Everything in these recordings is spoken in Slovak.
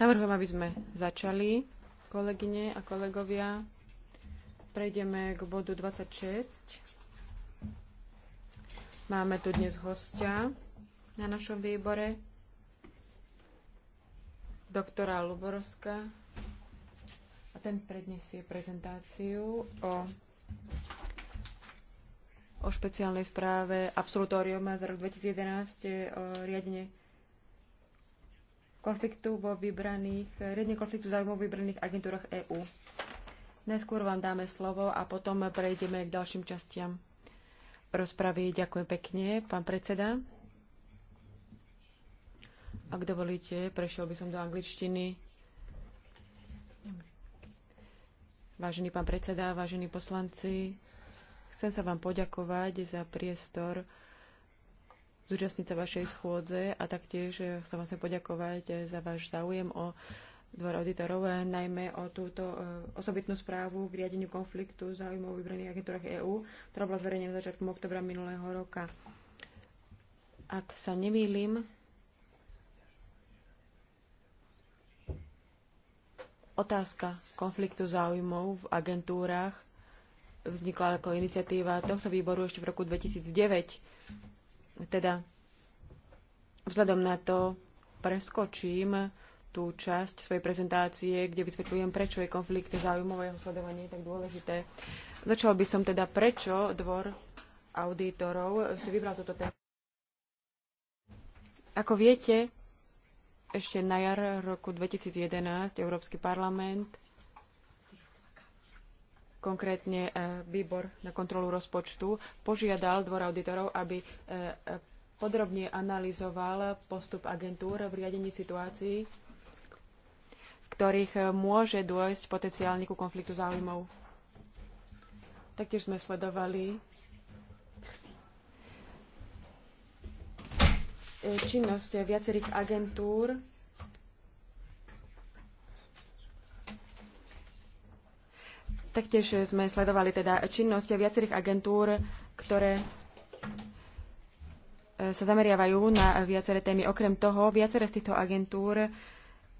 Navrhujem, aby sme začali, kolegyne a kolegovia. Prejdeme k bodu 26. Máme tu dnes hostia na našom výbore, doktora Luborovska. A ten predniesie prezentáciu o o špeciálnej správe absolutórium za rok 2011 o riadne konfliktu vo vybraných, eh, riadne konfliktu zájmov v vybraných agentúrach EÚ. Najskôr vám dáme slovo a potom prejdeme k ďalším častiam rozpravy. Ďakujem pekne, pán predseda. Ak dovolíte, prešiel by som do angličtiny. Vážený pán predseda, vážení poslanci, Chcem sa vám poďakovať za priestor zúčastniť sa vašej schôdze a taktiež chcem vám sa poďakovať za váš záujem o dvor auditorov, najmä o túto e, osobitnú správu k riadeniu konfliktu záujmov vybraných agentúrach EÚ, ktorá bola zverejnená začiatkom oktobra minulého roka. Ak sa nemýlim, otázka konfliktu záujmov v agentúrach vznikla ako iniciatíva tohto výboru ešte v roku 2009. Teda vzhľadom na to preskočím tú časť svojej prezentácie, kde vysvetľujem, prečo je konflikt záujmového sledovanie tak dôležité. Začal by som teda, prečo dvor auditorov si vybral toto tému. Ako viete, ešte na jar roku 2011 Európsky parlament konkrétne e, výbor na kontrolu rozpočtu, požiadal dvor auditorov, aby e, e, podrobne analyzoval postup agentúr v riadení situácií, v ktorých môže dôjsť potenciálne ku konfliktu záujmov. Taktiež sme sledovali činnosť viacerých agentúr Taktiež sme sledovali teda činnosť viacerých agentúr, ktoré e, sa zameriavajú na viaceré témy. Okrem toho, viaceré z týchto agentúr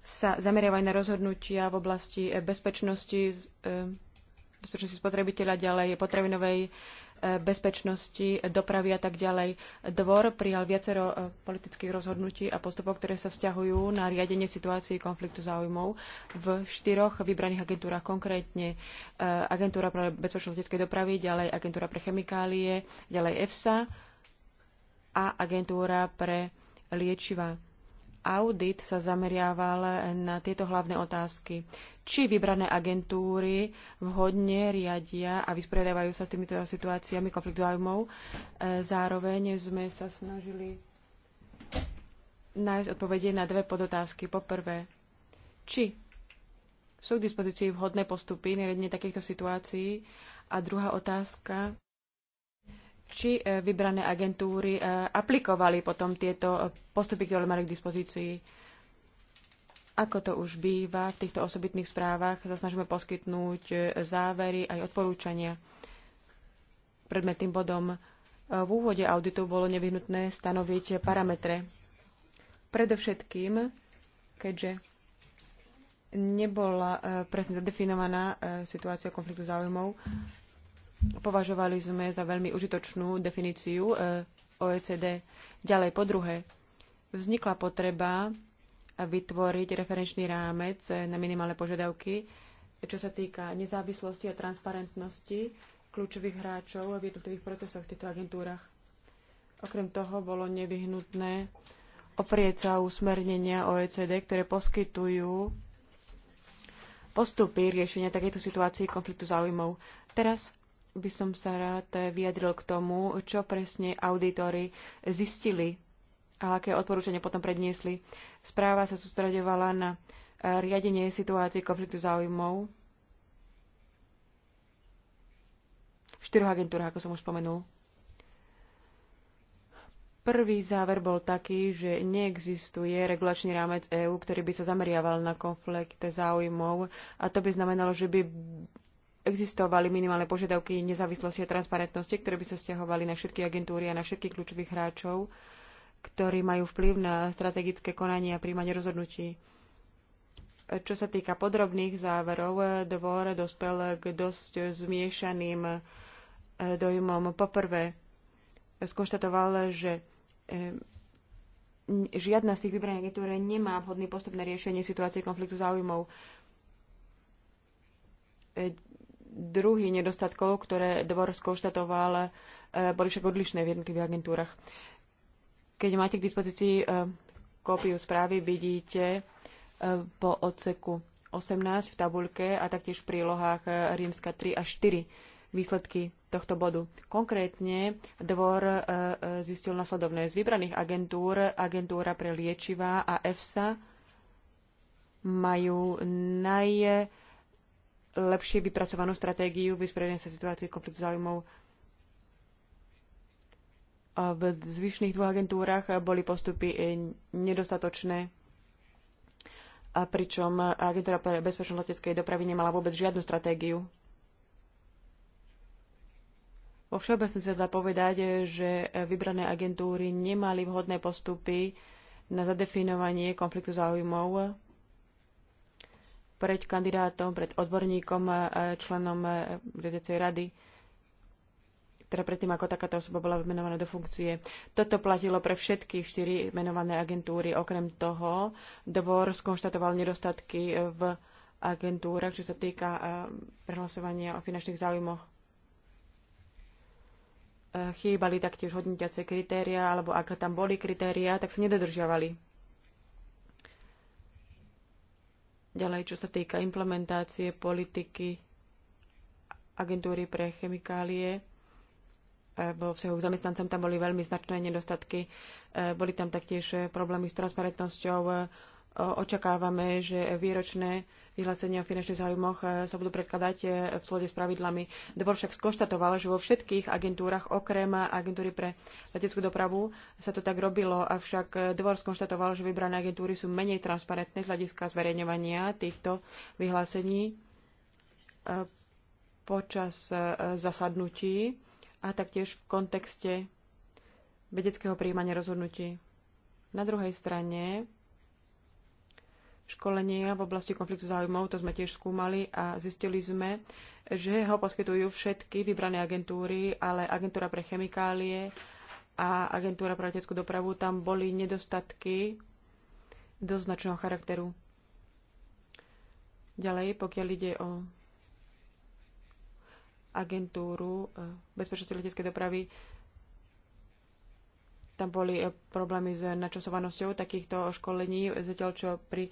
sa zameriavajú na rozhodnutia v oblasti bezpečnosti, e, bezpečnosti spotrebiteľa, ďalej potravinovej bezpečnosti, dopravy a tak ďalej. Dvor prijal viacero e, politických rozhodnutí a postupov, ktoré sa vzťahujú na riadenie situácií konfliktu záujmov v štyroch vybraných agentúrach, konkrétne e, Agentúra pre bezpečnosť leteckej dopravy, ďalej Agentúra pre chemikálie, ďalej EFSA a Agentúra pre liečiva. Audit sa zameriaval na tieto hlavné otázky či vybrané agentúry vhodne riadia a vysporiadajú sa s týmito situáciami konflikt zájmov. E, zároveň sme sa snažili nájsť odpovede na dve podotázky. Po prvé, či sú k dispozícii vhodné postupy neriadne takýchto situácií a druhá otázka, či e, vybrané agentúry e, aplikovali potom tieto postupy, ktoré mali k dispozícii ako to už býva v týchto osobitných správach, sa snažíme poskytnúť e, závery aj odporúčania. Predmetným bodom e, v úvode auditu bolo nevyhnutné stanoviť parametre. Predovšetkým, keďže nebola e, presne zadefinovaná situácia konfliktu záujmov, považovali sme za veľmi užitočnú definíciu OECD. Ďalej po druhé, vznikla potreba vytvoriť referenčný rámec na minimálne požiadavky, čo sa týka nezávislosti a transparentnosti kľúčových hráčov v jednotlivých procesoch v týchto agentúrach. Okrem toho bolo nevyhnutné oprieť sa usmernenia OECD, ktoré poskytujú postupy riešenia takejto situácií konfliktu záujmov. Teraz by som sa rád vyjadril k tomu, čo presne auditory zistili a aké odporúčania potom predniesli. Správa sa sústreďovala na e, riadenie situácií konfliktu záujmov v štyroch agentúrach, ako som už spomenul. Prvý záver bol taký, že neexistuje regulačný rámec EÚ, ktorý by sa zameriaval na konflikt záujmov a to by znamenalo, že by existovali minimálne požiadavky nezávislosti a transparentnosti, ktoré by sa stiahovali na všetky agentúry a na všetkých kľúčových hráčov ktorí majú vplyv na strategické konanie a príjmanie rozhodnutí. Čo sa týka podrobných záverov, dvor dospel k dosť zmiešaným eh, dojmom. Poprvé, skonštatoval, že eh, žiadna z tých vybraných agentúr nemá vhodný postup na riešenie situácie konfliktu záujmov. Eh, druhý nedostatkov, ktoré dvor skonštatoval, boli však odlišné v jednotlivých agentúrach. Keď máte k dispozícii e, kópiu správy, vidíte e, po odseku 18 v tabuľke a taktiež v prílohách e, rímska 3 a 4 výsledky tohto bodu. Konkrétne dvor zistil nasledovné. Z vybraných agentúr, agentúra pre liečivá a EFSA majú najlepšie vypracovanú stratégiu vysporiadania sa situácií konfliktu záujmov v zvyšných dvoch agentúrach boli postupy eh, nedostatočné, a pričom agentúra pre bezpečnosť leteckej dopravy nemala vôbec žiadnu stratégiu. Vo všeobecnosti sa dá povedať, že vybrané agentúry nemali vhodné postupy na zadefinovanie konfliktu záujmov pred kandidátom, pred odborníkom, eh, členom eh, riadiacej rady teda predtým, ako takáto osoba bola vymenovaná do funkcie. Toto platilo pre všetky štyri menované agentúry. Okrem toho, dvor skonštatoval nedostatky v agentúrach, čo sa týka eh, prehlasovania o finančných záujmoch. Eh, chýbali taktiež hodnotiace kritéria, alebo ak tam boli kritéria, tak sa nedodržiavali. Ďalej, čo sa týka implementácie politiky agentúry pre chemikálie, E, vo vzťahu k zamestnancom tam boli veľmi značné nedostatky. E, boli tam taktiež problémy s transparentnosťou. E, očakávame, že výročné vyhlásenia o finančných záujmoch sa budú predkladať v slode s pravidlami. Dvor však skonštatoval, že vo všetkých agentúrach, okrem agentúry pre leteckú dopravu, sa to tak robilo, avšak Dvor skonštatoval, že vybrané agentúry sú menej transparentné z hľadiska zverejňovania týchto vyhlásení počas zasadnutí a taktiež v kontexte vedeckého príjmania rozhodnutí. Na druhej strane školenia v oblasti konfliktu záujmov, to sme tiež skúmali a zistili sme, že ho poskytujú všetky vybrané agentúry, ale agentúra pre chemikálie a agentúra pre leteckú dopravu, tam boli nedostatky do značného charakteru. Ďalej, pokiaľ ide o agentúru e, bezpečnosti leteckej dopravy. Tam boli e, problémy s načasovanosťou takýchto školení, zatiaľ čo pri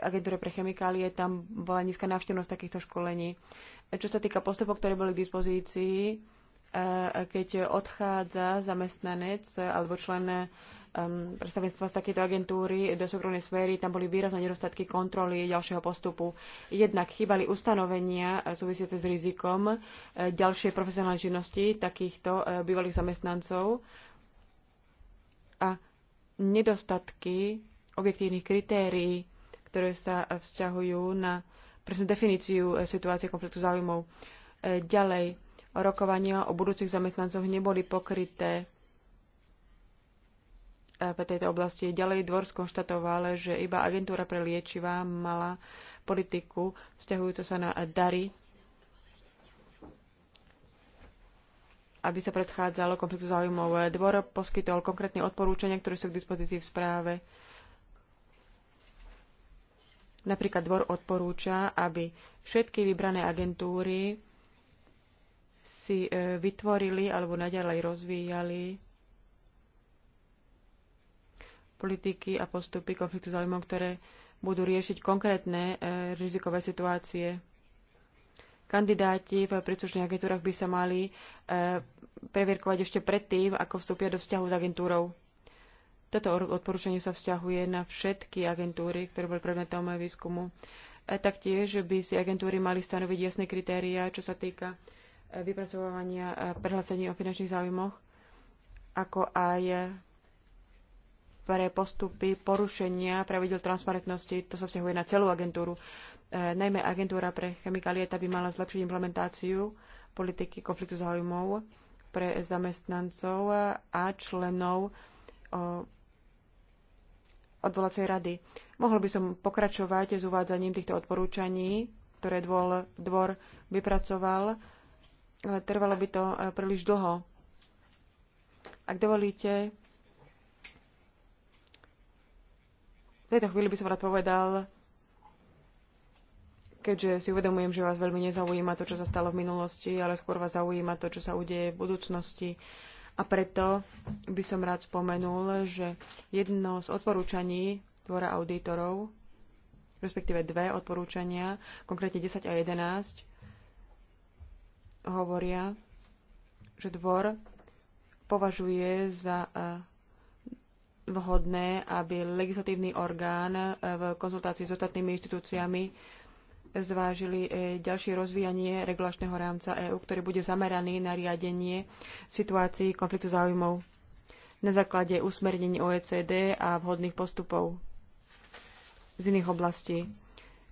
agentúre pre chemikálie tam bola nízka návštevnosť takýchto školení. E, čo sa týka postupov, ktoré boli k dispozícii, keď odchádza zamestnanec alebo člen um, predstavenstva z takéto agentúry do súkromnej sféry, tam boli výrazné nedostatky kontroly ďalšieho postupu. Jednak chýbali ustanovenia súvisiace s rizikom e, ďalšej profesionálnej činnosti takýchto e, bývalých zamestnancov a nedostatky objektívnych kritérií, ktoré sa vzťahujú na presnú definíciu e, situácie konfliktu záujmov. Ďalej, rokovania o budúcich zamestnancoch neboli pokryté v tejto oblasti. Ďalej dvor skonštatoval, že iba agentúra pre liečivá mala politiku vzťahujúcu sa na dary, aby sa predchádzalo konfliktu záujmov. Dvor poskytol konkrétne odporúčania, ktoré sú k dispozícii v správe. Napríklad dvor odporúča, aby všetky vybrané agentúry si e, vytvorili alebo naďalej rozvíjali politiky a postupy konfliktu záujmov, ktoré budú riešiť konkrétne e, rizikové situácie. Kandidáti v príslušných agentúrach by sa mali e, previerkovať ešte predtým, ako vstúpia do vzťahu s agentúrou. Toto odporúčanie sa vzťahuje na všetky agentúry, ktoré boli predmetom výskumu. E, taktiež by si agentúry mali stanoviť jasné kritéria, čo sa týka e, vypracovania e, prehlásení o finančných záujmoch, ako aj pre postupy porušenia pravidel transparentnosti. To sa vzťahuje na celú agentúru. E, najmä agentúra pre chemikálie tá by mala zlepšiť implementáciu politiky konfliktu záujmov pre zamestnancov a členov o, e, odvolacej rady. Mohol by som pokračovať s uvádzaním týchto odporúčaní, ktoré dvor, dvor vypracoval, ale trvalo by to e, príliš dlho. Ak dovolíte, tejto chvíli by som rád povedal, keďže si uvedomujem, že vás veľmi nezaujíma to, čo sa stalo v minulosti, ale skôr vás zaujíma to, čo sa udeje v budúcnosti. A preto by som rád spomenul, že jedno z odporúčaní Dvora auditorov, respektíve dve odporúčania, konkrétne 10 a 11, hovoria, že dvor považuje za eh, vhodné, aby legislatívny orgán eh, v konzultácii s ostatnými inštitúciami zvážili eh, ďalšie rozvíjanie regulačného rámca EÚ, ktorý bude zameraný na riadenie situácií konfliktu záujmov na základe usmernení OECD a vhodných postupov z iných oblastí.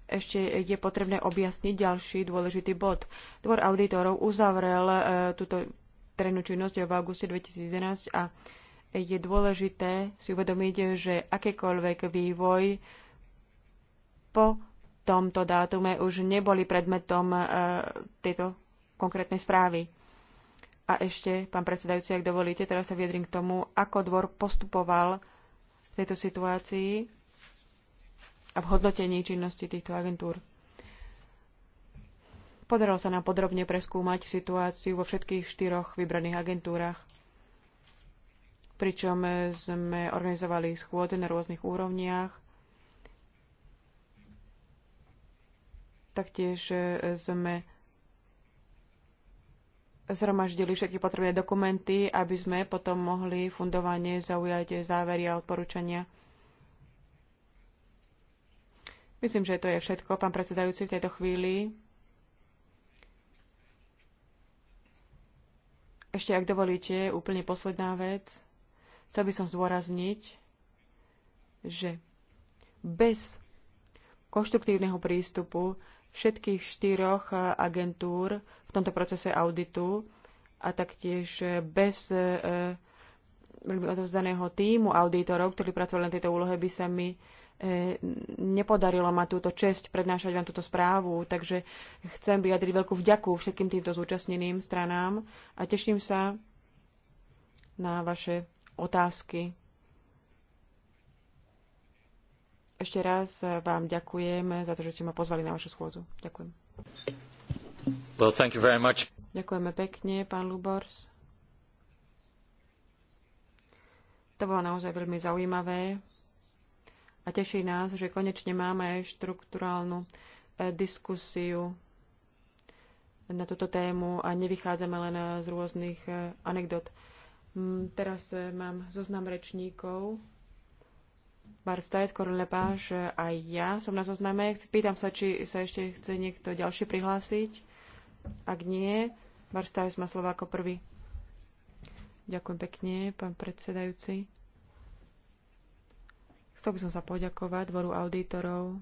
Ešte je potrebné objasniť ďalší dôležitý bod. Dvor auditorov uzavrel eh, túto trénu činnosť v auguste 2011 a je dôležité si uvedomiť, že akýkoľvek vývoj po tomto dátume už neboli predmetom e, tejto konkrétnej správy. A ešte, pán predsedajúci, ak dovolíte, teraz sa viedrím k tomu, ako dvor postupoval v tejto situácii a v hodnotení činnosti týchto agentúr. Podarilo sa nám podrobne preskúmať situáciu vo všetkých štyroch vybraných agentúrach pričom sme organizovali schôdze na rôznych úrovniach. Taktiež e, sme zhromaždili všetky potrebné dokumenty, aby sme potom mohli fundovane zaujať závery a odporúčania. Myslím, že to je všetko, pán predsedajúci, v tejto chvíli. Ešte, ak dovolíte, úplne posledná vec. Chcel by som zdôrazniť, že bez konštruktívneho prístupu všetkých štyroch agentúr v tomto procese auditu a taktiež bez e, veľmi odovzdaného týmu auditorov, ktorí pracovali na tejto úlohe, by sa mi e, nepodarilo ma túto česť prednášať vám túto správu, takže chcem vyjadriť veľkú vďaku všetkým týmto zúčastneným stranám a teším sa na vaše otázky. Ešte raz vám ďakujem za to, že ste ma pozvali na vašu schôdzu. Ďakujem. Well, thank you very much. Ďakujeme pekne, pán Lubors. To bolo naozaj veľmi zaujímavé a teší nás, že konečne máme aj štruktúrálnu e, diskusiu na túto tému a nevychádzame len z rôznych e, anekdot. Mm, teraz e, mám zoznam rečníkov. Barstaj, skoro Lepáš e, aj ja som na zozname. Pýtam sa, či sa ešte chce niekto ďalší prihlásiť. Ak nie, Barstaj má slovo ako prvý. Ďakujem pekne, pán predsedajúci. Chcel by som sa poďakovať dvoru auditorov,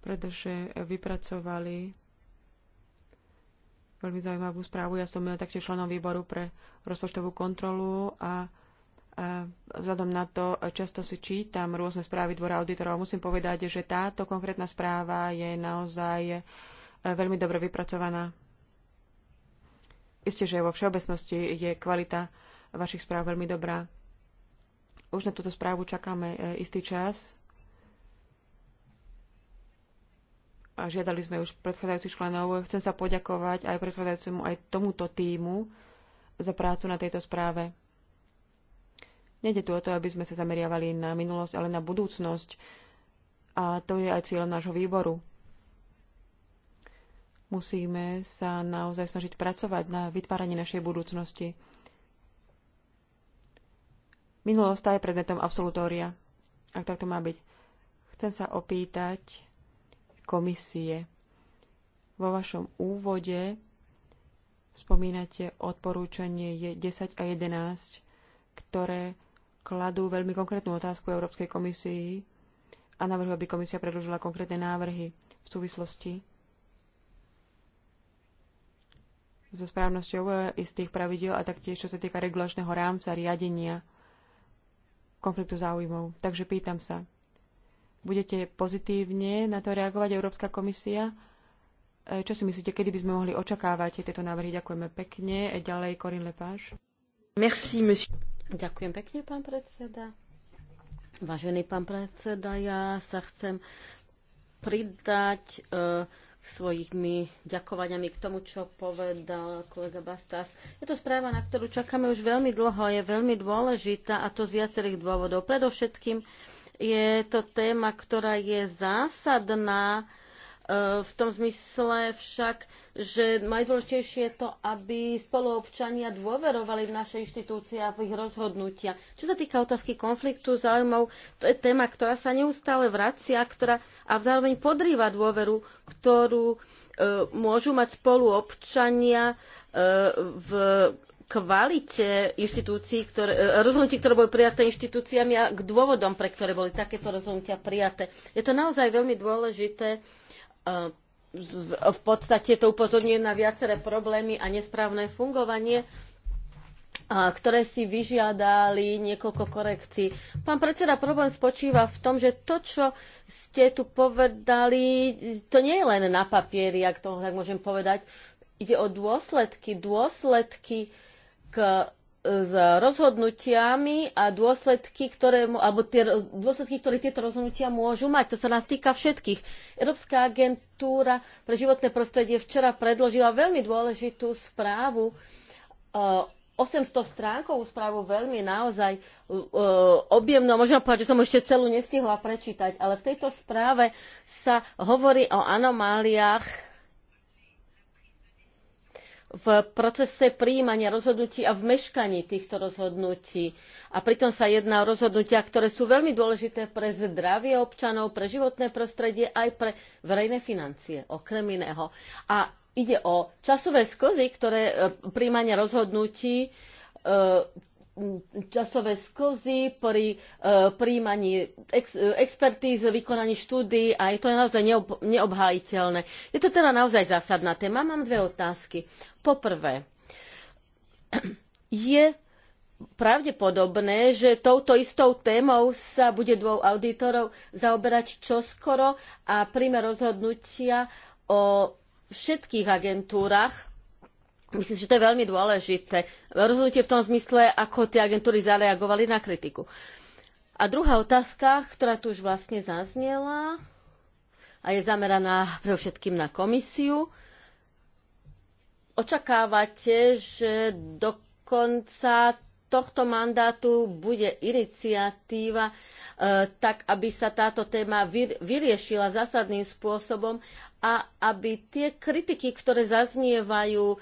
pretože vypracovali veľmi zaujímavú správu. Ja som taktiež členom výboru pre rozpočtovú kontrolu a, a vzhľadom na to často si čítam rôzne správy dvora auditorov. Musím povedať, že táto konkrétna správa je naozaj e, veľmi dobre vypracovaná. Isté, že vo všeobecnosti je kvalita vašich správ veľmi dobrá. Už na túto správu čakáme e, istý čas a žiadali sme už predchádzajúcich členov. Chcem sa poďakovať aj predchádzajúcemu, aj tomuto týmu za prácu na tejto správe. Nede tu o to, aby sme sa zameriavali na minulosť, ale na budúcnosť. A to je aj cieľom nášho výboru. Musíme sa naozaj snažiť pracovať na vytváraní našej budúcnosti. Minulosť je predmetom absolutória, ak tak to má byť. Chcem sa opýtať, komisie. Vo vašom úvode spomínate odporúčanie 10 a 11, ktoré kladú veľmi konkrétnu otázku Európskej komisii a navrhujú, aby komisia predložila konkrétne návrhy v súvislosti so správnosťou istých pravidel a taktiež, čo sa týka regulačného rámca riadenia konfliktu záujmov. Takže pýtam sa, budete pozitívne na to reagovať Európska komisia. E, čo si myslíte, kedy by sme mohli očakávať tieto návrhy? Ďakujeme pekne. E, ďalej Corinne Lepáš. Merci, monsieur. Ďakujem pekne, pán predseda. Vážený pán predseda, ja sa chcem pridať uh, svojimi ďakovaniami k tomu, čo povedal kolega Bastas. Je to správa, na ktorú čakáme už veľmi dlho, je veľmi dôležitá a to z viacerých dôvodov. Predovšetkým je to téma, ktorá je zásadná e, v tom zmysle však, že najdôležitejšie je to, aby spoluobčania dôverovali v naše inštitúcie a v ich rozhodnutia. Čo sa týka otázky konfliktu záujmov, to je téma, ktorá sa neustále vracia ktorá, a zároveň podrýva dôveru, ktorú e, môžu mať spoluobčania e, v kvalite inštitúcií, ktoré, e, rozhodnutí, ktoré boli prijaté inštitúciami a k dôvodom, pre ktoré boli takéto rozhodnutia prijaté. Je to naozaj veľmi dôležité. E, v podstate to upozorňuje na viaceré problémy a nesprávne fungovanie e, ktoré si vyžiadali niekoľko korekcií. Pán predseda, problém spočíva v tom, že to, čo ste tu povedali, to nie je len na papieri, ak to tak môžem povedať. Ide o dôsledky, dôsledky uh, k s rozhodnutiami a dôsledky, ktoré, alebo tie dôsledky, ktoré tieto rozhodnutia môžu mať. To sa nás týka všetkých. Európska agentúra pre životné prostredie včera predložila veľmi dôležitú správu, 800 stránkovú správu, veľmi naozaj objemnú. Možno povedať, že som ešte celú nestihla prečítať, ale v tejto správe sa hovorí o anomáliách v procese prijímania rozhodnutí a v meškaní týchto rozhodnutí. A pritom sa jedná o rozhodnutia, ktoré sú veľmi dôležité pre zdravie občanov, pre životné prostredie, aj pre verejné financie, okrem iného. A ide o časové sklzy, ktoré e, prijímania rozhodnutí e, časové sklzy pri e, príjmaní ex, e, expertíz, vykonaní štúdií a je to naozaj neob, neobhájiteľné. Je to teda naozaj zásadná téma. Mám dve otázky. Poprvé, je pravdepodobné, že touto istou témou sa bude dvou auditorov zaoberať čoskoro a príjme rozhodnutia o všetkých agentúrach Myslím si, že to je veľmi dôležité. Rozhodnutie v tom zmysle, ako tie agentúry zareagovali na kritiku. A druhá otázka, ktorá tu už vlastne zaznela a je zameraná pre všetkým na komisiu. Očakávate, že do konca tohto mandátu bude iniciatíva e, tak, aby sa táto téma vyriešila zásadným spôsobom a aby tie kritiky, ktoré zaznievajú e,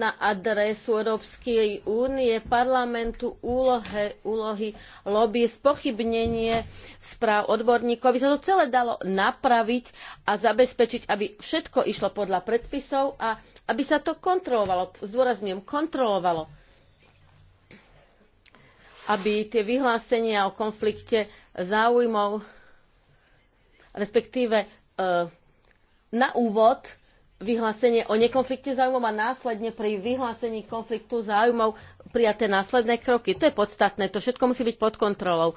na adresu Európskej únie, parlamentu, úlohe, úlohy lobby, spochybnenie správ odborníkov, aby sa to celé dalo napraviť a zabezpečiť, aby všetko išlo podľa predpisov a aby sa to kontrolovalo, zdôrazňujem, kontrolovalo aby tie vyhlásenia o konflikte záujmov, respektíve e, na úvod vyhlásenie o nekonflikte záujmov a následne pri vyhlásení konfliktu záujmov prijaté následné kroky. To je podstatné, to všetko musí byť pod kontrolou. E,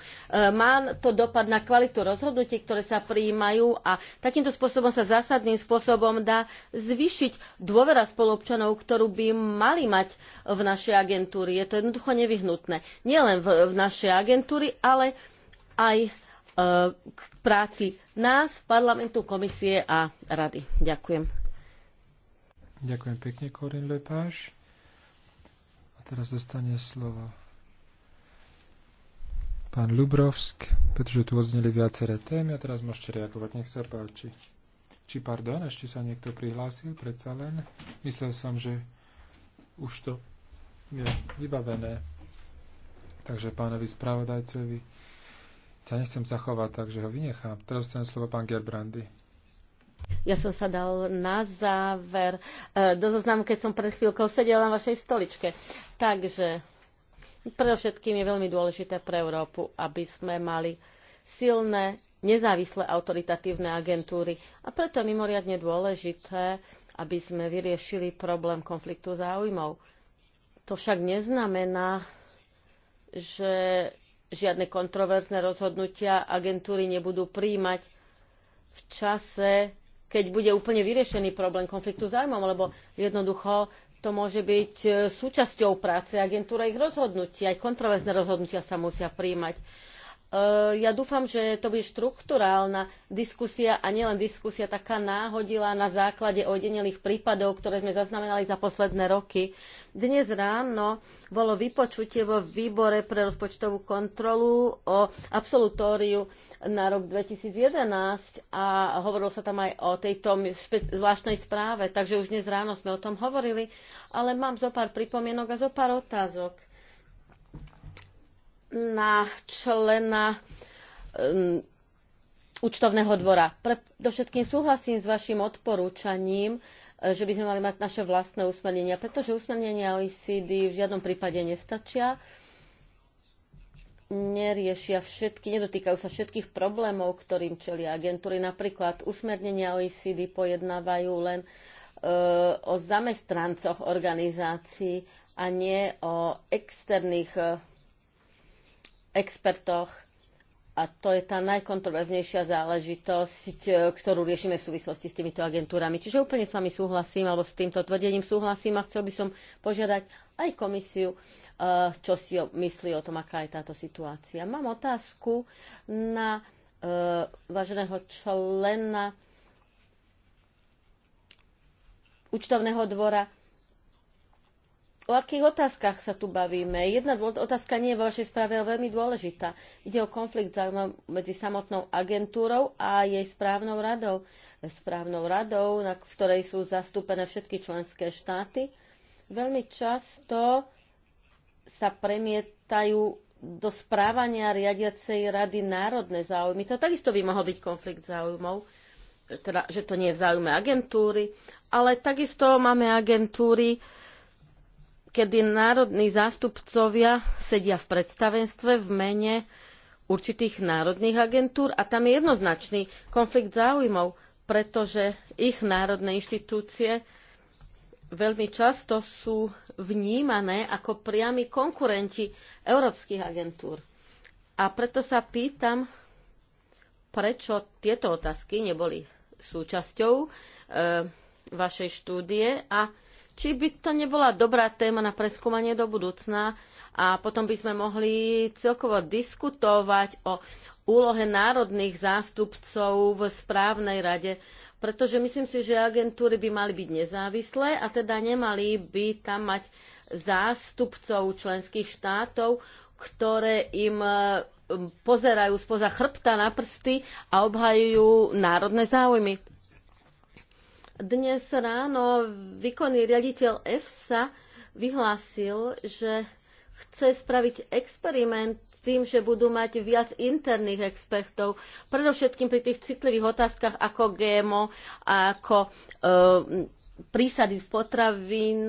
má to dopad na kvalitu rozhodnutí, ktoré sa prijímajú a takýmto spôsobom sa zásadným spôsobom dá zvyšiť dôvera spolupčanov, ktorú by mali mať v našej agentúri. Je to jednoducho nevyhnutné. Nielen v, v našej agentúri, ale aj k práci nás, parlamentu, komisie a rady. Ďakujem. Ďakujem pekne, Korin Lepáš. A teraz dostane slovo pán Lubrovsk, pretože tu odzneli viaceré témy a teraz môžete reagovať, nech sa páči. Či pardon, ešte sa niekto prihlásil, predsa len. Myslel som, že už to je vybavené. Takže pánovi spravodajcovi sa nechcem zachovať, takže ho vynechám. Teraz ten slovo pán Gerbrandy. Ja som sa dal na záver e, do zoznamu, keď som pred chvíľkou sedela na vašej stoličke. Takže predovšetkým je veľmi dôležité pre Európu, aby sme mali silné, nezávislé autoritatívne agentúry. A preto je mimoriadne dôležité, aby sme vyriešili problém konfliktu záujmov. To však neznamená, že žiadne kontroverzné rozhodnutia agentúry nebudú príjmať v čase, keď bude úplne vyriešený problém konfliktu zájmov, lebo jednoducho to môže byť e, súčasťou práce agentúry ich rozhodnutia. Aj kontroverzné rozhodnutia sa musia príjmať. Eh, ja dúfam, že to bude štruktúrálna diskusia a nielen diskusia taká náhodila na základe ojedinelých prípadov, ktoré sme zaznamenali za posledné roky. Dnes ráno bolo vypočutie vo výbore pre rozpočtovú kontrolu o absolutóriu na rok 2011 a hovorilo sa tam aj o tejto zvláštnej správe, takže už dnes ráno sme o tom hovorili, ale mám zo pár pripomienok a zo pár otázok na člena um, účtovného dvora. Predovšetkým súhlasím s vašim odporúčaním, e, že by sme mali mať naše vlastné usmernenia, pretože usmernenia OECD v žiadnom prípade nestačia neriešia všetky, nedotýkajú sa všetkých problémov, ktorým čelia agentúry. Napríklad usmernenia OECD pojednávajú len e, o zamestnancoch organizácií a nie o externých e, expertoch a to je tá najkontroverznejšia záležitosť, e, ktorú riešime v súvislosti s týmito agentúrami. Čiže úplne s vami súhlasím, alebo s týmto tvrdením súhlasím a chcel by som požiadať aj komisiu, e, čo si myslí o tom, aká je táto situácia. Mám otázku na e, váženého člena účtovného dvora O akých otázkach sa tu bavíme? Jedna otázka nie je vo vašej správe, ale veľmi dôležitá. Ide o konflikt medzi samotnou agentúrou a jej správnou radou. Správnou radou, na, v ktorej sú zastúpené všetky členské štáty. Veľmi často sa premietajú do správania riadiacej rady národné záujmy. To takisto by mohol byť konflikt záujmov, teda, že to nie je v záujme agentúry, ale takisto máme agentúry, kedy národní zástupcovia sedia v predstavenstve v mene určitých národných agentúr a tam je jednoznačný konflikt záujmov, pretože ich národné inštitúcie veľmi často sú vnímané ako priami konkurenti európskych agentúr. A preto sa pýtam, prečo tieto otázky neboli súčasťou e, vašej štúdie a či by to nebola dobrá téma na preskúmanie do budúcna a potom by sme mohli celkovo diskutovať o úlohe národných zástupcov v správnej rade, pretože myslím si, že agentúry by mali byť nezávislé a teda nemali by tam mať zástupcov členských štátov, ktoré im um, pozerajú spoza chrbta na prsty a obhajujú národné záujmy. Dnes ráno výkonný riaditeľ EFSA vyhlásil, že chce spraviť experiment s tým, že budú mať viac interných expertov, predovšetkým pri tých citlivých otázkach ako GMO a ako e, prísady z potravín,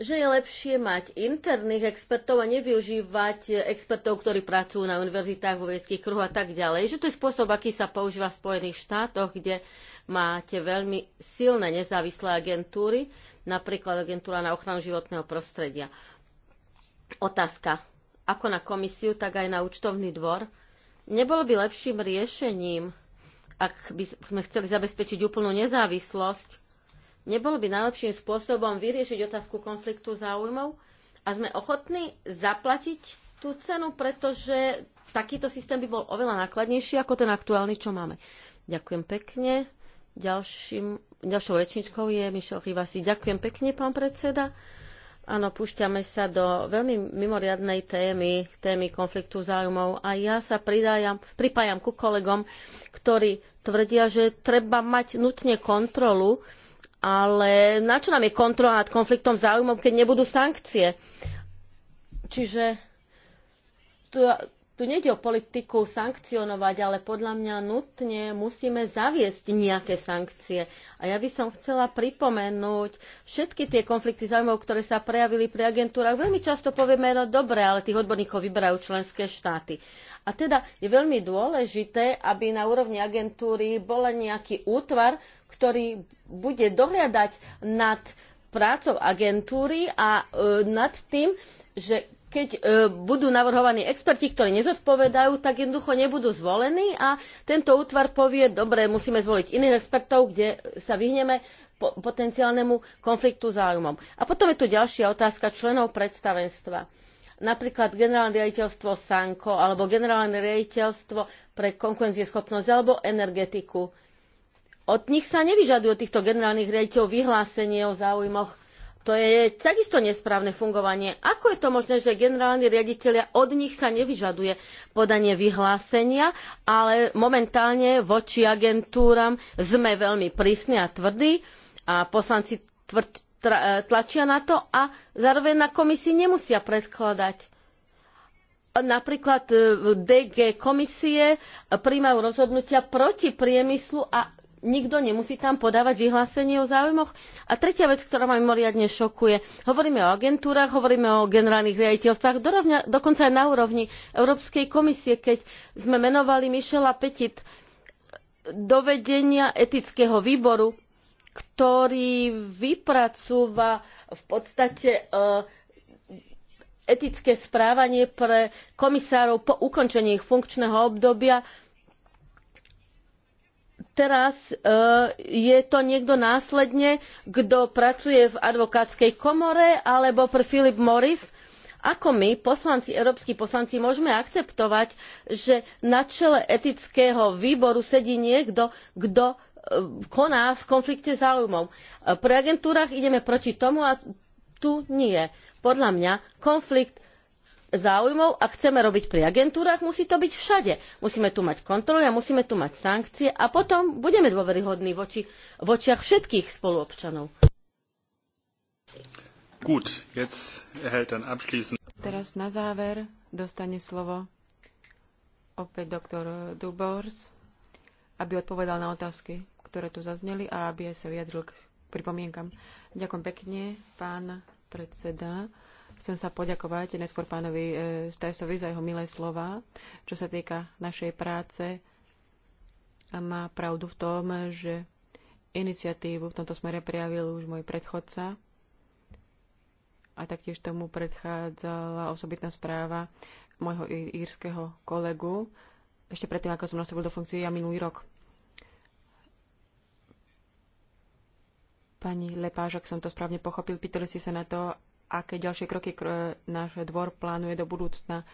že je lepšie mať interných expertov a nevyužívať expertov, ktorí pracujú na univerzitách, vo vedeckých kruhoch a tak ďalej. Že to je spôsob, aký sa používa v Spojených štátoch, kde máte veľmi silné nezávislé agentúry, napríklad agentúra na ochranu životného prostredia. Otázka. Ako na komisiu, tak aj na účtovný dvor. Nebolo by lepším riešením, ak by sme chceli zabezpečiť úplnú nezávislosť, nebolo by najlepším spôsobom vyriešiť otázku konfliktu záujmov a sme ochotní zaplatiť tú cenu, pretože takýto systém by bol oveľa nákladnejší ako ten aktuálny, čo máme. Ďakujem pekne. Ďalším, ďalšou rečničkou je Mišo Chivasi. Ďakujem pekne, pán predseda. Áno, púšťame sa do veľmi mimoriadnej témy, témy konfliktu záujmov a ja sa pridájam, pripájam ku kolegom, ktorí tvrdia, že treba mať nutne kontrolu, ale na čo nám je kontrola nad konfliktom záujmov, keď nebudú sankcie? Čiže tu nejde o politiku sankcionovať, ale podľa mňa nutne musíme zaviesť nejaké sankcie. A ja by som chcela pripomenúť všetky tie konflikty zaujímavé, ktoré sa prejavili pri agentúrach. Veľmi často povieme, no dobre, ale tých odborníkov vyberajú členské štáty. A teda je veľmi dôležité, aby na úrovni agentúry bol nejaký útvar, ktorý bude dohľadať nad prácou agentúry a e, nad tým, že keď e, budú navrhovaní experti, ktorí nezodpovedajú, tak jednoducho nebudú zvolení a tento útvar povie, dobre, musíme zvoliť iných expertov, kde sa vyhneme po, potenciálnemu konfliktu záujmom. A potom je tu ďalšia otázka členov predstavenstva. Napríklad generálne riaditeľstvo Sanko alebo generálne riaditeľstvo pre konkurencieschopnosť alebo energetiku. Od nich sa nevyžadujú týchto generálnych riaditeľov vyhlásenie o záujmoch to je takisto nesprávne fungovanie. Ako je to možné, že generálni riaditeľia od nich sa nevyžaduje podanie vyhlásenia, ale momentálne voči agentúram sme veľmi prísni a tvrdí a poslanci e, tlačia na to a zároveň na komisii nemusia predkladať napríklad e, DG komisie príjmajú rozhodnutia proti priemyslu a nikto nemusí tam podávať vyhlásenie o záujmoch. A tretia vec, ktorá ma mimoriadne šokuje, hovoríme o agentúrach, hovoríme o generálnych riaditeľstvách, dorovňa, dokonca aj na úrovni Európskej komisie, keď sme menovali Michela Petit do vedenia etického výboru, ktorý vypracúva v podstate e, etické správanie pre komisárov po ukončení ich funkčného obdobia teraz e, je to niekto následne, kto pracuje v advokátskej komore alebo pre Philip Morris. Ako my, poslanci, európsky poslanci, môžeme akceptovať, že na čele etického výboru sedí niekto, kto e, koná v konflikte záujmov. E, pri agentúrach ideme proti tomu a tu nie. Podľa mňa konflikt záujmov a chceme robiť pri agentúrach, musí to byť všade. Musíme tu mať kontroly a musíme tu mať sankcie a potom budeme dôveryhodní voči, v očiach všetkých spoluobčanov. Gut, jetzt erhält dann abschließend. Teraz na záver dostane slovo opäť doktor Dubors, aby odpovedal na otázky, ktoré tu zazneli a aby sa vyjadril k pripomienkam. Ďakujem pekne, pán predseda. Chcem sa poďakovať neskôr pánovi Stajsovi e, za jeho milé slova, čo sa týka našej práce. A má pravdu v tom, že iniciatívu v tomto smere prijavil už môj predchodca a taktiež tomu predchádzala osobitná správa môjho írskeho kolegu ešte predtým, ako som nastúpil do funkcie ja minulý rok. Pani ak som to správne pochopil, pýtali si sa na to, aké ďalšie kroky náš dvor plánuje do budúcna.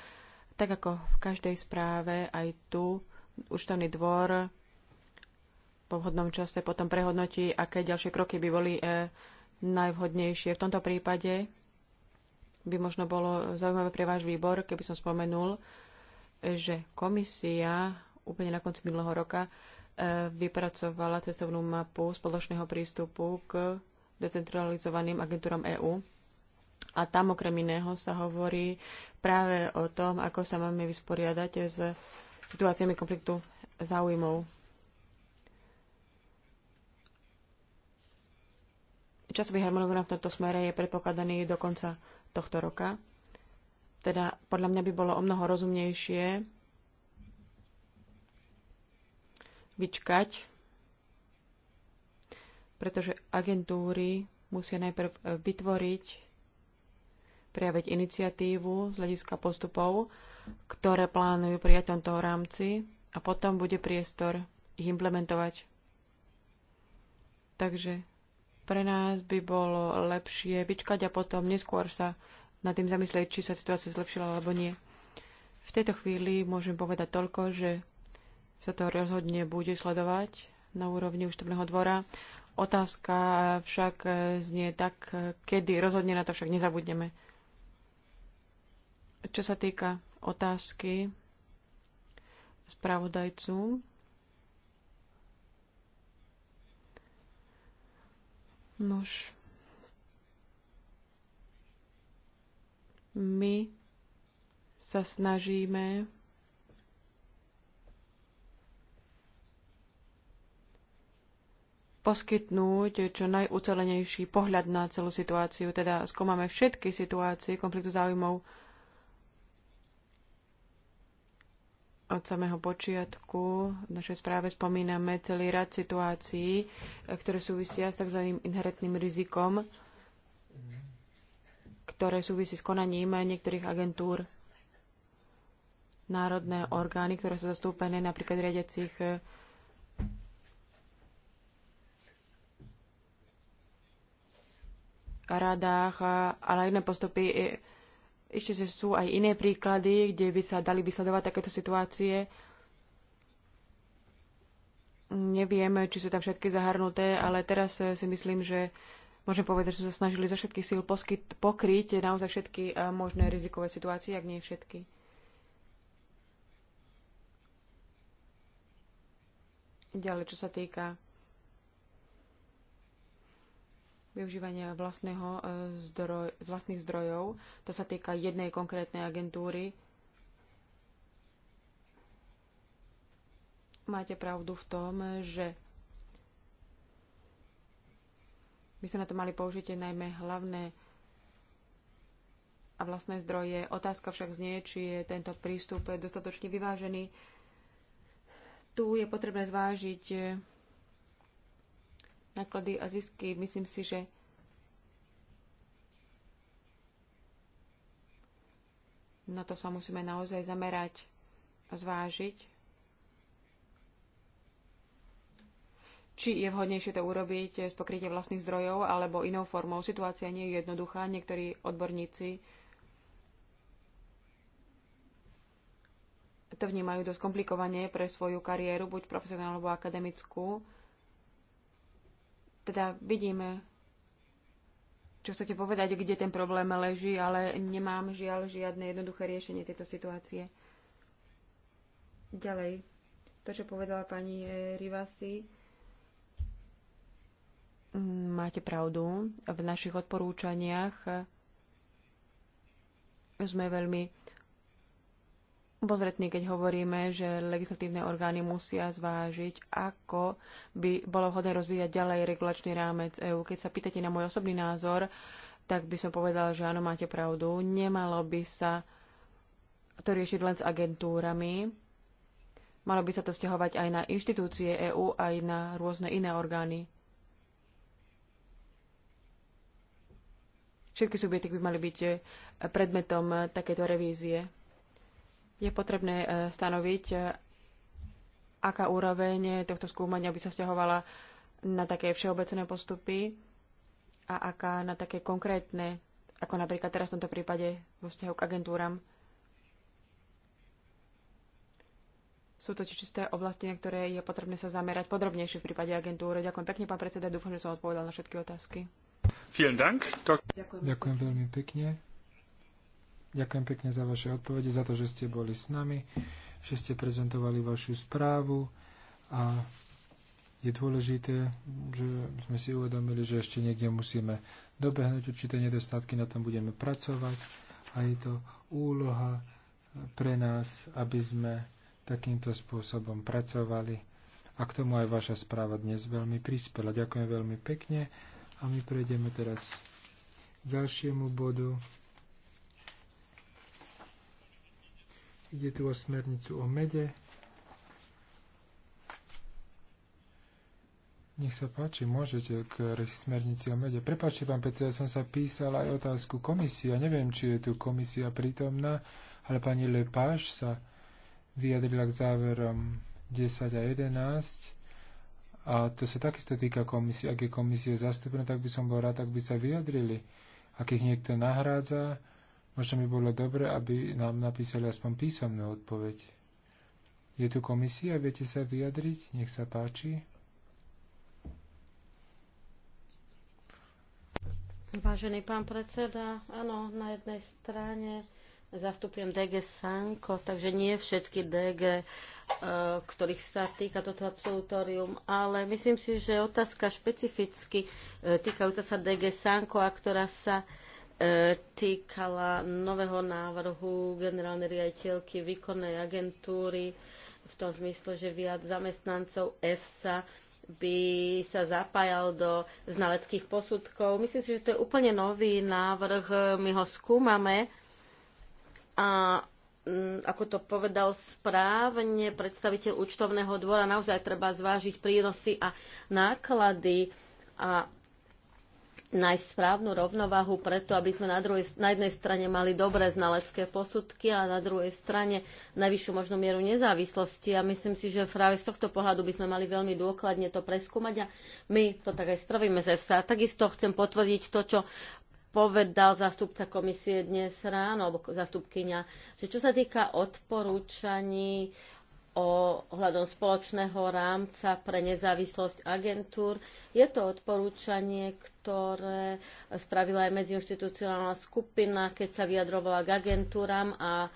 Tak ako v každej správe, aj tu účtovný dvor po vhodnom čase potom prehodnotí, aké ďalšie kroky by boli e, najvhodnejšie. V tomto prípade by možno bolo zaujímavé pre váš výbor, keby som spomenul, že komisia úplne na konci minulého roka e, vypracovala cestovnú mapu spoločného prístupu k decentralizovaným agentúram EÚ a tam okrem iného sa hovorí práve o tom, ako sa máme vysporiadať s situáciami konfliktu záujmov. Časový harmonogram v tomto smere je predpokladaný do konca tohto roka. Teda podľa mňa by bolo o mnoho rozumnejšie vyčkať, pretože agentúry musia najprv e, vytvoriť prijaviť iniciatívu z hľadiska postupov, ktoré plánujú prijať tomto rámci a potom bude priestor ich implementovať. Takže pre nás by bolo lepšie vyčkať a potom neskôr sa nad tým zamyslieť, či sa situácia zlepšila alebo nie. V tejto chvíli môžem povedať toľko, že sa to rozhodne bude sledovať na úrovni účtovného dvora. Otázka však znie tak, kedy rozhodne na to však nezabudneme. Čo sa týka otázky spravodajcu, Nož. My sa snažíme poskytnúť čo najucelenejší pohľad na celú situáciu. Teda skúmame všetky situácie konfliktu záujmov od samého počiatku v našej správe spomíname celý rad situácií, ktoré súvisia s tzv. inherentným rizikom, ktoré súvisí s konaním niektorých agentúr. Národné orgány, ktoré sú zastúpené napríklad v riadiacich eh, radách, eh, ale iné postupy eh, ešte sú aj iné príklady, kde by sa dali vysledovať takéto situácie. Neviem, či sú tam všetky zahrnuté, ale teraz eh, si myslím, že môžem povedať, že sme sa snažili zo všetkých síl poskyt, pokryť naozaj všetky eh, možné rizikové situácie, ak nie všetky. Ďalej, čo sa týka využívania vlastného e, zdroj, vlastných zdrojov. To sa týka jednej konkrétnej agentúry. Máte pravdu v tom, že by sa na to mali použiť najmä hlavné a vlastné zdroje. Otázka však znie, či je tento prístup dostatočne vyvážený. Tu je potrebné zvážiť náklady a zisky. Myslím si, že na to sa musíme naozaj zamerať a zvážiť, či je vhodnejšie to urobiť z pokrytie vlastných zdrojov alebo inou formou. Situácia nie je jednoduchá. Niektorí odborníci to vnímajú dosť komplikovane pre svoju kariéru, buď profesionálnu alebo akademickú. Teda vidíme, čo chcete povedať, kde ten problém leží, ale nemám žiaľ žiadne jednoduché riešenie tejto situácie. Ďalej, to, čo povedala pani eh, Rivasi, mm, máte pravdu. V našich odporúčaniach sme veľmi obozretní, keď hovoríme, že legislatívne orgány musia zvážiť, ako by bolo vhodné rozvíjať ďalej regulačný rámec EÚ. Keď sa pýtate na môj osobný názor, tak by som povedala, že áno, máte pravdu. Nemalo by sa to riešiť len s agentúrami. Malo by sa to stiahovať aj na inštitúcie EÚ, aj na rôzne iné orgány. Všetky subjekty by mali byť predmetom takéto revízie. Je potrebné e, stanoviť, e, aká úroveň tohto skúmania by sa stiahovala na také všeobecné postupy a aká na také konkrétne, ako napríklad teraz v tomto prípade vo vzťahu k agentúram. Sú to čisté oblasti, na ktoré je potrebné sa zamerať podrobnejšie v prípade agentúry. Ďakujem pekne, pán predseda. Dúfam, že som odpovedal na všetky otázky. Vielen Dank. Ďakujem. Ďakujem veľmi pekne. Ďakujem pekne za vaše odpovede, za to, že ste boli s nami, že ste prezentovali vašu správu a je dôležité, že sme si uvedomili, že ešte niekde musíme dobehnúť určité nedostatky, na tom budeme pracovať a je to úloha pre nás, aby sme takýmto spôsobom pracovali a k tomu aj vaša správa dnes veľmi prispela. Ďakujem veľmi pekne a my prejdeme teraz k ďalšiemu bodu. Ide tu o smernicu o mede. Nech sa páči, môžete k smernici o mede. Prepáčte, pán Pece, ja som sa písal aj otázku komisia. Neviem, či je tu komisia prítomná, ale pani Lepáš sa vyjadrila k záverom 10 a 11. A to sa takisto týka komisie. Ak je komisie zastupná, tak by som bol rád, ak by sa vyjadrili. Ak ich niekto nahrádza, Možno by bolo dobre, aby nám napísali aspoň písomnú odpoveď. Je tu komisia, viete sa vyjadriť? Nech sa páči. Vážený pán predseda, áno, na jednej strane zastupujem DG Sanko, takže nie všetky DG, eh, ktorých sa týka toto absolutórium, ale myslím si, že otázka špecificky eh, týkajúca sa DG Sanko a ktorá sa E, týkala nového návrhu generálnej riaditeľky výkonnej agentúry v tom zmysle, že viac zamestnancov EFSA by sa zapájal do znaleckých posudkov. Myslím si, že to je úplne nový návrh, my ho skúmame a mm, ako to povedal správne predstaviteľ účtovného dvora, naozaj treba zvážiť prínosy a náklady a nájsť správnu rovnovahu preto, aby sme na, druhej, na jednej strane mali dobré znalecké posudky a na druhej strane najvyššiu možnú mieru nezávislosti. A myslím si, že práve z tohto pohľadu by sme mali veľmi dôkladne to preskúmať a my to tak aj spravíme z EFSA. Takisto chcem potvrdiť to, čo povedal zástupca komisie dnes ráno, alebo zástupkyňa, že čo sa týka odporúčaní, o ohľadom spoločného rámca pre nezávislosť agentúr. Je to odporúčanie, ktoré spravila aj medziinstitucionálna skupina, keď sa vyjadrovala k agentúram a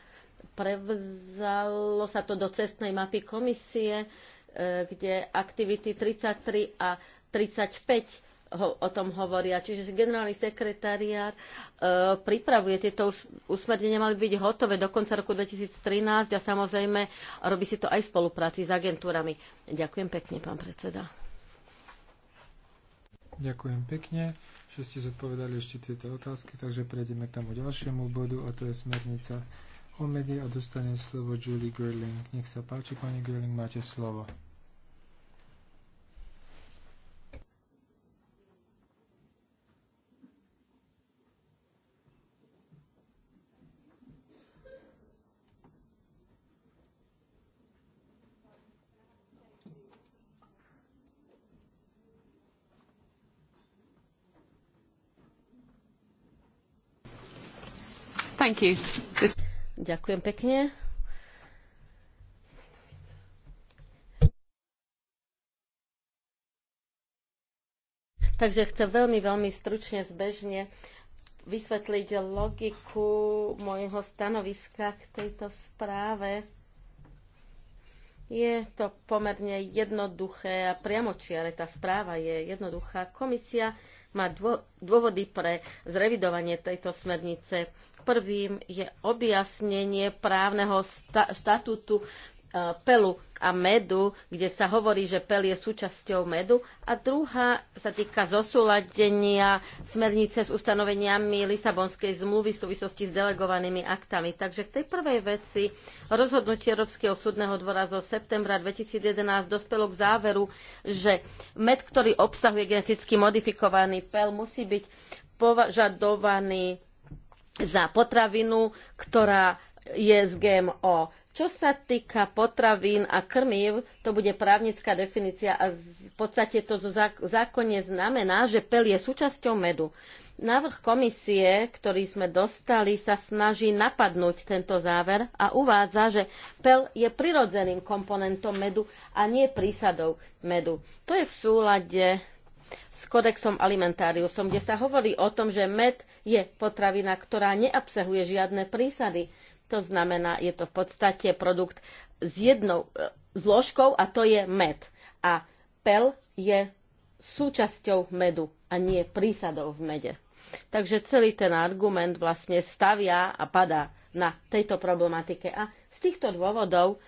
prevzalo sa to do cestnej mapy komisie, e, kde aktivity 33 a 35 ho, o tom hovoria. Čiže generálny sekretariát e, pripravuje tieto us, usmernenia, mali byť hotové do konca roku 2013 a samozrejme robí si to aj v spolupráci s agentúrami. Ďakujem pekne, pán predseda. Ďakujem pekne, že ste zodpovedali ešte tieto otázky, takže prejdeme k tomu ďalšiemu bodu a to je smernica o medii a dostane slovo Julie Gerling. Nech sa páči, pani Gerling, máte slovo. Ďakujem pekne. Takže chcem veľmi, veľmi stručne, zbežne vysvetliť logiku môjho stanoviska k tejto správe. Je to pomerne jednoduché a priamočiare. Tá správa je jednoduchá. Komisia má dôvody pre zrevidovanie tejto smernice. Prvým je objasnenie právneho sta, štatútu E, pelu a medu, kde sa hovorí, že pel je súčasťou medu. A druhá sa týka zosúladenia smernice s ustanoveniami Lisabonskej zmluvy v súvislosti s delegovanými aktami. Takže k tej prvej veci rozhodnutie Európskeho súdneho dvora zo septembra 2011 dospelo k záveru, že med, ktorý obsahuje geneticky modifikovaný pel, musí byť považadovaný za potravinu, ktorá je z GMO čo sa týka potravín a krmiv, to bude právnická definícia a v podstate to v zákone znamená, že pel je súčasťou medu. Návrh komisie, ktorý sme dostali, sa snaží napadnúť tento záver a uvádza, že pel je prirodzeným komponentom medu a nie prísadou medu. To je v súlade s kodexom alimentáriusom, kde sa hovorí o tom, že med je potravina, ktorá neabsahuje žiadne prísady to znamená, je to v podstate produkt s jednou e, zložkou a to je med. A pel je súčasťou medu a nie prísadou v mede. Takže celý ten argument vlastne stavia a padá na tejto problematike. A z týchto dôvodov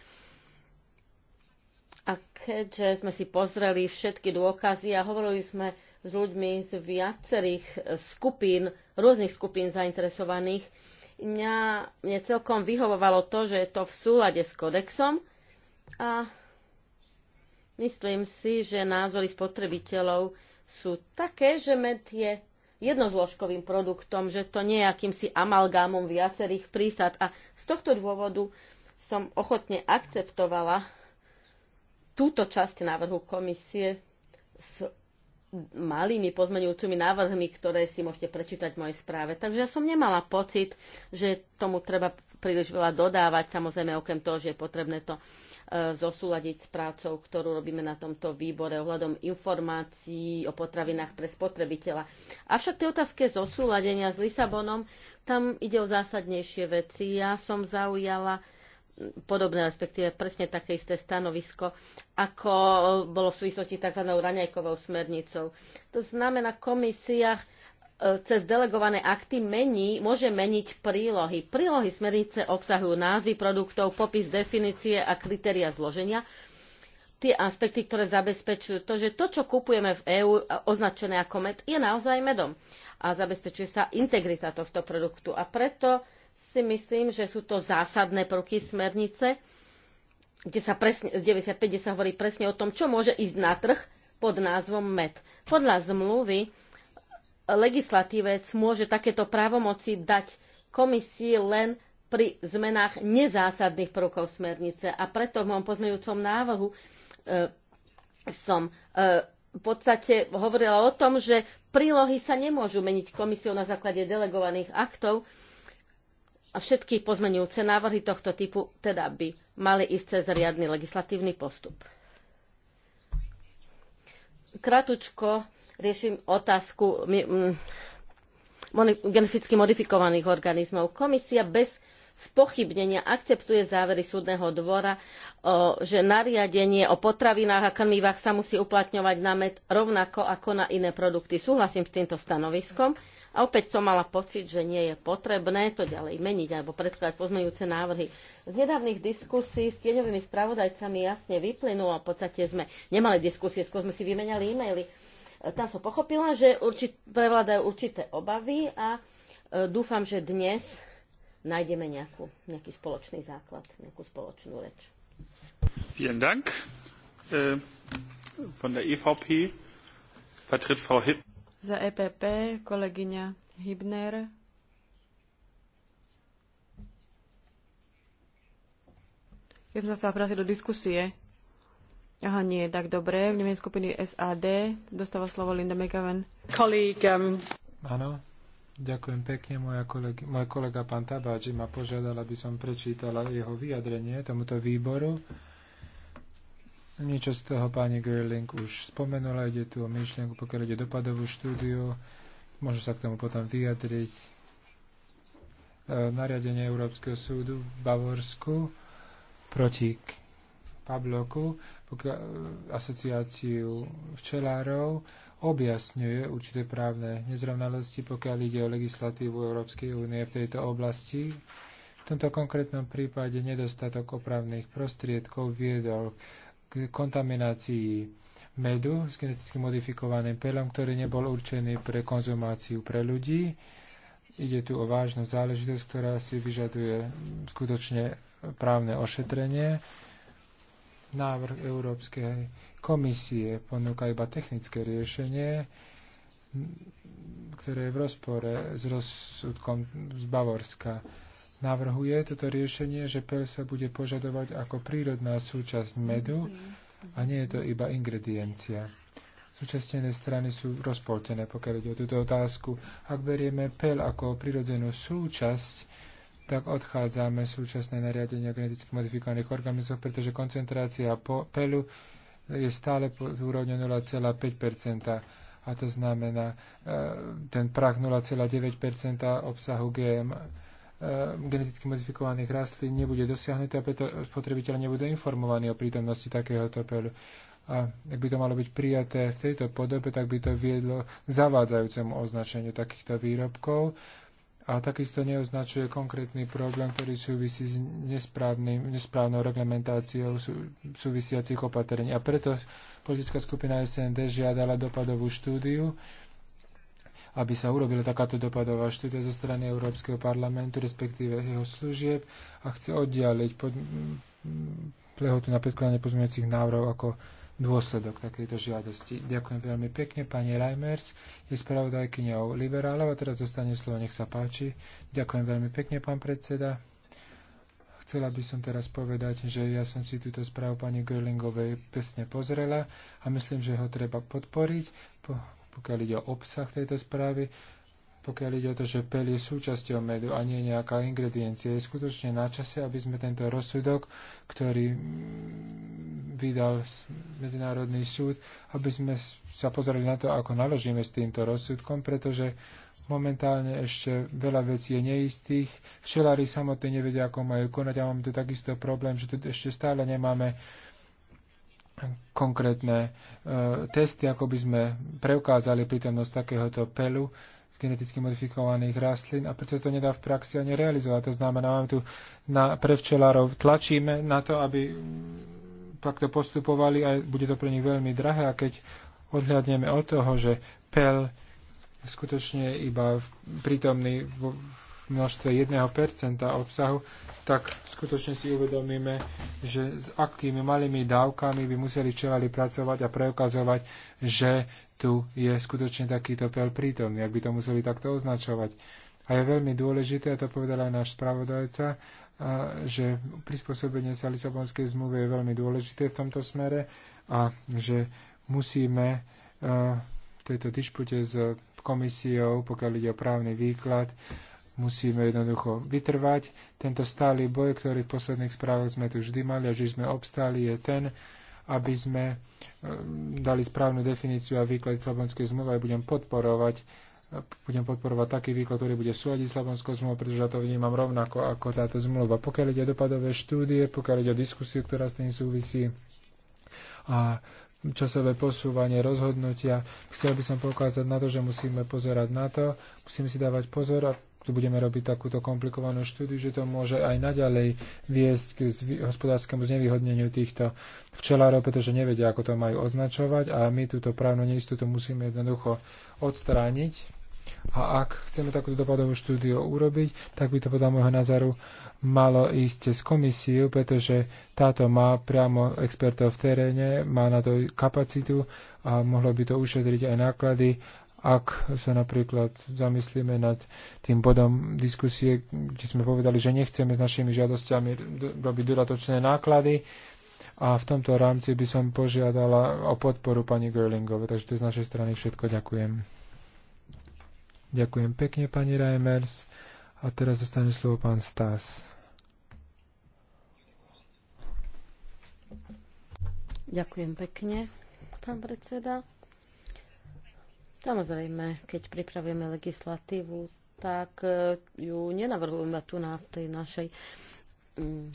a keďže sme si pozreli všetky dôkazy a hovorili sme s ľuďmi z viacerých e, skupín, rôznych skupín zainteresovaných, Mňa, mne celkom vyhovovalo to, že je to v súlade s kodexom a myslím si, že názory spotrebiteľov sú také, že med je jednozložkovým produktom, že to nie je akýmsi amalgámom viacerých prísad. A z tohto dôvodu som ochotne akceptovala túto časť návrhu komisie s malými pozmenujúcimi návrhmi, ktoré si môžete prečítať v mojej správe. Takže ja som nemala pocit, že tomu treba príliš veľa dodávať, samozrejme okrem toho, že je potrebné to e, zosúľadiť s prácou, ktorú robíme na tomto výbore ohľadom informácií o potravinách pre spotrebiteľa. Avšak tie otázky zosúladenia s Lisabonom, tam ide o zásadnejšie veci. Ja som zaujala podobné respektíve presne také isté stanovisko, ako bolo v súvislosti tzv. raňajkovou smernicou. To znamená, komisia e, cez delegované akty mení, môže meniť prílohy. Prílohy smernice obsahujú názvy produktov, popis definície a kritéria zloženia tie aspekty, ktoré zabezpečujú to, že to, čo kupujeme v EÚ označené ako med, je naozaj medom a zabezpečuje sa integrita tohto produktu. A preto si myslím, že sú to zásadné prvky smernice, kde sa presne, 95, kde sa hovorí presne o tom, čo môže ísť na trh pod názvom MED. Podľa zmluvy e, legislatívec môže takéto právomoci dať komisii len pri zmenách nezásadných prvkov smernice. A preto v môjom pozmeňujúcom návrhu e, som e, v podstate hovorila o tom, že prílohy sa nemôžu meniť komisiou na základe delegovaných aktov, a všetky pozmeňujúce návrhy tohto typu teda by mali ísť cez riadny legislatívny postup. Kratučko riešim otázku geneticky modifikovaných organizmov. Komisia bez spochybnenia akceptuje závery súdneho dvora, že nariadenie o potravinách a krmivách sa musí uplatňovať na med rovnako ako na iné produkty. Súhlasím s týmto stanoviskom. Mm a opäť som mala pocit, že nie je potrebné to ďalej meniť alebo predkladať pozmeňujúce návrhy. Z nedávnych diskusí s tieňovými spravodajcami jasne vyplynulo, v podstate sme nemali diskusie, skôr sme si vymenali e-maily. Tam som pochopila, že určit, prevládajú určité obavy a e, dúfam, že dnes nájdeme nejakú, nejaký spoločný základ, nejakú spoločnú reč. Vielen Dank. Äh, von der EVP vertritt Frau Hitt. Za EPP kolegyňa Hybner. Ja som sa chcela prihlásiť do diskusie. Aha, nie, tak dobre. V nemej skupiny SAD dostáva slovo Linda McAven. Kolegám. Áno, ďakujem pekne. Moja kolega, môj kolega pán Tabáči ma požiadal, aby som prečítala jeho vyjadrenie tomuto výboru. Niečo z toho pani Gerling už spomenula, ide tu o myšlienku, pokiaľ ide dopadovú štúdiu, môžu sa k tomu potom vyjadriť. E, nariadenie Európskeho súdu v Bavorsku proti Pabloku, pokiaľ, e, asociáciu včelárov, objasňuje určité právne nezrovnalosti, pokiaľ ide o legislatívu Európskej únie v tejto oblasti. V tomto konkrétnom prípade nedostatok opravných prostriedkov viedol k kontaminácii medu s geneticky modifikovaným pelom, ktorý nebol určený pre konzumáciu pre ľudí. Ide tu o vážnu záležitosť, ktorá si vyžaduje skutočne právne ošetrenie. Návrh Európskej komisie ponúka iba technické riešenie, ktoré je v rozpore s rozsudkom z Bavorska navrhuje toto riešenie, že pel sa bude požadovať ako prírodná súčasť medu a nie je to iba ingrediencia. Súčasnené strany sú rozpoltené, pokiaľ ide o túto otázku. Ak berieme pel ako prírodzenú súčasť, tak odchádzame súčasné nariadenia geneticky modifikovaných organizmov, pretože koncentrácia pelu je stále pod úrovne 0,5 a to znamená, e, ten prach 0,9 obsahu GM E, geneticky modifikovaných rastlín nebude dosiahnuté a preto spotrebiteľ nebude informovaný o prítomnosti takéhoto peľu. A ak by to malo byť prijaté v tejto podobe, tak by to viedlo k zavádzajúcemu označeniu takýchto výrobkov a takisto neoznačuje konkrétny problém, ktorý súvisí s nesprávnym, nesprávnou reglementáciou sú, súvisiacich opatrení. A preto politická skupina SND žiadala dopadovú štúdiu, aby sa urobila takáto dopadová štúdia zo strany Európskeho parlamentu, respektíve jeho služieb a chce oddialiť pod, lehotu na predkladanie pozmeňujúcich návrhov ako dôsledok takejto žiadosti. Ďakujem veľmi pekne. Pani Reimers je spravodajkyňou liberálov a teraz zostane slovo, nech sa páči. Ďakujem veľmi pekne, pán predseda. Chcela by som teraz povedať, že ja som si túto správu pani Gerlingovej pesne pozrela a myslím, že ho treba podporiť. Po, pokiaľ ide o obsah tejto správy, pokiaľ ide o to, že pel je súčasťou medu a nie nejaká ingrediencia. Je skutočne na čase, aby sme tento rozsudok, ktorý mm, vydal Medzinárodný súd, aby sme sa pozreli na to, ako naložíme s týmto rozsudkom, pretože momentálne ešte veľa vecí je neistých. Včelári samotné nevedia, ako majú konať a máme tu takisto problém, že tu ešte stále nemáme konkrétne e, testy, ako by sme preukázali prítomnosť takéhoto pelu z geneticky modifikovaných rastlín a preto to nedá v praxi ani realizovať. To znamená, máme tu na, pre včelárov tlačíme na to, aby takto postupovali a bude to pre nich veľmi drahé a keď odhľadneme od toho, že pel skutočne iba v, prítomný v, v v množstve 1% obsahu, tak skutočne si uvedomíme, že s akými malými dávkami by museli čelali pracovať a preukazovať, že tu je skutočne takýto pel prítomný, ak by to museli takto označovať. A je veľmi dôležité, a to povedal aj náš spravodajca, že prispôsobenie sa Lisabonskej zmluve je veľmi dôležité v tomto smere a že musíme v tejto dispute s komisiou, pokiaľ ide o právny výklad, Musíme jednoducho vytrvať. Tento stály boj, ktorý v posledných správach sme tu vždy mali a že sme obstáli, je ten, aby sme e, dali správnu definíciu a výklad Slobonskej zmluvy a budem podporovať e, budem podporovať taký výklad, ktorý bude súľadiť s zmluvou, pretože ja to vnímam rovnako ako táto zmluva. Pokiaľ ide o dopadové štúdie, pokiaľ ide o diskusiu, ktorá s tým súvisí a časové posúvanie rozhodnutia. Chcel by som poukázať na to, že musíme pozerať na to, musíme si dávať pozor a tu budeme robiť takúto komplikovanú štúdiu, že to môže aj naďalej viesť k hospodárskému znevýhodneniu týchto včelárov, pretože nevedia, ako to majú označovať a my túto právnu neistotu musíme jednoducho odstrániť. A ak chceme takúto dopadovú štúdiu urobiť, tak by to podľa môjho názoru malo ísť cez komisiu, pretože táto má priamo expertov v teréne, má na to kapacitu a mohlo by to ušetriť aj náklady ak sa napríklad zamyslíme nad tým bodom diskusie, kde sme povedali, že nechceme s našimi žiadosťami robiť dodatočné náklady, a v tomto rámci by som požiadala o podporu pani Görlingove. Takže to je z našej strany všetko. Ďakujem. Ďakujem pekne, pani Reimers. A teraz zostane slovo pán Stas. Ďakujem pekne, pán predseda. Samozrejme, keď pripravujeme legislatívu, tak e, ju nenavrhujeme tu na tej našej mm,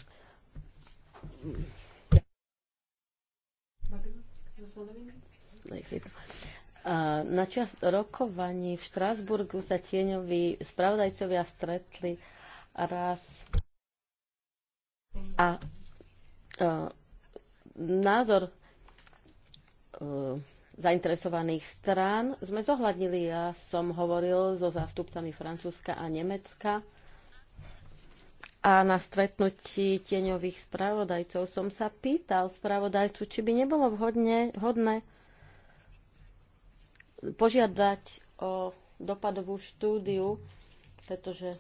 e, na čas rokovaní v Štrásburgu sa tieňoví spravodajcovia stretli raz a e, názor zainteresovaných strán sme zohľadnili. Ja som hovoril so zástupcami Francúzska a Nemecka a na stretnutí tieňových spravodajcov som sa pýtal spravodajcu, či by nebolo vhodne, vhodné požiadať o dopadovú štúdiu, pretože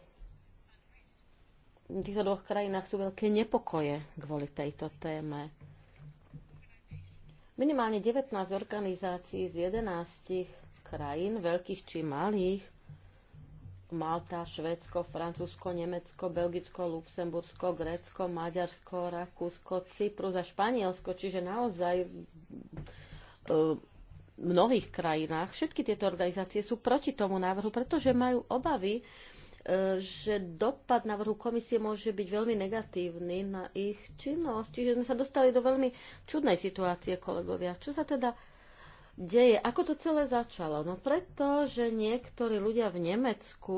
v týchto dvoch krajinách sú veľké nepokoje kvôli tejto téme Minimálne 19 organizácií z 11 krajín, veľkých či malých, Malta, Švedsko, Francúzsko, Nemecko, Belgicko, Luxembursko, Grécko, Maďarsko, Rakúsko, Cyprus a Španielsko, čiže naozaj v e, mnohých krajinách. Všetky tieto organizácie sú proti tomu návrhu, pretože majú obavy, E, že dopad návrhu komisie môže byť veľmi negatívny na ich činnosť. Čiže sme sa dostali do veľmi čudnej situácie, kolegovia. Čo sa teda deje? Ako to celé začalo? No preto, že niektorí ľudia v Nemecku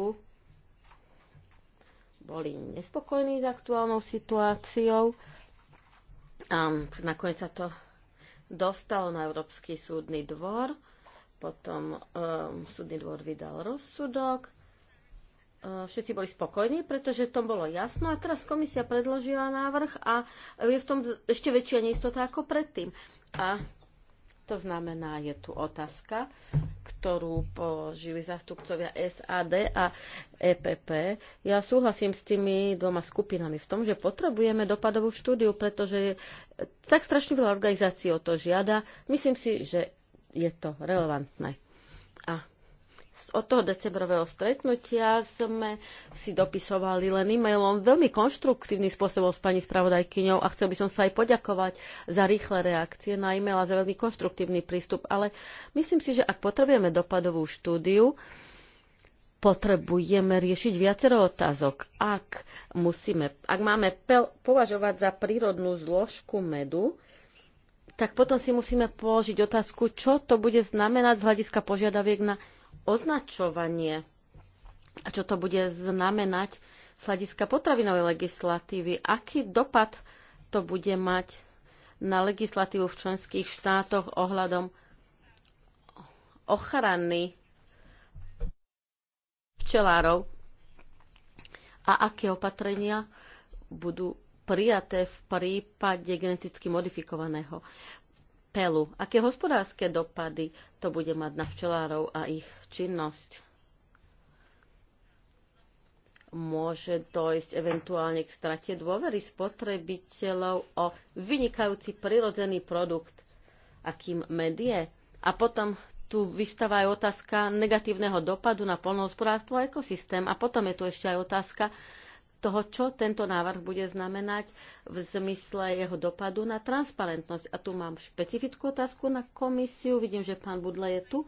boli nespokojní s aktuálnou situáciou a nakoniec sa to dostalo na Európsky súdny dvor. Potom um, súdny dvor vydal rozsudok E, všetci boli spokojní, pretože to bolo jasno a teraz komisia predložila návrh a je v tom ešte väčšia neistota ako predtým. A to znamená, je tu otázka, ktorú požili zastupcovia SAD a EPP. Ja súhlasím s tými dvoma skupinami v tom, že potrebujeme dopadovú štúdiu, pretože tak strašne veľa organizácií o to žiada. Myslím si, že je to relevantné od toho decembrového stretnutia sme si dopisovali len e-mailom veľmi konštruktívnym spôsobom s pani spravodajkyňou a chcel by som sa aj poďakovať za rýchle reakcie na e-mail a za veľmi konštruktívny prístup. Ale myslím si, že ak potrebujeme dopadovú štúdiu, potrebujeme riešiť viacero otázok. Ak, musíme, ak máme pel, považovať za prírodnú zložku medu, tak potom si musíme položiť otázku, čo to bude znamenať z hľadiska požiadaviek na označovanie a čo to bude znamenať z hľadiska potravinovej legislatívy, aký dopad to bude mať na legislatívu v členských štátoch ohľadom ochrany včelárov a aké opatrenia budú prijaté v prípade geneticky modifikovaného pelu. Aké hospodárske dopady to bude mať na včelárov a ich činnosť? Môže dojsť eventuálne k strate dôvery spotrebiteľov o vynikajúci prirodzený produkt, akým med je. A potom tu vystáva aj otázka negatívneho dopadu na polnohospodárstvo a ekosystém. A potom je tu ešte aj otázka toho, čo tento návrh bude znamenať v zmysle jeho dopadu na transparentnosť. A tu mám špecifickú otázku na komisiu. Vidím, že pán Budle je tu.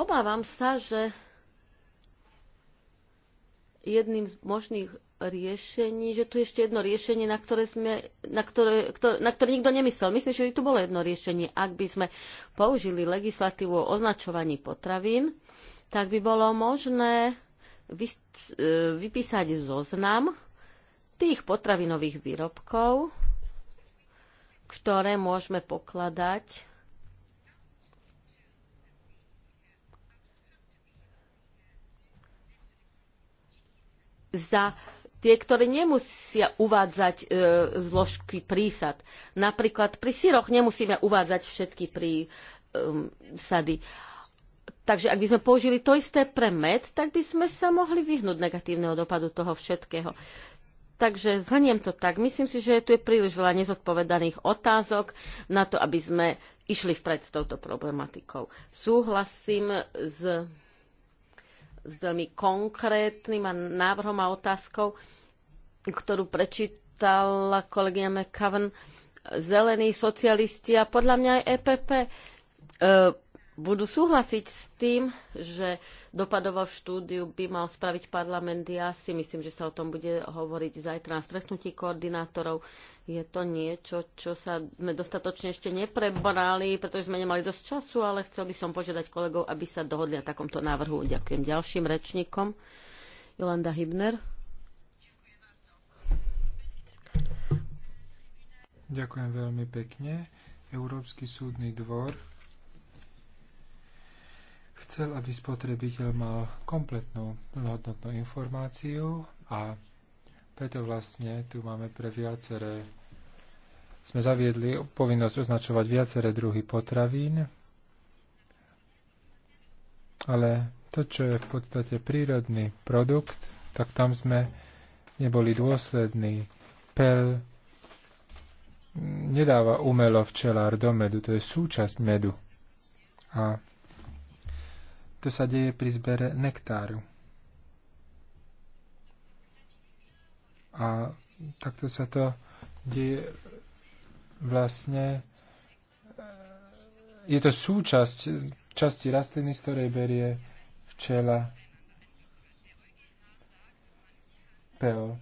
Obávam sa, že jedným z možných riešení, že tu je ešte jedno riešenie, na ktoré, sme, na ktoré, ktoré, na ktoré nikto nemyslel. Myslím, že tu bolo jedno riešenie. Ak by sme použili legislatívu o označovaní potravín, tak by bolo možné E, vypísať zoznam tých potravinových výrobkov, ktoré môžeme pokladať za tie, ktoré nemusia uvádzať e, zložky prísad. Napríklad pri síroch nemusíme uvádzať všetky prísady. E, Takže ak by sme použili to isté pre med, tak by sme sa mohli vyhnúť negatívneho dopadu toho všetkého. Takže zhrniem to tak. Myslím si, že tu je príliš veľa nezodpovedaných otázok na to, aby sme išli vpred s touto problematikou. Súhlasím s, s veľmi konkrétnym návrhom a otázkou, ktorú prečítala kolegyňa McCavan, zelení socialisti a podľa mňa aj EPP. E, e budú súhlasiť s tým, že dopadová štúdiu by mal spraviť parlament. Ja si myslím, že sa o tom bude hovoriť zajtra na stretnutí koordinátorov. Je to niečo, čo sa sme dostatočne ešte neprebrali, pretože sme nemali dosť času, ale chcel by som požiadať kolegov, aby sa dohodli na takomto návrhu. Ďakujem ďalším rečníkom. Jolanda Hibner. Ďakujem veľmi pekne. Európsky súdny dvor Chcel, aby spotrebiteľ mal kompletnú plnohodnotnú informáciu a preto vlastne tu máme pre viaceré sme zaviedli povinnosť označovať viaceré druhy potravín, ale to, čo je v podstate prírodný produkt, tak tam sme neboli dôslední. Pel nedáva umelo včelár do medu, to je súčasť medu. A to sa deje pri zbere nektáru. A takto sa to deje vlastne. Eh, je to súčasť časti rastliny, z ktorej berie včela peo.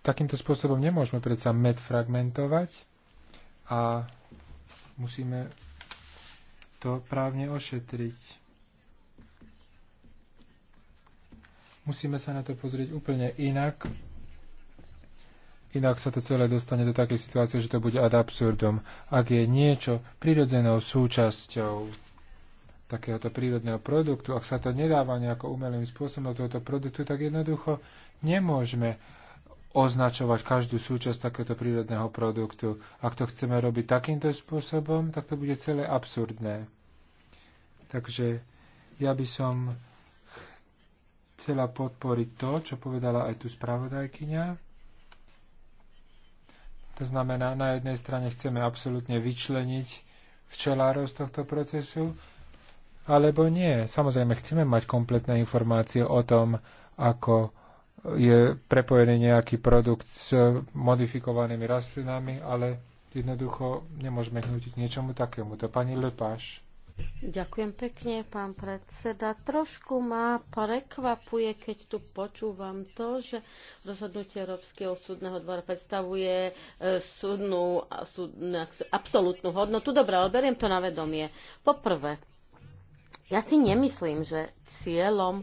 Takýmto spôsobom nemôžeme predsa med fragmentovať a musíme to právne ošetriť. Musíme sa na to pozrieť úplne inak. Inak sa to celé dostane do takej situácie, že to bude ad absurdom. Ak je niečo prirodzenou súčasťou takéhoto prírodného produktu, ak sa to nedáva nejako umelým spôsobom do tohoto produktu, tak jednoducho nemôžeme označovať každú súčasť takéto prírodného produktu. Ak to chceme robiť takýmto spôsobom, tak to bude celé absurdné. Takže ja by som chcela podporiť to, čo povedala aj tu spravodajkyňa. To znamená, na jednej strane chceme absolútne vyčleniť včelárov z tohto procesu, alebo nie. Samozrejme, chceme mať kompletné informácie o tom, ako je prepojený nejaký produkt s modifikovanými rastlinami, ale jednoducho nemôžeme hnutiť niečomu takému. To pani Lepáš. Ďakujem pekne, pán predseda. Trošku ma prekvapuje, keď tu počúvam to, že rozhodnutie Európskeho súdneho dvora predstavuje e, súdnu, súdnu, absolútnu hodnotu. Dobre, ale beriem to na vedomie. Poprvé, ja si nemyslím, že cieľom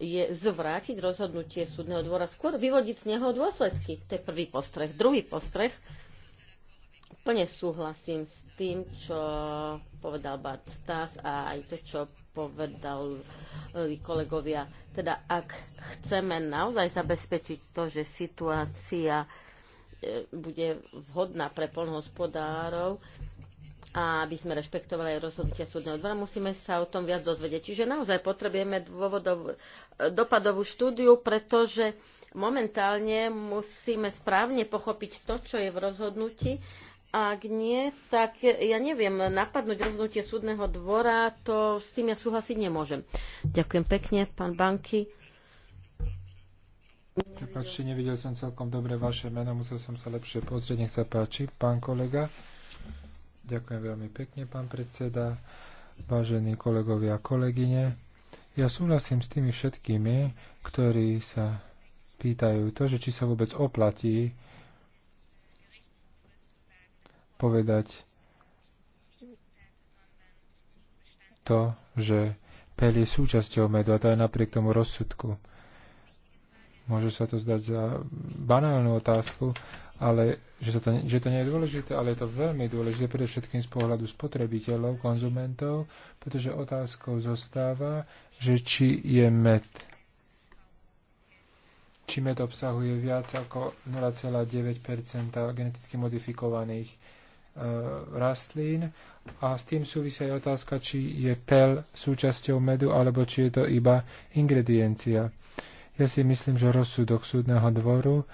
je zvrátiť rozhodnutie súdneho dvora, skôr vyvodiť z neho dôsledky. To je prvý postreh. Druhý postreh, plne súhlasím s tým, čo povedal Bart Stas a aj to, čo povedali kolegovia. Teda ak chceme naozaj zabezpečiť to, že situácia e, bude vhodná pre polnohospodárov, a aby sme rešpektovali aj rozhodnutia súdneho dvora, musíme sa o tom viac dozvedieť. Čiže naozaj potrebujeme dôvodov, dopadovú štúdiu, pretože momentálne musíme správne pochopiť to, čo je v rozhodnutí. Ak nie, tak ja neviem, napadnúť rozhodnutie súdneho dvora, to s tým ja súhlasiť nemôžem. Ďakujem pekne, pán Banky. Prepačte, nevidel som celkom dobre vaše meno, musel som sa lepšie pozrieť, nech sa páči, pán kolega. Ďakujem veľmi pekne, pán predseda, vážení kolegovia a kolegyne. Ja súhlasím s tými všetkými, ktorí sa pýtajú to, že či sa vôbec oplatí povedať to, že pel je súčasťou medu a to je napriek tomu rozsudku. Môže sa to zdať za banálnu otázku, ale že, sa to, že to nie je dôležité, ale je to veľmi dôležité predovšetkým z pohľadu spotrebiteľov, konzumentov, pretože otázkou zostáva, že či je med či med obsahuje viac ako 0,9 geneticky modifikovaných e, rastlín. A s tým súvisia aj otázka, či je pel súčasťou medu, alebo či je to iba ingrediencia. Ja si myslím, že rozsudok súdneho dvoru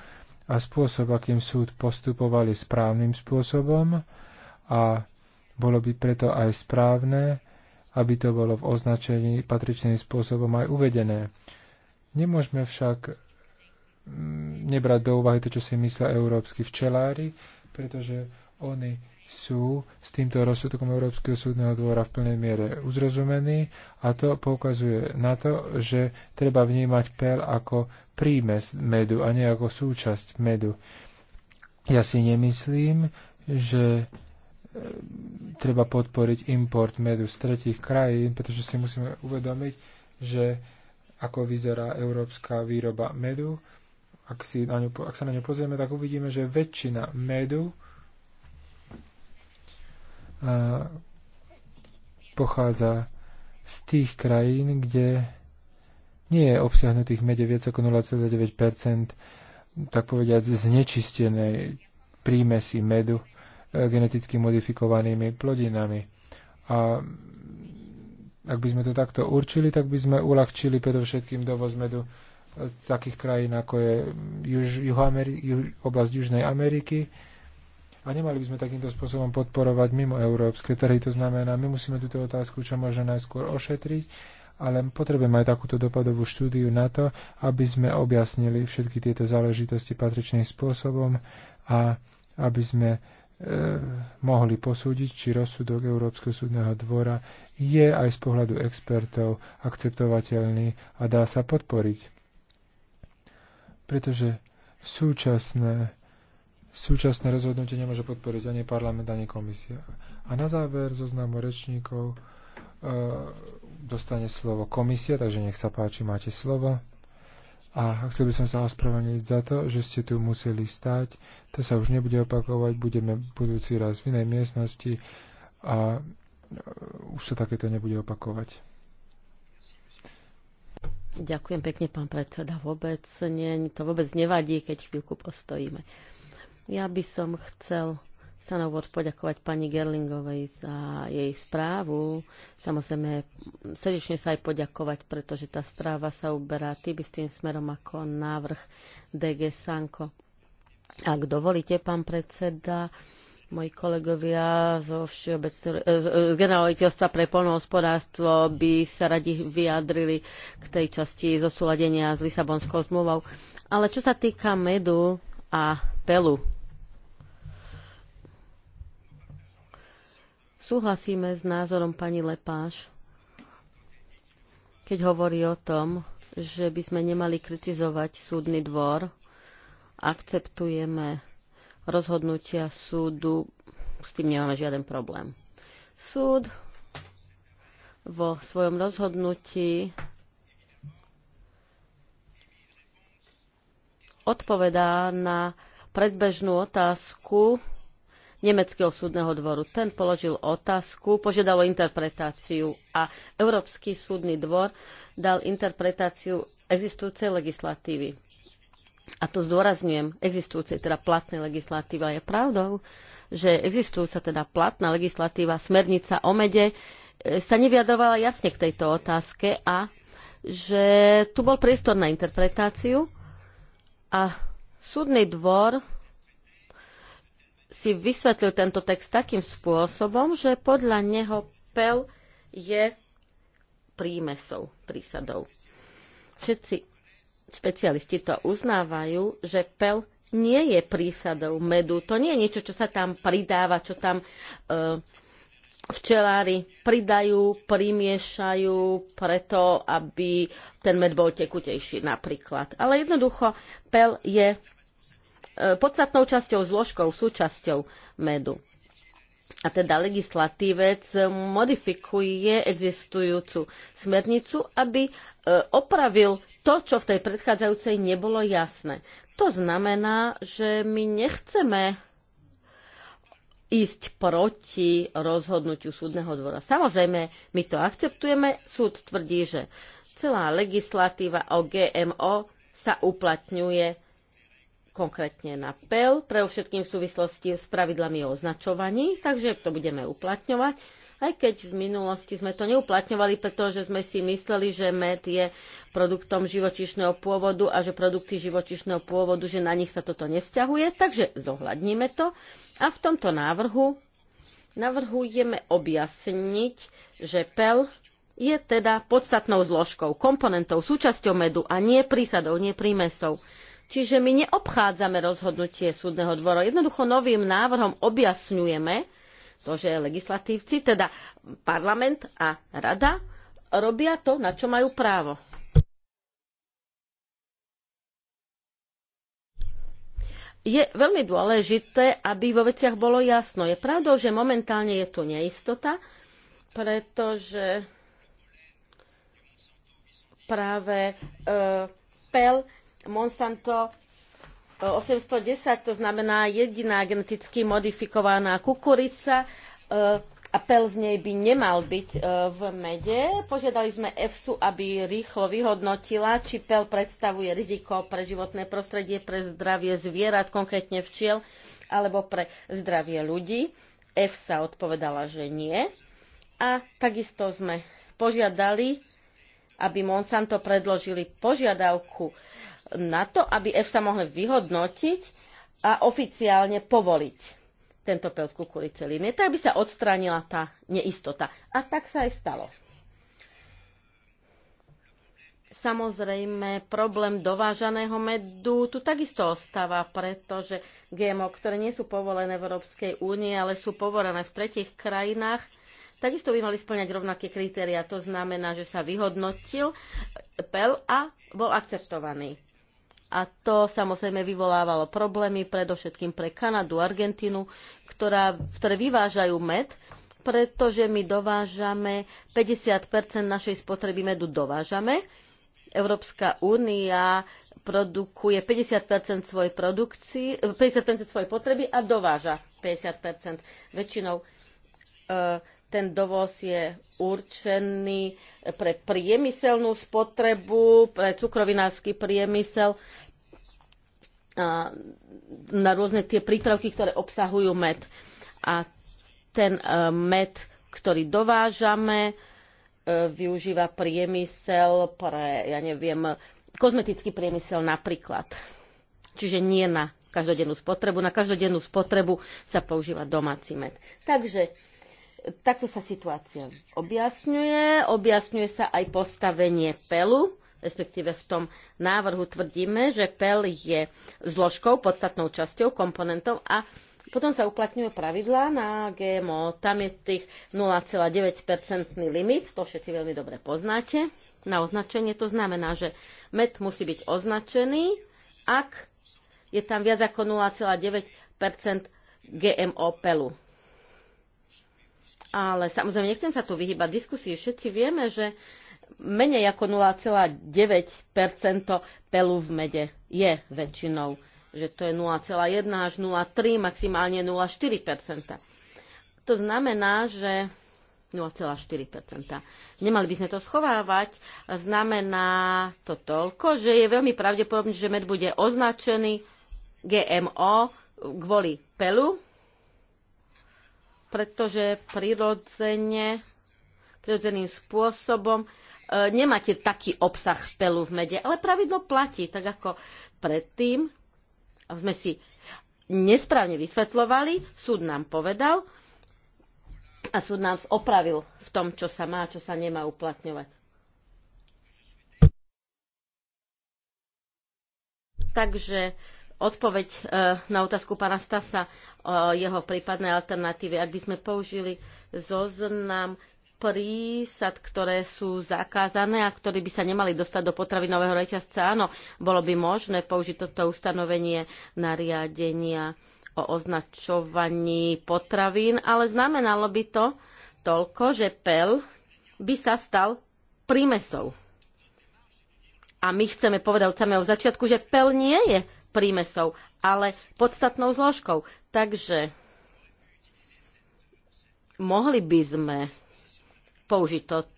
a spôsob, akým súd postupovali správnym spôsobom a bolo by preto aj správne, aby to bolo v označení patričným spôsobom aj uvedené. Nemôžeme však mm, nebrať do úvahy to, čo si myslia európsky včelári, pretože oni sú s týmto rozsudkom Európskeho súdneho dvora v plnej miere uzrozumení a to poukazuje na to, že treba vnímať pel ako prímes medu a nie ako súčasť medu. Ja si nemyslím, že e, treba podporiť import medu z tretich krajín, pretože si musíme uvedomiť, že ako vyzerá európska výroba medu, ak, si na ňu, ak sa na ňu pozrieme, tak uvidíme, že väčšina medu, pochádza z tých krajín, kde nie je obsiahnutých mede viac ako 0,9 tak povediať znečistenej prímesi medu e, geneticky modifikovanými plodinami. A ak by sme to takto určili, tak by sme uľahčili predovšetkým dovoz medu z e, takých krajín, ako je Juž, Juhameri, Juž, oblasť Južnej Ameriky, a nemali by sme takýmto spôsobom podporovať mimo európske trhy. To znamená, my musíme túto otázku čo možno najskôr ošetriť, ale potrebujeme aj takúto dopadovú štúdiu na to, aby sme objasnili všetky tieto záležitosti patričným spôsobom a aby sme e, mohli posúdiť, či rozsudok Európskeho súdneho dvora je aj z pohľadu expertov akceptovateľný a dá sa podporiť. Pretože súčasné súčasné rozhodnutie nemôže podporiť ani parlament, ani komisia. A na záver zoznamu rečníkov e, dostane slovo komisia, takže nech sa páči, máte slovo. A chcel by som sa ospravedlniť za to, že ste tu museli stať. To sa už nebude opakovať, budeme budúci raz v inej miestnosti a e, už sa takéto nebude opakovať. Ďakujem pekne, pán predseda. Vôbec nie, to vôbec nevadí, keď chvíľku postojíme. Ja by som chcel sa na úvod poďakovať pani Gerlingovej za jej správu. Samozrejme, srdečne sa aj poďakovať, pretože tá správa sa uberá tým istým smerom ako návrh DG Sanko. Ak dovolíte, pán predseda, moji kolegovia zo e, z e, generáliteľstva pre polnohospodárstvo by sa radi vyjadrili k tej časti zosúladenia s Lisabonskou zmluvou. Ale čo sa týka medu a pelu, Súhlasíme s názorom pani Lepáš, keď hovorí o tom, že by sme nemali kritizovať súdny dvor. Akceptujeme rozhodnutia súdu, s tým nemáme žiaden problém. Súd vo svojom rozhodnutí odpovedá na predbežnú otázku, Nemeckého súdneho dvoru. Ten položil otázku, požiadalo interpretáciu a Európsky súdny dvor dal interpretáciu existujúcej legislatívy. A to zdôrazňujem, existujúcej, teda platnej legislatíva je pravdou, že existujúca teda platná legislatíva, smernica o mede, e, sa neviadovala jasne k tejto otázke a že tu bol priestor na interpretáciu a súdny dvor si vysvetlil tento text takým spôsobom, že podľa neho pel je prímesou, prísadou. Všetci špecialisti to uznávajú, že pel nie je prísadou medu. To nie je niečo, čo sa tam pridáva, čo tam e, včelári pridajú, primiešajú preto, aby ten med bol tekutejší napríklad. Ale jednoducho pel je E, podstatnou časťou zložkou, súčasťou medu. A teda legislatívec modifikuje existujúcu smernicu, aby e, opravil to, čo v tej predchádzajúcej nebolo jasné. To znamená, že my nechceme ísť proti rozhodnutiu súdneho dvora. Samozrejme, my to akceptujeme. Súd tvrdí, že celá legislatíva o GMO sa uplatňuje konkrétne na PEL, pre všetkým v súvislosti s pravidlami o označovaní, takže to budeme uplatňovať. Aj keď v minulosti sme to neuplatňovali, pretože sme si mysleli, že med je produktom živočišného pôvodu a že produkty živočišného pôvodu, že na nich sa toto nesťahuje, takže zohľadníme to. A v tomto návrhu navrhujeme objasniť, že PEL je teda podstatnou zložkou, komponentou, súčasťou medu a nie prísadou, nie prímesou. Čiže my neobchádzame rozhodnutie súdneho dvora. Jednoducho novým návrhom objasňujeme to, že legislatívci, teda parlament a rada, robia to, na čo majú právo. Je veľmi dôležité, aby vo veciach bolo jasno. Je pravdou, že momentálne je tu neistota, pretože práve e, PEL Monsanto 810, e, to znamená jediná geneticky modifikovaná kukurica e, a pel z nej by nemal byť e, v mede. Požiadali sme EFSU, aby rýchlo vyhodnotila, či pel predstavuje riziko pre životné prostredie, pre zdravie zvierat, konkrétne včiel, alebo pre zdravie ľudí. EFSA odpovedala, že nie. A takisto sme požiadali aby Monsanto predložili požiadavku na to, aby EFSA mohli vyhodnotiť a oficiálne povoliť tento pel z kukuliceliny, tak by sa odstránila tá neistota. A tak sa aj stalo. Samozrejme, problém dovážaného medu tu takisto ostáva, pretože GMO, ktoré nie sú povolené v Európskej únie, ale sú povolené v tretich krajinách, takisto by mali splňať rovnaké kritéria. To znamená, že sa vyhodnotil PEL a bol akceptovaný. A to samozrejme vyvolávalo problémy predovšetkým pre Kanadu, Argentínu, ktorá, ktoré vyvážajú med, pretože my dovážame 50 našej spotreby medu dovážame. Európska únia produkuje 50 svojej produkcii, 50 svojej potreby a dováža 50 väčšinou. E, ten dovoz je určený pre priemyselnú spotrebu, pre cukrovinársky priemysel, na rôzne tie prípravky, ktoré obsahujú med. A ten e, med, ktorý dovážame, e, využíva priemysel pre, ja neviem, kozmetický priemysel napríklad. Čiže nie na každodennú spotrebu. Na každodennú spotrebu sa používa domáci med. Takže takto sa situácia objasňuje. Objasňuje sa aj postavenie pelu, respektíve v tom návrhu tvrdíme, že pel je zložkou, podstatnou časťou, komponentom a potom sa uplatňujú pravidlá na GMO. Tam je tých 0,9-percentný limit, to všetci veľmi dobre poznáte. Na označenie to znamená, že med musí byť označený, ak je tam viac ako 0,9 GMO pelu ale samozrejme, nechcem sa tu vyhybať diskusii. Všetci vieme, že menej ako 0,9 pelu v mede je väčšinou. Že to je 0,1 až 0,3, maximálne 0,4 To znamená, že 0,4 Nemali by sme to schovávať. Znamená to toľko, že je veľmi pravdepodobné, že med bude označený GMO kvôli pelu, pretože prirodzene, prirodzeným spôsobom e, nemáte taký obsah pelu v mede, ale pravidlo platí, tak ako predtým sme si nesprávne vysvetľovali, súd nám povedal a súd nám opravil v tom, čo sa má, čo sa nemá uplatňovať. Takže odpoveď e, na otázku pána Stasa o jeho prípadnej alternatíve. Ak by sme použili zoznam prísad, ktoré sú zakázané a ktorí by sa nemali dostať do potravinového reťazca. Áno, bolo by možné použiť toto ustanovenie nariadenia o označovaní potravín, ale znamenalo by to toľko, že pel by sa stal prímesou. A my chceme povedať od samého začiatku, že pel nie je prímesov, ale podstatnou zložkou. Takže mohli by sme použiť toto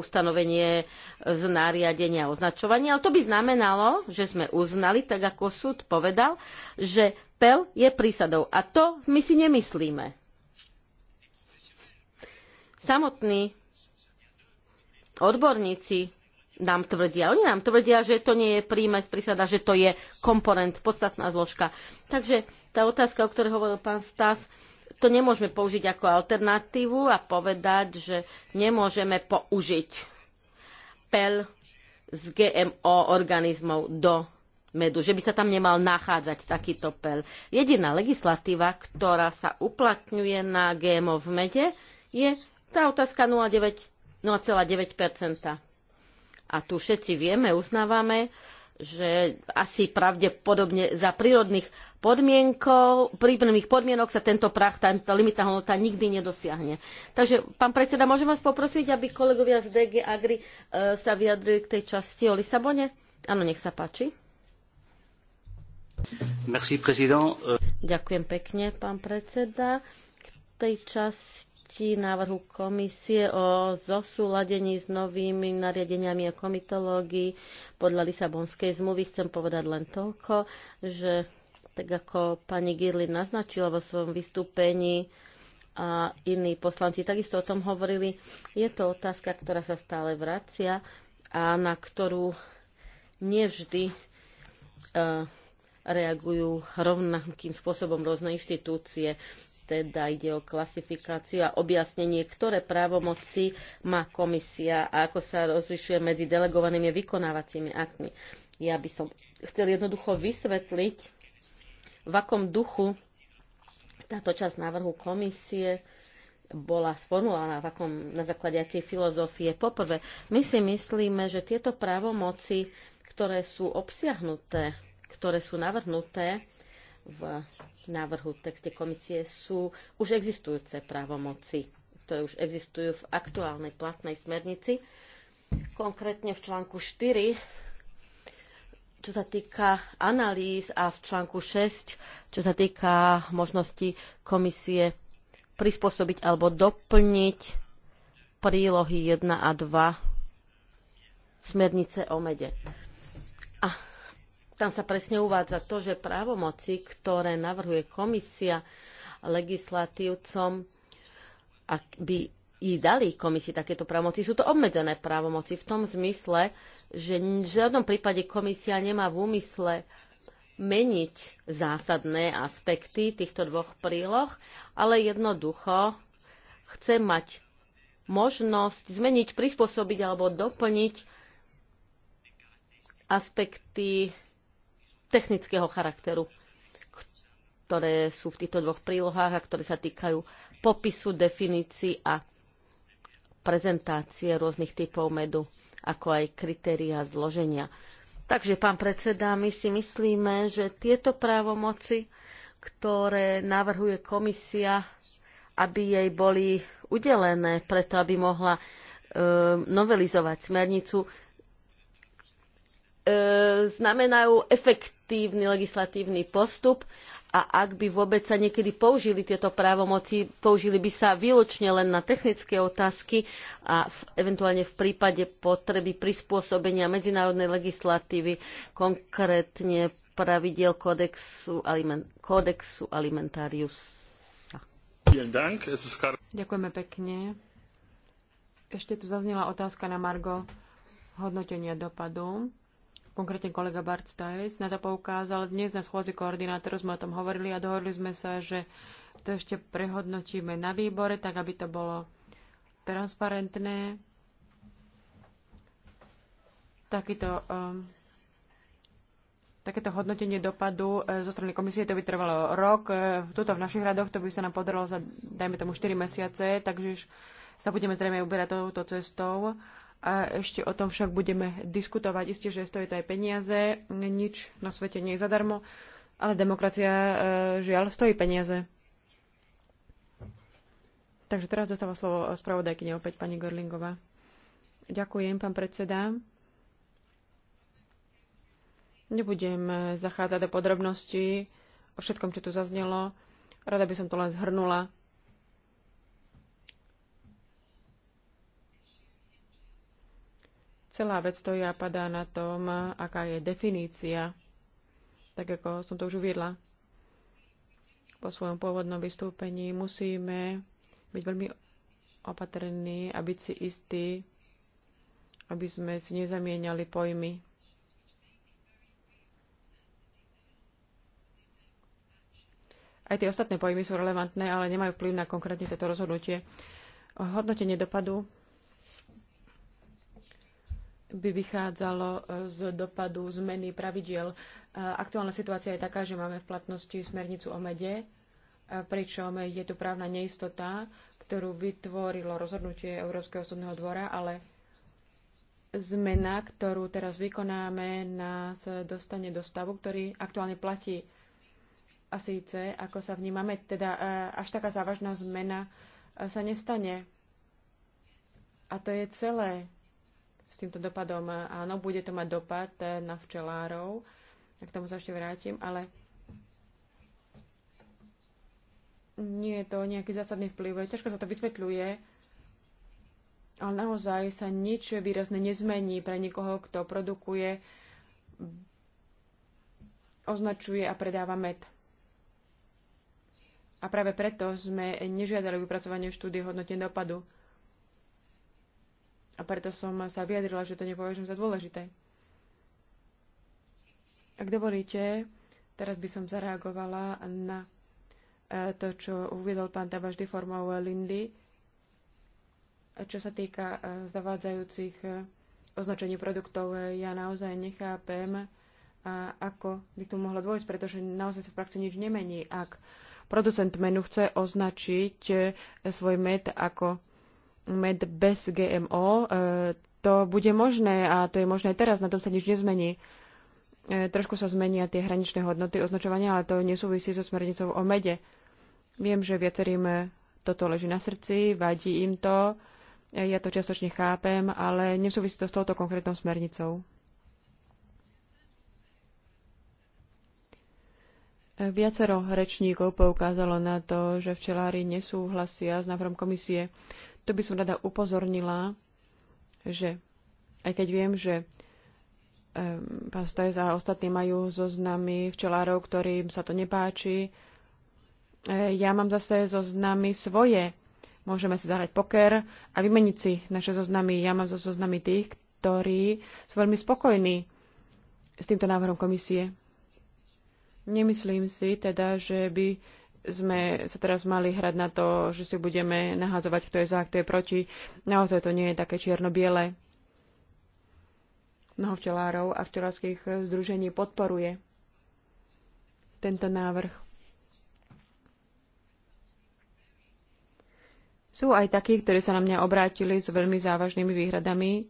ustanovenie z nariadenia označovania, ale to by znamenalo, že sme uznali, tak ako súd povedal, že pel je prísadou. A to my si nemyslíme. Samotní odborníci nám tvrdia. Oni nám tvrdia, že to nie je príjmes prísada, že to je komponent, podstatná zložka. Takže tá otázka, o ktorej hovoril pán Stas, to nemôžeme použiť ako alternatívu a povedať, že nemôžeme použiť pel z GMO organizmov do medu, že by sa tam nemal nachádzať takýto pel. Jediná legislatíva, ktorá sa uplatňuje na GMO v mede, je tá otázka 0,9% a tu všetci vieme, uznávame, že asi pravdepodobne za prírodných podmienkov, prírodných podmienok sa tento prach, tá limitná hodnota nikdy nedosiahne. Takže, pán predseda, môžem vás poprosiť, aby kolegovia z DG Agri e, sa vyjadrili k tej časti o Lisabone? Áno, nech sa páči. Merci, Ďakujem pekne, pán predseda. K tej časti proti návrhu komisie o zosúladení s novými nariadeniami a komitológii podľa Lisabonskej zmluvy. Chcem povedať len toľko, že tak ako pani Girlin naznačila vo svojom vystúpení, a iní poslanci takisto o tom hovorili. Je to otázka, ktorá sa stále vracia a na ktorú nevždy e, reagujú rovnakým spôsobom rôzne inštitúcie teda ide o klasifikáciu a objasnenie, ktoré právomoci má komisia a ako sa rozlišuje medzi delegovanými a vykonávacími aktmi. Ja by som chcel jednoducho vysvetliť, v akom duchu táto časť návrhu komisie bola sformulovaná, v akom, na základe akej filozofie. Poprvé, my si myslíme, že tieto právomoci, ktoré sú obsiahnuté, ktoré sú navrhnuté, v návrhu v texte komisie sú už existujúce právomoci, ktoré už existujú v aktuálnej platnej smernici, konkrétne v článku 4, čo sa týka analýz a v článku 6, čo sa týka možnosti komisie prispôsobiť alebo doplniť prílohy 1 a 2 smernice o mede. A tam sa presne uvádza to, že právomoci, ktoré navrhuje komisia legislatívcom, ak by i dali komisii takéto právomoci. Sú to obmedzené právomoci v tom zmysle, že v žiadnom prípade komisia nemá v úmysle meniť zásadné aspekty týchto dvoch príloh, ale jednoducho chce mať možnosť zmeniť, prispôsobiť alebo doplniť aspekty technického charakteru, ktoré sú v týchto dvoch prílohách a ktoré sa týkajú popisu, definícií a prezentácie rôznych typov medu, ako aj kritéria zloženia. Takže, pán predseda, my si myslíme, že tieto právomoci, ktoré navrhuje komisia, aby jej boli udelené, preto aby mohla e, novelizovať smernicu, E, znamenajú efektívny legislatívny postup a ak by vôbec sa niekedy použili tieto právomoci, použili by sa výlučne len na technické otázky a v, eventuálne v prípade potreby prispôsobenia medzinárodnej legislatívy, konkrétne pravidiel kódexu, aliment, kódexu alimentarius. Ďakujeme pekne. Ešte tu zaznela otázka na Margo hodnotenia dopadu konkrétne kolega Bart Stajs, na to poukázal. Dnes na schôdzi koordinátorov sme o tom hovorili a dohodli sme sa, že to ešte prehodnotíme na výbore, tak aby to bolo transparentné. Takýto, um, takéto hodnotenie dopadu e, zo strany komisie to by trvalo rok. E, tuto v našich radoch to by sa nám podarilo za, dajme tomu, 4 mesiace, takže sa budeme zrejme uberať touto cestou. E, a ešte o tom však budeme diskutovať. Isté, že stojí to aj peniaze, nič na svete nie je zadarmo, ale demokracia e, žiaľ stojí peniaze. Takže teraz dostáva slovo spravodajkyne opäť pani Gorlingová. Ďakujem, pán predseda. Nebudem e, zachádzať do podrobností o všetkom, čo tu zaznelo. Rada by som to len zhrnula. Celá vec stojí a padá na tom, aká je definícia, tak ako som to už uviedla po svojom pôvodnom vystúpení. Musíme byť veľmi opatrní a byť si istí, aby sme si nezamieniali pojmy. Aj tie ostatné pojmy sú relevantné, ale nemajú vplyv na konkrétne toto rozhodnutie. Hodnotenie dopadu by vychádzalo e, z dopadu zmeny pravidiel. E, aktuálna situácia je taká, že máme v platnosti smernicu o mede, e, pričom je tu právna neistota, ktorú vytvorilo rozhodnutie Európskeho súdneho dvora, ale zmena, ktorú teraz vykonáme, nás dostane do stavu, ktorý aktuálne platí. A síce, ako sa vnímame, teda až taká závažná zmena sa nestane. A to je celé s týmto dopadom. Áno, bude to mať dopad eh, na včelárov, a k tomu sa ešte vrátim, ale nie je to nejaký zásadný vplyv. Ťažko sa to vysvetľuje, ale naozaj sa nič výrazne nezmení pre niekoho, kto produkuje, označuje a predáva med. A práve preto sme nežiadali vypracovanie štúdie hodnotenia dopadu. A preto som sa vyjadrila, že to nepovažujem za dôležité. Ak dovolíte, teraz by som zareagovala na e, to, čo uviedol pán Tabaždy formou Lindy, čo sa týka e, zavádzajúcich e, označení produktov. Ja naozaj nechápem, ako by to mohlo dôjsť, pretože naozaj sa v praxi nič nemení. Ak producent menu chce označiť svoj med ako med bez GMO, e, to bude možné a to je možné teraz, na tom sa nič nezmení. E, trošku sa zmenia tie hraničné hodnoty označovania, ale to nesúvisí so smernicou o mede. Viem, že viacerým toto leží na srdci, vadí im to, e, ja to čiastočne chápem, ale nesúvisí to s touto konkrétnou smernicou. Viacero rečníkov poukázalo na to, že včelári nesúhlasia s návrhom komisie. Tu by som rada upozornila, že aj keď viem, že um, pán Stajs a ostatní majú zoznamy včelárov, ktorým sa to nepáči, e, ja mám zase zoznamy svoje. Môžeme si zahrať poker a vymeniť si naše zoznamy. Ja mám zase zoznamy tých, ktorí sú veľmi spokojní s týmto návrhom komisie. Nemyslím si teda, že by sme sa teraz mali hrať na to, že si budeme nahádzovať, kto je za, kto je proti. Naozaj to nie je také čierno-biele. Mnoho včelárov a včelárských združení podporuje tento návrh. Sú aj takí, ktorí sa na mňa obrátili s veľmi závažnými výhradami,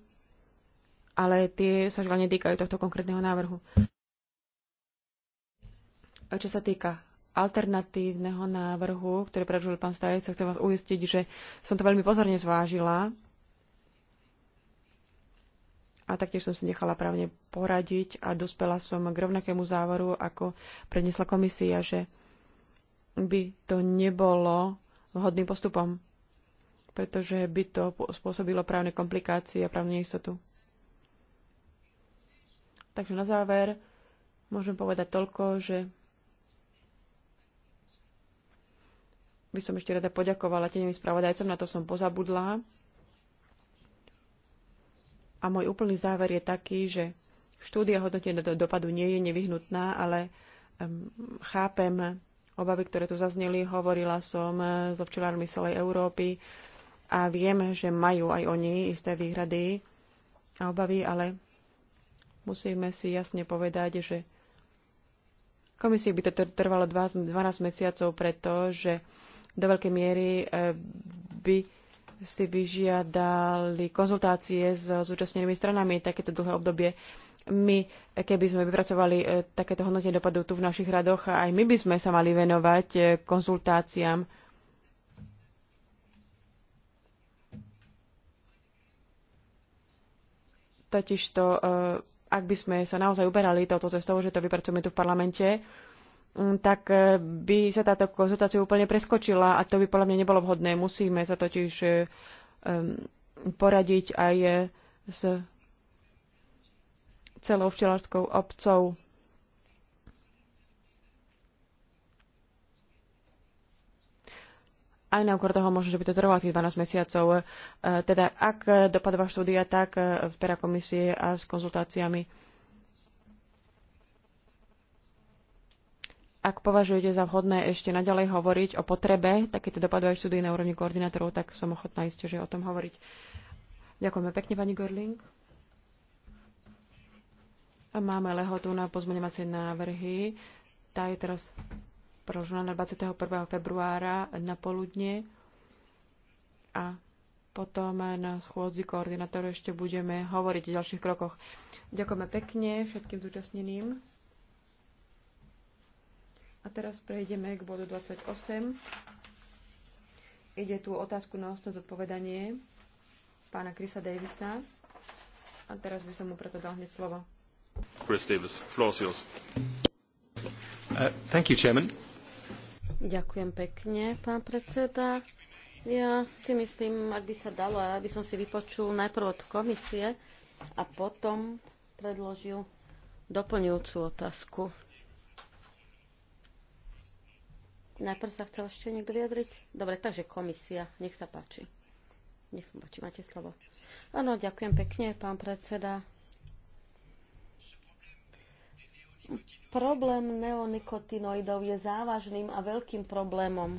ale tie sa žiaľ netýkajú tohto konkrétneho návrhu. A čo sa týka alternatívneho návrhu, ktorý predložil pán Stajec, chcem vás uistiť, že som to veľmi pozorne zvážila a taktiež som si nechala právne poradiť a dospela som k rovnakému závoru, ako prednesla komisia, že by to nebolo vhodným postupom, pretože by to spôsobilo právne komplikácie a právnu neistotu. Takže na záver môžem povedať toľko, že by som ešte rada poďakovala teným spravodajcom, na to som pozabudla. A môj úplný záver je taký, že štúdia hodnotenia do dopadu nie je nevyhnutná, ale um, chápem obavy, ktoré tu zazneli. Hovorila som eh, so včelármi celej Európy a viem, že majú aj oni isté výhrady a obavy, ale musíme si jasne povedať, že komisii by to trvalo 12 mesiacov, pretože do veľkej miery eh, by si vyžiadali konzultácie s zúčastnenými stranami takéto dlhé obdobie. My, eh, keby sme vypracovali eh, takéto hodnotenie dopadov tu v našich radoch, aj my by sme sa mali venovať konzultáciám totižto, ak by sme sa naozaj uberali touto cestou, že to vypracujeme tu v parlamente, Mm, tak eh, by sa táto konzultácia úplne preskočila a to by podľa mňa nebolo vhodné. Musíme sa totiž eh, poradiť aj eh, s celou včelárskou obcou. aj na úkor toho možno, že by to trvalo tých 12 mesiacov. Teda ak dopadová štúdia, tak z pera komisie a s konzultáciami Ak považujete za vhodné ešte naďalej hovoriť o potrebe takéto dopadové štúdie na úrovni koordinátorov, tak som ochotná isté, že o tom hovoriť. Ďakujeme pekne, pani Gorling. A máme lehotu na pozmeňovacie návrhy. Tá je teraz preložená na 21. februára na poludne. A potom na schôdzi koordinátorov ešte budeme hovoriť o ďalších krokoch. Ďakujeme pekne všetkým zúčastneným. A teraz prejdeme k bodu 28. Ide tu otázku na ostno zodpovedanie pána Krisa Davisa. A teraz by som mu preto dal hneď slovo. Chris Davis, floor is yours. Uh, thank you, Chairman. Ďakujem pekne, pán predseda. Ja si myslím, ak by sa dalo, aby som si vypočul najprv od komisie a potom predložil doplňujúcu otázku Najprv sa chcel ešte niekto vyjadriť? Dobre, takže komisia, nech sa páči. Nech sa páči, máte slovo. Áno, ďakujem pekne, pán predseda. Problém neonikotinoidov je závažným a veľkým problémom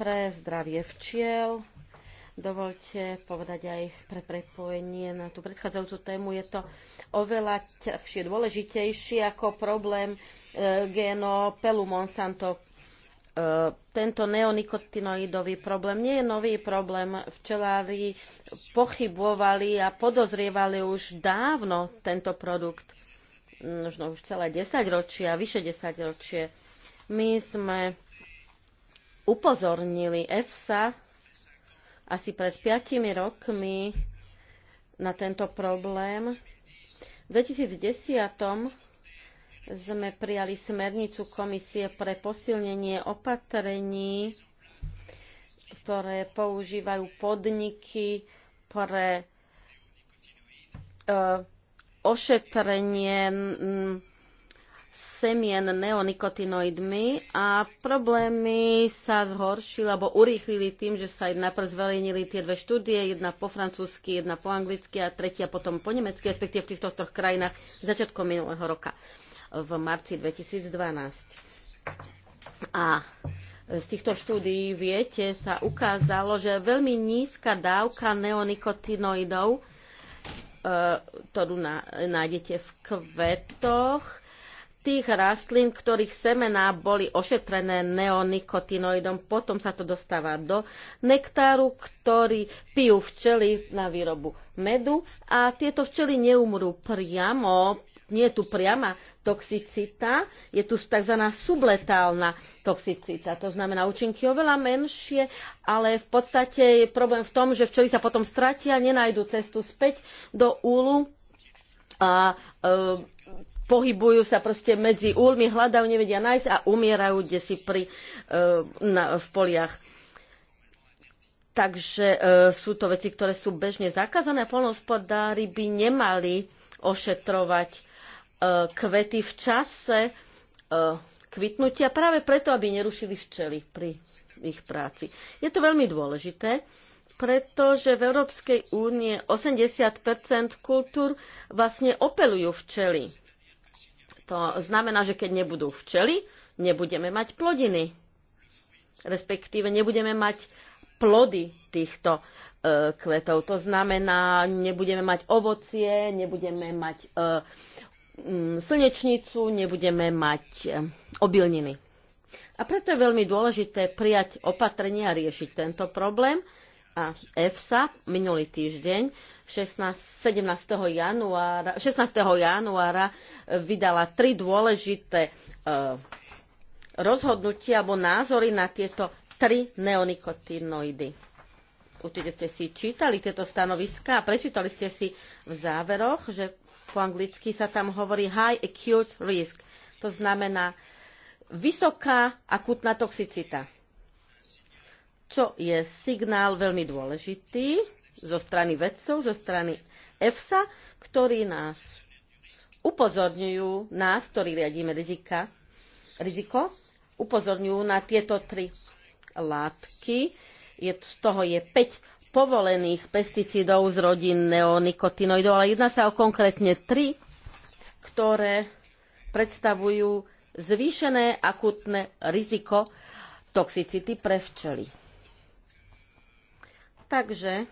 pre zdravie včiel, Dovolte povedať aj pre prepojenie na tú predchádzajúcu tému. Je to oveľa ťažšie, dôležitejšie ako problém e, geno Pelu Monsanto. E, tento neonikotinoidový problém nie je nový problém. Včelári pochybovali a podozrievali už dávno tento produkt. Mm, možno už celé 10 ročia, vyše 10 ročie. My sme upozornili EFSA asi pred 5 rokmi na tento problém. V 2010 sme prijali smernicu Komisie pre posilnenie opatrení, ktoré používajú podniky pre e, ošetrenie m, semien neonikotinoidmi a problémy sa zhoršili alebo urýchlili tým, že sa najprv zverejnili tie dve štúdie, jedna po francúzsky, jedna po anglicky a tretia potom po nemecky, respektíve v týchto troch krajinách začiatkom minulého roka v marci 2012. A z týchto štúdií, viete, sa ukázalo, že veľmi nízka dávka neonikotinoidov, e, ktorú nájdete v kvetoch, tých rastlín, ktorých semená boli ošetrené neonikotinoidom, potom sa to dostáva do nektáru, ktorý pijú včely na výrobu medu a tieto včely neumrú priamo, nie je tu priama toxicita, je tu tzv. subletálna toxicita. To znamená účinky oveľa menšie, ale v podstate je problém v tom, že včely sa potom stratia, nenajdu cestu späť do úlu a e, pohybujú sa proste medzi úlmi, hľadajú, nevedia nájsť a umierajú kde si pri, e, na, v poliach. Takže e, sú to veci, ktoré sú bežne zakázané a polnohospodári by nemali ošetrovať e, kvety v čase e, kvitnutia práve preto, aby nerušili včely pri ich práci. Je to veľmi dôležité, pretože v Európskej únie 80 kultúr vlastne opelujú včely. To znamená, že keď nebudú včely, nebudeme mať plodiny. Respektíve nebudeme mať plody týchto e, kvetov. To znamená, nebudeme mať ovocie, nebudeme mať e, m, slnečnicu, nebudeme mať e, obilniny. A preto je veľmi dôležité prijať opatrenia a riešiť tento problém a EFSA minulý týždeň 16, 17. Januára, 16. januára e, vydala tri dôležité e, rozhodnutia alebo názory na tieto tri neonikotinoidy. Určite ste si čítali tieto stanoviská a prečítali ste si v záveroch, že po anglicky sa tam hovorí high acute risk. To znamená vysoká akutná toxicita čo je signál veľmi dôležitý zo strany vedcov, zo strany EFSA, ktorí nás upozorňujú, nás, ktorí riadíme rizika, riziko, upozorňujú na tieto tri látky. Je, z toho je 5 povolených pesticídov z rodín neonikotinoidov, ale jedná sa o konkrétne tri, ktoré predstavujú zvýšené akutné riziko toxicity pre včely. Takže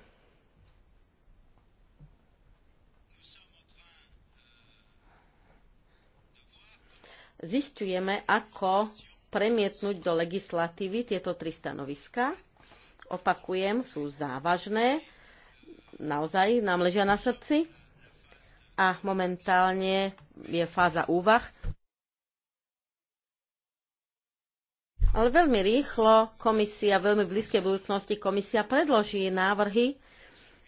zistujeme, ako premietnúť do legislatívy tieto tri stanoviska. Opakujem, sú závažné, naozaj nám ležia na srdci a momentálne je fáza úvah. Ale veľmi rýchlo komisia, veľmi blízkej budúcnosti komisia predloží návrhy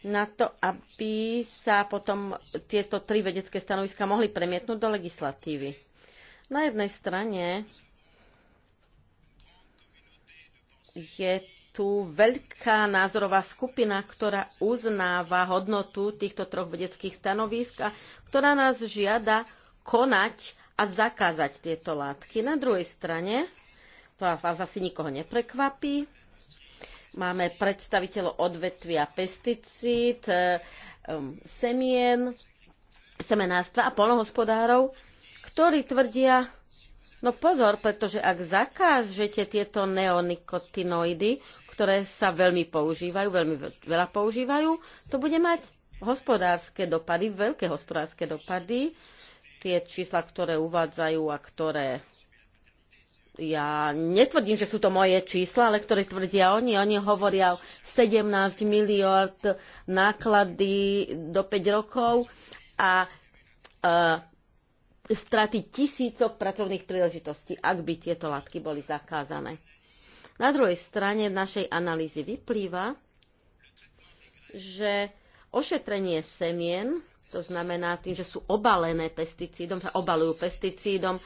na to, aby sa potom tieto tri vedecké stanoviska mohli premietnúť do legislatívy. Na jednej strane je tu veľká názorová skupina, ktorá uznáva hodnotu týchto troch vedeckých stanovisk a ktorá nás žiada konať a zakázať tieto látky. Na druhej strane to vás asi nikoho neprekvapí. Máme predstaviteľov odvetvia pesticíd, eh, semien, semenárstva a polnohospodárov, ktorí tvrdia, no pozor, pretože ak zakážete tieto neonikotinoidy, ktoré sa veľmi používajú, veľmi veľa používajú, to bude mať hospodárske dopady, veľké hospodárske dopady, tie čísla, ktoré uvádzajú a ktoré ja netvrdím, že sú to moje čísla, ale ktoré tvrdia oni. Oni hovoria o 17 miliard náklady do 5 rokov a uh, straty tisícok pracovných príležitostí, ak by tieto látky boli zakázané. Na druhej strane našej analýzy vyplýva, že ošetrenie semien to znamená tým, že sú obalené pesticídom, sa obalujú pesticídom,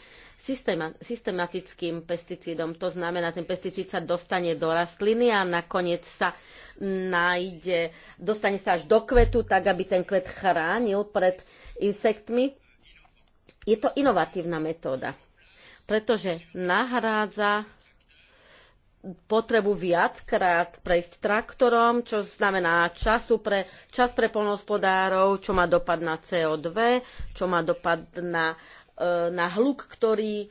systematickým pesticídom. To znamená, ten pesticíd sa dostane do rastliny a nakoniec sa nájde, dostane sa až do kvetu, tak aby ten kvet chránil pred insektmi. Je to inovatívna metóda, pretože nahrádza potrebu viackrát prejsť traktorom, čo znamená času pre, čas pre polnohospodárov, čo má dopad na CO2, čo má dopad na, e, na hluk, ktorý e,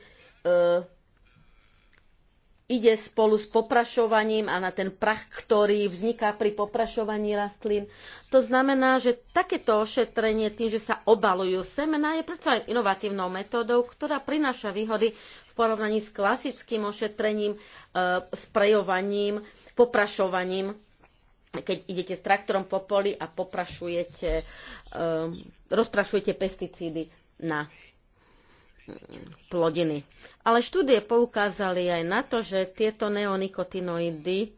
ide spolu s poprašovaním a na ten prach, ktorý vzniká pri poprašovaní rastlín. To znamená, že takéto ošetrenie tým, že sa obalujú semená, je predsa aj inovatívnou metódou, ktorá prináša výhody porovnaní s klasickým ošetrením, e, sprejovaním, poprašovaním, keď idete s traktorom po poli a poprašujete, e, rozprašujete pesticídy na mm, plodiny. Ale štúdie poukázali aj na to, že tieto neonikotinoidy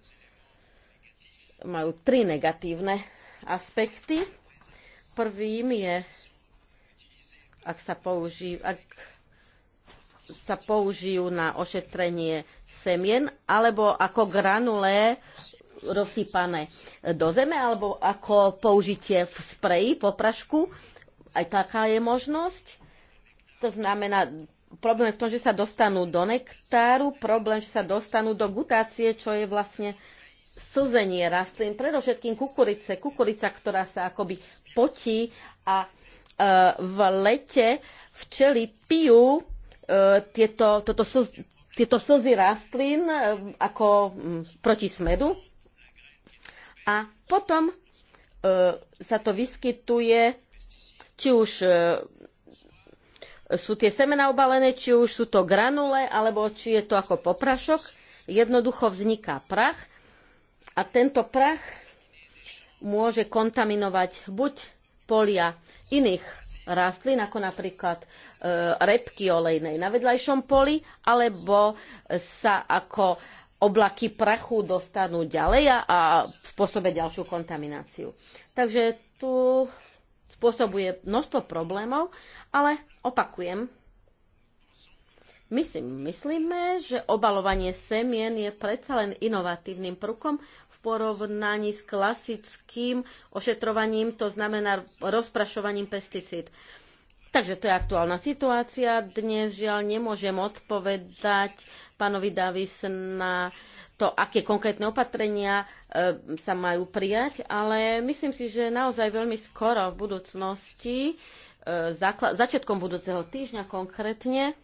majú tri negatívne aspekty. Prvým je, ak sa používa, ak sa použijú na ošetrenie semien alebo ako granulé rozsypané do zeme alebo ako použitie v spreji po prašku. Aj taká je možnosť. To znamená, problém je v tom, že sa dostanú do nektáru, problém, že sa dostanú do gutácie, čo je vlastne slzenie rastlín, predovšetkým kukurice, kukurica, ktorá sa akoby potí a e, v lete včely pijú E, tieto, toto, tieto slzy rastlín e, ako proti smedu. A potom e, sa to vyskytuje, či už sú tie semena obalené, či už sú to granule, alebo či je to ako poprašok. Jednoducho vzniká prach a tento prach môže kontaminovať buď polia iných rastlín, ako napríklad e, repky olejnej na vedľajšom poli, alebo sa ako oblaky prachu dostanú ďalej a, a spôsobia ďalšiu kontamináciu. Takže tu spôsobuje množstvo problémov, ale opakujem, my si myslíme, že obalovanie semien je predsa len inovatívnym prukom v porovnaní s klasickým ošetrovaním, to znamená rozprašovaním pesticíd. Takže to je aktuálna situácia. Dnes žiaľ nemôžem odpovedať pánovi Davis na to, aké konkrétne opatrenia e, sa majú prijať, ale myslím si, že naozaj veľmi skoro v budúcnosti, e, začiatkom budúceho týždňa konkrétne,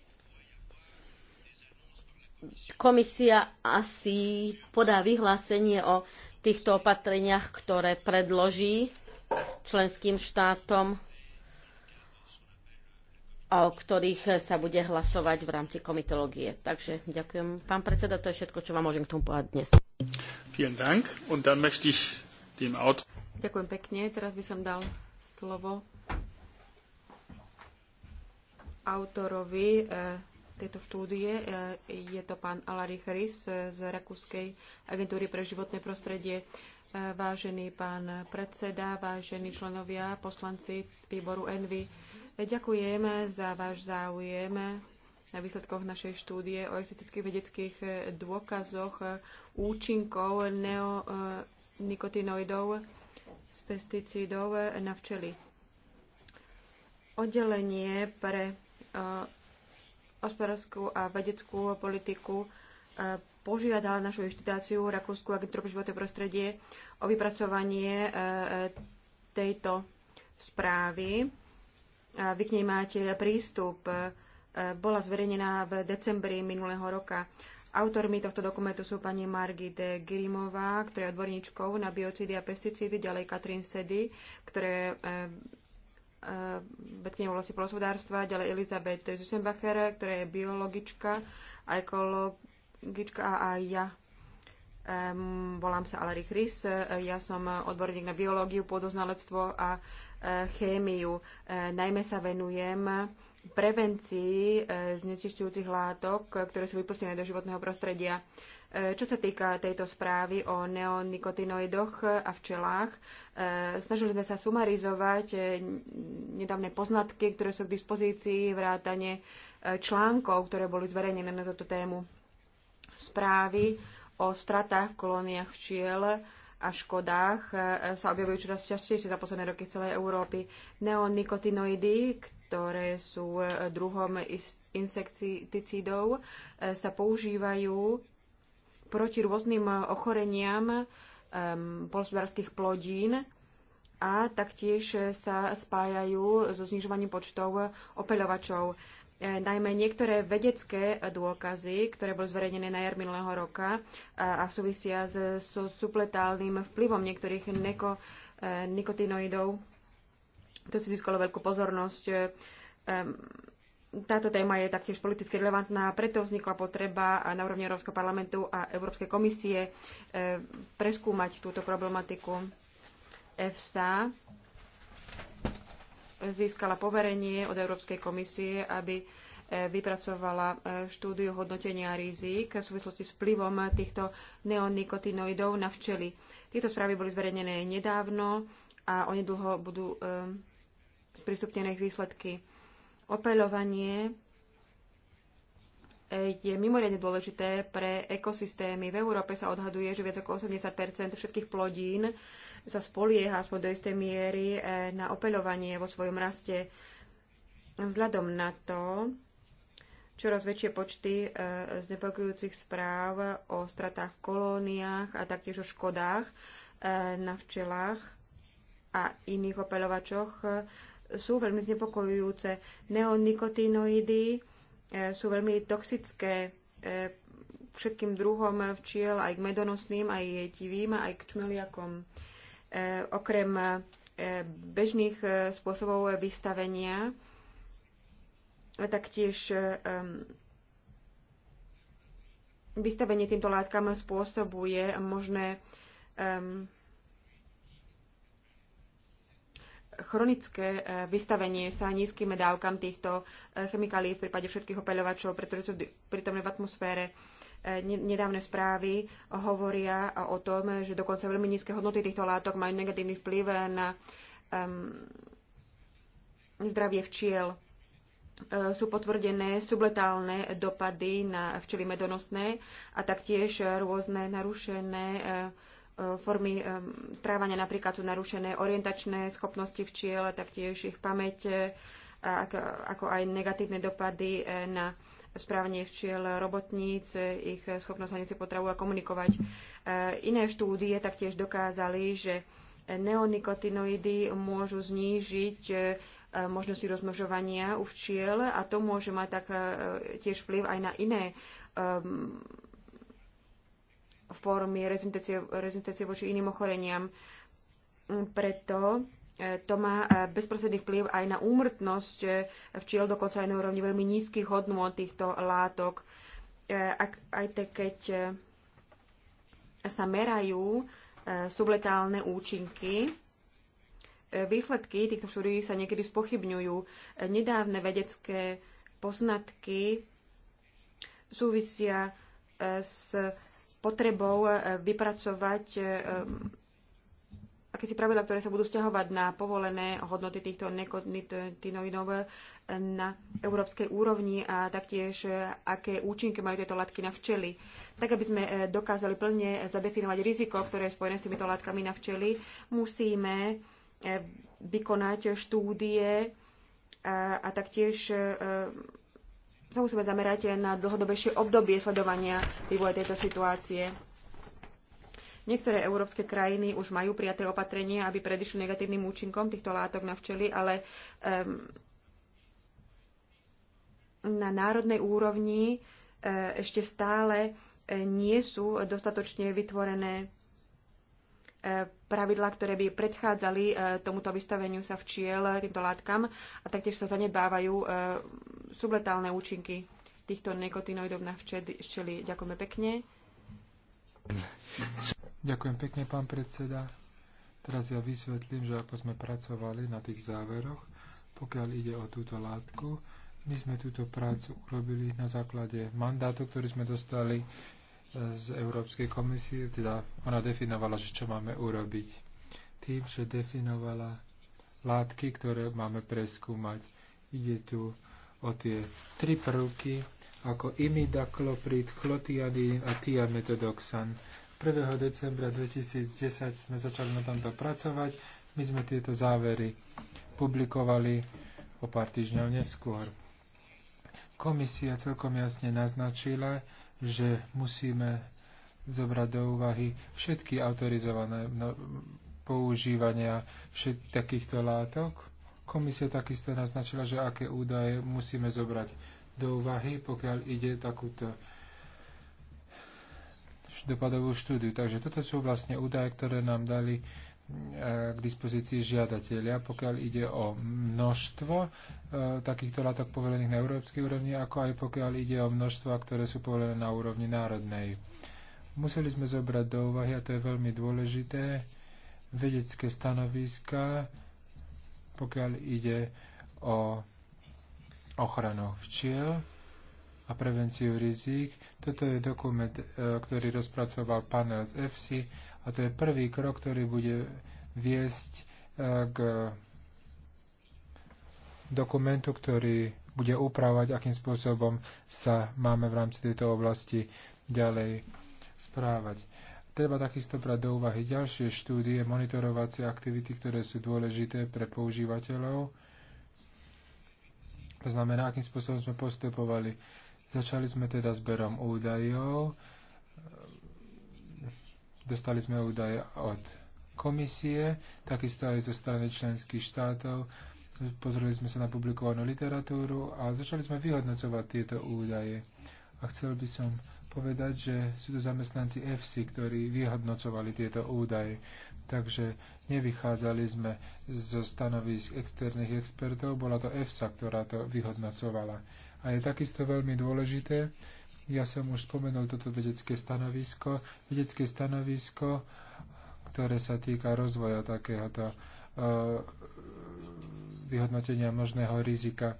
komisia asi podá vyhlásenie o týchto opatreniach, ktoré predloží členským štátom a o ktorých sa bude hlasovať v rámci komitológie. Takže ďakujem. Pán predseda, to je všetko, čo vám môžem k tomu povedať dnes. Ďakujem pekne. Teraz by som dal slovo autorovi eh, tejto štúdie. E, je to pán Alarich Rys z Rakúskej agentúry pre životné prostredie. E, vážený pán predseda, vážení členovia, poslanci výboru Envy, ďakujem za váš záujem na výsledkoch našej štúdie o estetických vedeckých dôkazoch účinkov neonikotinoidov s pesticídov na včely. Oddelenie pre e, hospodárskú a vedeckú politiku e, požiadala našu inštitáciu Rakúsku agentúru pre životné prostredie o vypracovanie e, e, tejto správy. vy k nej máte prístup. Bola zverejnená v decembri minulého roka. Autormi tohto dokumentu sú pani Margit Grimová, ktorá je odborníčkou na biocidy a pesticídy, ďalej Katrin Sedy, je Eh, vedkynia oblasti polospodárstva, ďalej Elizabeth Zusenbacher, ktorá je biologička a ekologička a aj ja. Um, volám sa Alary Chris, ja som odborník na biológiu, pôdoznalectvo a eh, chémiu. Eh, najmä sa venujem prevencii znečišťujúcich látok, ktoré sú vypustené do životného prostredia. E, čo sa týka tejto správy o neonikotinoidoch a včelách, e, snažili sme sa sumarizovať e, nedávne poznatky, ktoré sú k dispozícii, vrátane článkov, ktoré boli zverejnené na toto tému. Správy o stratách v kolóniách včiel a škodách sa objavujú čoraz častejšie za posledné roky celej Európy. Neonikotinoidy, ktoré sú druhom insekticídov, sa používajú proti rôznym eh, ochoreniam um, plodín a taktiež eh, sa spájajú so znižovaním počtov eh, opeľovačov. E, najmä niektoré vedecké dôkazy, ktoré boli zverejnené na jar minulého roka a, a súvisia s, so supletálnym vplyvom niektorých neko, e, nikotinoidov, to si získalo veľkú pozornosť. E, táto téma je taktiež politicky relevantná, preto vznikla potreba na úrovni Európskeho parlamentu a Európskej komisie eh, preskúmať túto problematiku. EFSA získala poverenie od Európskej komisie, aby eh, vypracovala eh, štúdiu hodnotenia rizik v súvislosti s vplyvom týchto neonikotinoidov na včely. Tieto správy boli zverejnené nedávno a onedlho budú sprístupnené ich výsledky opeľovanie e, je mimoriadne dôležité pre ekosystémy. V Európe sa odhaduje, že viac ako 80 všetkých plodín sa spolieha aspoň do istej miery e, na opeľovanie vo svojom raste. Vzhľadom na to, čoraz väčšie počty e, znepokojujúcich správ o stratách v kolóniách a taktiež o škodách na včelách a iných opeľovačoch sú veľmi znepokojujúce. Neonikotinoidy e, sú veľmi toxické e, všetkým druhom včiel, aj k medonosným, aj divým, aj k čmeliakom. E, okrem bežných spôsobov vystavenia, taktiež vystavenie týmto látkam spôsobuje možné chronické e, vystavenie sa nízkym dávkam týchto e, chemikálií v prípade všetkých opeľovačov, pretože sú prítomné v atmosfére. E, nedávne správy hovoria o tom, že dokonca veľmi nízke hodnoty týchto látok majú negatívny vplyv na um, zdravie včiel. Sú potvrdené subletálne dopady na včely medonosné a taktiež rôzne narušené uh, formy správania, napríklad sú narušené orientačné schopnosti včiel, taktiež ich pamäť, ako, ako aj negatívne dopady e, na správanie včiel robotníc, e, ich schopnosť hľadiť si potravu a komunikovať. E, iné štúdie taktiež dokázali, že neonikotinoidy môžu znížiť možnosti rozmnožovania u včiel a to môže mať tak tiež vplyv aj na iné formy rezistencie, rezistencie voči iným ochoreniam. Preto e, to má e, bezprostredný vplyv aj na úmrtnosť e, včiel, dokonca aj na úrovni veľmi nízkych hodnôt týchto látok. Ak, aj te, keď sa merajú subletálne účinky, výsledky týchto štúdií sa niekedy spochybňujú. Nedávne vedecké poznatky súvisia s potrebou e, vypracovať e, e, akési pravidla, ktoré sa budú vzťahovať na povolené hodnoty týchto nekotinoidov na európskej úrovni a taktiež aké účinky majú tieto látky na včely. Tak, aby sme dokázali plne zadefinovať riziko, ktoré je spojené s týmito látkami na včely, musíme vykonať štúdie a taktiež sa musíme zamerať na dlhodobejšie obdobie sledovania vývoja tejto situácie. Niektoré európske krajiny už majú prijaté opatrenia, aby predišli negatívnym účinkom týchto látok na včely, ale um, na národnej úrovni e, ešte stále e, nie sú dostatočne vytvorené e, pravidlá, ktoré by predchádzali tomuto vystaveniu sa včiel týmto látkam a taktiež sa zanedbávajú subletálne účinky týchto nikotinoidov na včeli. Ďakujeme pekne. Ďakujem pekne, pán predseda. Teraz ja vysvetlím, že ako sme pracovali na tých záveroch, pokiaľ ide o túto látku, my sme túto prácu urobili na základe mandátu, ktorý sme dostali e, z Európskej komisie, teda ona definovala, že čo máme urobiť. Tým, že definovala látky, ktoré máme preskúmať. Ide tu o tie tri prvky, ako imidakloprid, klotiadín a tiametodoxan. 1. decembra 2010 sme začali na tomto pracovať. My sme tieto závery publikovali o pár týždňov neskôr. Komisia celkom jasne naznačila, že musíme zobrať do úvahy všetky autorizované no, používania všetkých takýchto látok Komisia takisto naznačila, že aké údaje musíme zobrať do úvahy, pokiaľ ide takúto dopadovú štúdiu. Takže toto sú vlastne údaje, ktoré nám dali e, k dispozícii žiadatelia, pokiaľ ide o množstvo e, takýchto látok povolených na európskej úrovni, ako aj pokiaľ ide o množstva, ktoré sú povolené na úrovni národnej. Museli sme zobrať do úvahy, a to je veľmi dôležité, vedecké stanoviska pokiaľ ide o ochranu včiel a prevenciu rizík. Toto je dokument, e, ktorý rozpracoval panel z EFSI a to je prvý krok, ktorý bude viesť e, k dokumentu, ktorý bude upravať, akým spôsobom sa máme v rámci tejto oblasti ďalej správať. Treba takisto brať do úvahy ďalšie štúdie, monitorovacie aktivity, ktoré sú dôležité pre používateľov. To znamená, akým spôsobom sme postupovali. Začali sme teda zberom údajov, dostali sme údaje od komisie, takisto aj zo strany členských štátov, pozreli sme sa na publikovanú literatúru a začali sme vyhodnocovať tieto údaje. A chcel by som povedať, že sú to zamestnanci EFSI, ktorí vyhodnocovali tieto údaje. Takže nevychádzali sme zo stanovisk externých expertov, bola to EFSA, ktorá to vyhodnocovala. A je takisto veľmi dôležité, ja som už spomenul toto vedecké stanovisko, vedecké stanovisko, ktoré sa týka rozvoja takéhoto uh, vyhodnotenia možného rizika.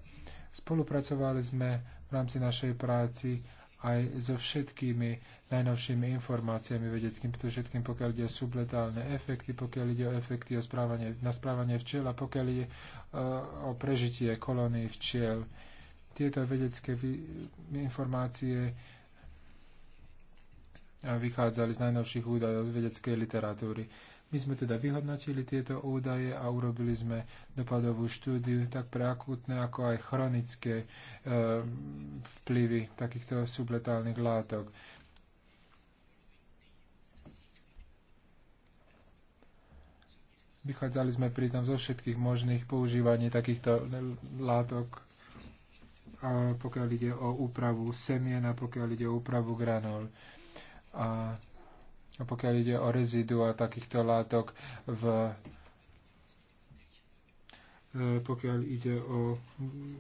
Spolupracovali sme v rámci našej práci aj so všetkými najnovšími informáciami vedeckým, pretože všetkým, pokiaľ ide o subletálne efekty, pokiaľ ide o efekty o správanie, na správanie včiel a pokiaľ ide uh, o prežitie kolóny včiel. Tieto vedecké informácie eh, vychádzali z najnovších údajov z vedeckej literatúry. My sme teda vyhodnotili tieto údaje a urobili sme dopadovú štúdiu tak pre akutné, ako aj chronické e, vplyvy takýchto subletálnych látok. Vychádzali sme pritom zo všetkých možných používaní takýchto látok, a pokiaľ ide o úpravu semien a pokiaľ ide o úpravu granol. A a pokiaľ ide o rezidua takýchto látok v e, pokiaľ ide o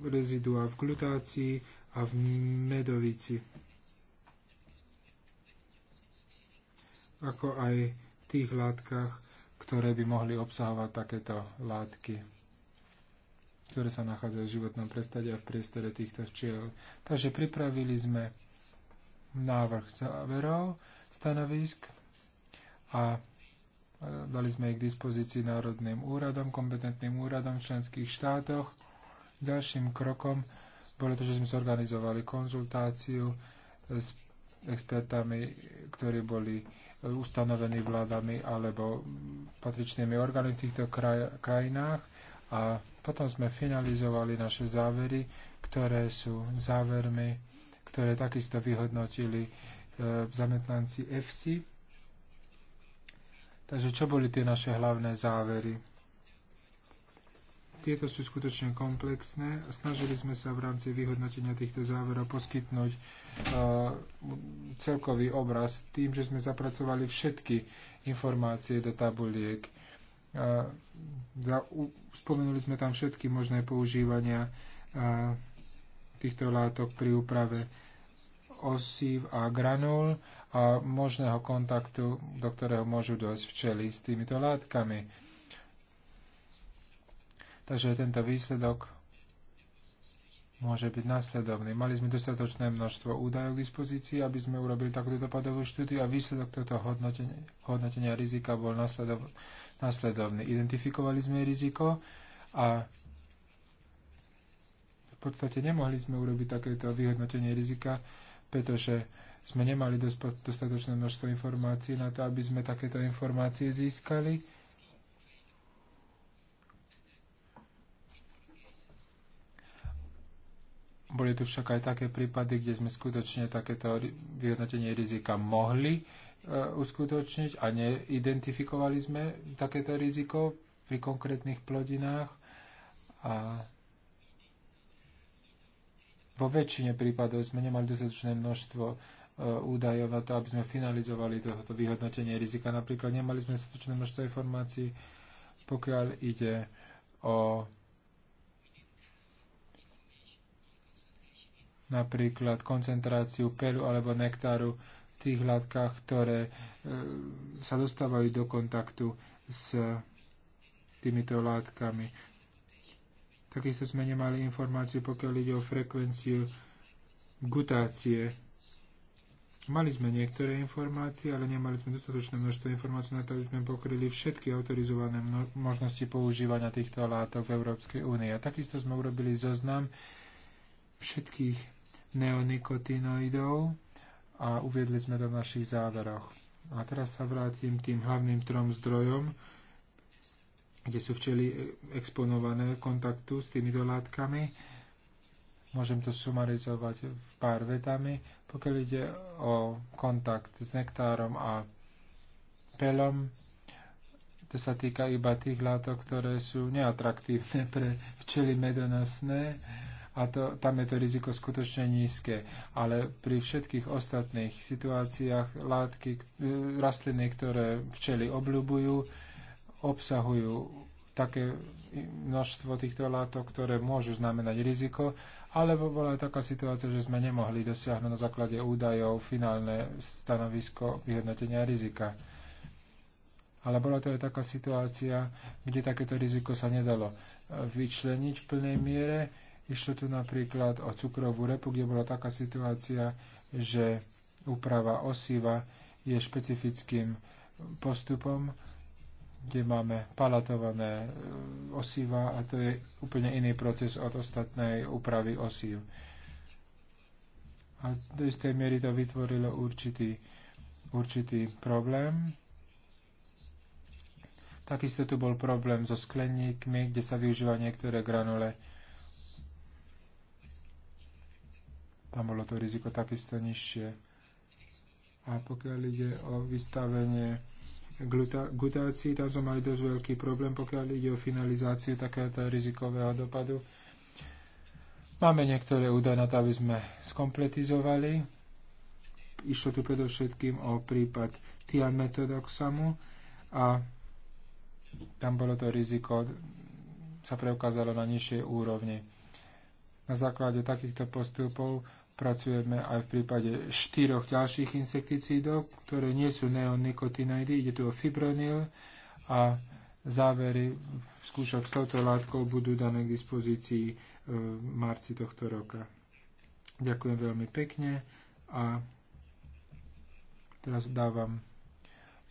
rezidua v glutácii a v medovici. Ako aj v tých látkach, ktoré by mohli obsahovať takéto látky, ktoré sa nachádzajú v životnom prestade a v priestore týchto včiel. Takže pripravili sme návrh záverov, stanovisk, a dali sme ich k dispozícii národným úradom, kompetentným úradom v členských štátoch. Ďalším krokom bolo to, že sme zorganizovali konzultáciu s expertami, ktorí boli e, ustanovení vládami alebo patričnými orgány v týchto kraj, krajinách a potom sme finalizovali naše závery, ktoré sú závermi, ktoré takisto vyhodnotili e, zamestnanci EFSI Takže čo boli tie naše hlavné závery? Tieto sú skutočne komplexné. Snažili sme sa v rámci vyhodnotenia týchto záverov poskytnúť uh, celkový obraz tým, že sme zapracovali všetky informácie do tabuliek. Uh, za, u, spomenuli sme tam všetky možné používania uh, týchto látok pri úprave osív a granul a možného kontaktu, do ktorého môžu dojsť včely s týmito látkami. Takže tento výsledok môže byť následovný. Mali sme dostatočné množstvo údajov k dispozícii, aby sme urobili takúto dopadovú štúdiu a výsledok tohto hodnotenia, hodnotenia rizika bol nasledov, následovný. Identifikovali sme riziko a v podstate nemohli sme urobiť takéto vyhodnotenie rizika, pretože sme nemali dostatočné množstvo informácií na to, aby sme takéto informácie získali. Boli tu však aj také prípady, kde sme skutočne takéto vyhodnotenie rizika mohli e, uskutočniť a neidentifikovali sme takéto riziko pri konkrétnych plodinách. A vo väčšine prípadov sme nemali dostatočné množstvo Eh, údajov na to, aby sme finalizovali toto vyhodnotenie rizika. Napríklad nemali sme skutočné množstvo informácií, pokiaľ ide o napríklad koncentráciu pelu alebo nektáru v tých látkach, ktoré eh, sa dostávajú do kontaktu s týmito látkami. Takisto sme nemali informáciu, pokiaľ ide o frekvenciu gutácie Mali sme niektoré informácie, ale nemali sme dostatočné množstvo informácií na to, aby sme pokryli všetky autorizované možnosti používania týchto látok v Európskej únii. A takisto sme urobili zoznam všetkých neonikotinoidov a uviedli sme to v našich záveroch. A teraz sa vrátim k tým hlavným trom zdrojom, kde sú včeli exponované kontaktu s týmito látkami Môžem to sumarizovať pár vetami. Pokiaľ ide o kontakt s nektárom a pelom, to sa týka iba tých látok, ktoré sú neatraktívne pre včely medonosné a to, tam je to riziko skutočne nízke. Ale pri všetkých ostatných situáciách látky, e, rastliny, ktoré včely obľúbujú, obsahujú také množstvo týchto látok, ktoré môžu znamenať riziko alebo bola aj taká situácia, že sme nemohli dosiahnuť na základe údajov finálne stanovisko vyhodnotenia rizika. Ale bola to aj taká situácia, kde takéto riziko sa nedalo e, vyčleniť v plnej miere. Išlo tu napríklad o cukrovú repu, kde bola taká situácia, že úprava osiva je špecifickým postupom, kde máme palatované e, osiva a to je úplne iný proces od ostatnej úpravy osív. A do istej miery to vytvorilo určitý, určitý problém. Takisto tu bol problém so skleníkmi, kde sa využíva niektoré granule. Tam bolo to riziko takisto nižšie. A pokiaľ ide o vystavenie glutácii, tam sme mali dosť veľký problém, pokiaľ ide o finalizáciu takéhoto rizikového dopadu. Máme niektoré údaje na to, aby sme skompletizovali. Išlo tu predovšetkým o prípad tianmetodoxamu a tam bolo to riziko, sa preukázalo na nižšej úrovni. Na základe takýchto postupov Pracujeme aj v prípade štyroch ďalších insekticídov, ktoré nie sú neonicotinoidy, ide tu o fibronil a závery skúšok s touto látkou budú dané k dispozícii e, v marci tohto roka. Ďakujem veľmi pekne a teraz dávam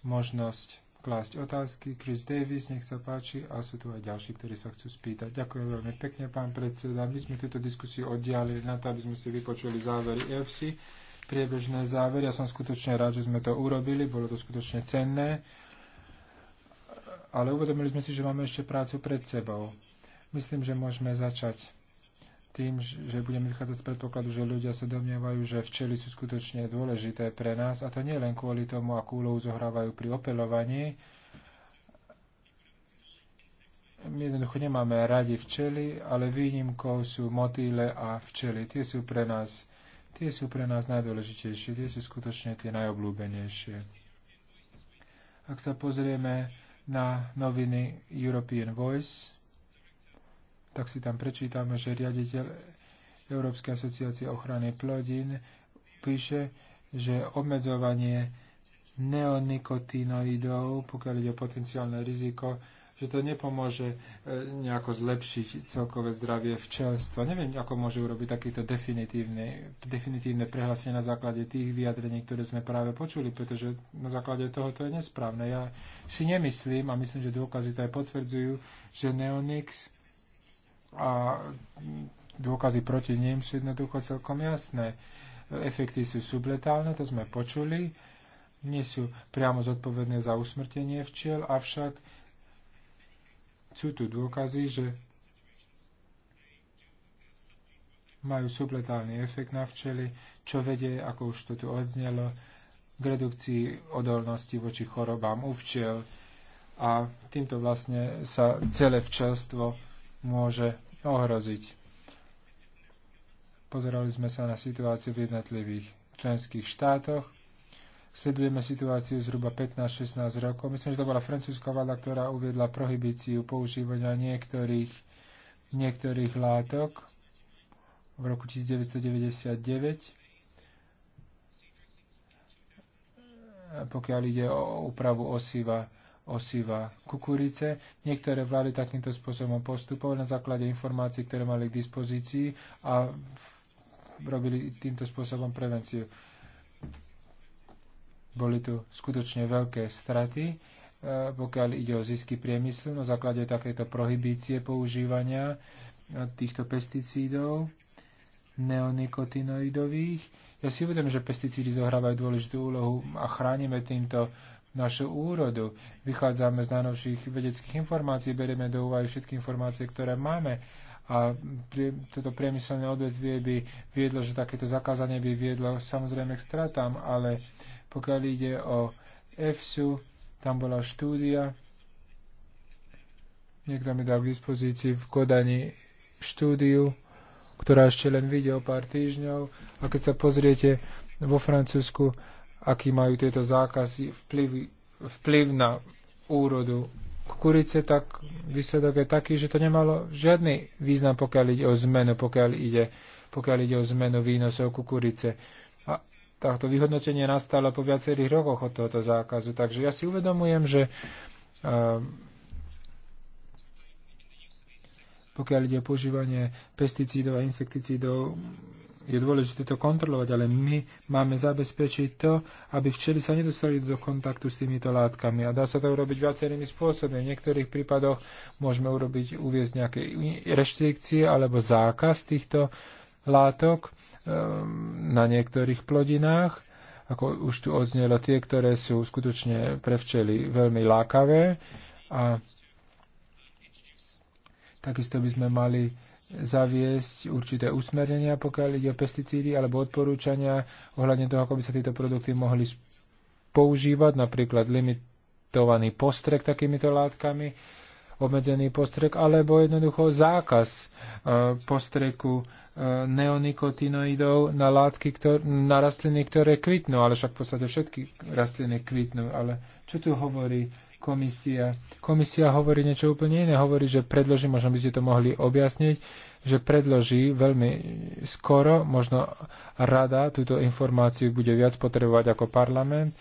možnosť klásť otázky. Chris Davis, nech sa páči, a sú tu aj ďalší, ktorí sa chcú spýtať. Ďakujem veľmi pekne, pán predseda. My sme túto diskusiu oddiali na to, aby sme si vypočuli závery EFC, priebežné závery. Ja som skutočne rád, že sme to urobili, bolo to skutočne cenné, ale uvedomili sme si, že máme ešte prácu pred sebou. Myslím, že môžeme začať tým, že budeme vychádzať z predpokladu, že ľudia sa domnievajú, že včely sú skutočne dôležité pre nás a to nie len kvôli tomu, akú úlohu zohrávajú pri opelovaní. My jednoducho nemáme radi včely, ale výnimkou sú motýle a včely. Tie sú pre nás, tie sú pre nás najdôležitejšie, tie sú skutočne tie najobľúbenejšie. Ak sa pozrieme na noviny European Voice, tak si tam prečítame, že riaditeľ Európskej asociácie ochrany plodín píše, že obmedzovanie neonikotinoidov, pokiaľ ide o potenciálne riziko, že to nepomôže e, nejako zlepšiť celkové zdravie včelstva. Neviem, ako môže urobiť takéto definitívne, definitívne prehlásenie na základe tých vyjadrení, ktoré sme práve počuli, pretože na základe toho to je nesprávne. Ja si nemyslím, a myslím, že dôkazy to aj potvrdzujú, že neonix a dôkazy proti ním sú jednoducho celkom jasné. Efekty sú subletálne, to sme počuli, nie sú priamo zodpovedné za usmrtenie včiel, avšak sú tu dôkazy, že majú subletálny efekt na včely, čo vedie, ako už to tu odznelo, k redukcii odolnosti voči chorobám u včiel a týmto vlastne sa celé včelstvo môže ohroziť. Pozerali sme sa na situáciu v jednotlivých členských štátoch. Sledujeme situáciu zhruba 15-16 rokov. Myslím, že to bola francúzska vláda, ktorá uviedla prohibíciu používania niektorých, niektorých látok v roku 1999. pokiaľ ide o úpravu osiva osiva kukurice. Niektoré vlády takýmto spôsobom postupovali na základe informácií, ktoré mali k dispozícii a robili týmto spôsobom prevenciu. Boli tu skutočne veľké straty, e, pokiaľ ide o zisky priemyslu na základe takéto prohibície používania e, týchto pesticídov neonikotinoidových. Ja si uvedom, že pesticídy zohrávajú dôležitú úlohu a chránime týmto našu úrodu. Vychádzame z najnovších vedeckých informácií, berieme do úvahy všetky informácie, ktoré máme a prie, toto priemyselné odvetvie by viedlo, že takéto zakázanie by viedlo samozrejme k stratám, ale pokiaľ ide o EFSU, tam bola štúdia, niekto mi dal k dispozícii v Kodani štúdiu, ktorá ešte len vidie o pár týždňov a keď sa pozriete vo Francúzsku, aký majú tieto zákazy vplyv, vplyv na úrodu kukurice, tak výsledok je taký, že to nemalo žiadny význam, pokiaľ ide o zmenu, pokiaľ ide, pokiaľ ide o zmenu výnosov kukurice. A takto vyhodnotenie nastalo po viacerých rokoch od tohoto zákazu. Takže ja si uvedomujem, že um, pokiaľ ide o používanie pesticídov a insekticídov, je dôležité to kontrolovať, ale my máme zabezpečiť to, aby včeli sa nedostali do kontaktu s týmito látkami. A dá sa to urobiť viacerými spôsobmi. V niektorých prípadoch môžeme urobiť, uviezť nejaké reštrikcie alebo zákaz týchto látok ehm, na niektorých plodinách ako už tu odznelo, tie, ktoré sú skutočne pre včely veľmi lákavé a takisto by sme mali zaviesť určité usmernenia, pokiaľ ide o pesticídy, alebo odporúčania ohľadne toho, ako by sa tieto produkty mohli používať, napríklad limitovaný postrek takýmito látkami, obmedzený postrek, alebo jednoducho zákaz e, postreku e, neonikotinoidov na látky, ktor- na rastliny, ktoré kvitnú, ale však v podstate všetky rastliny kvitnú, ale čo tu hovorí komisia. Komisia hovorí niečo úplne iné. Hovorí, že predloží, možno by ste to mohli objasniť, že predloží veľmi skoro, možno rada túto informáciu bude viac potrebovať ako parlament,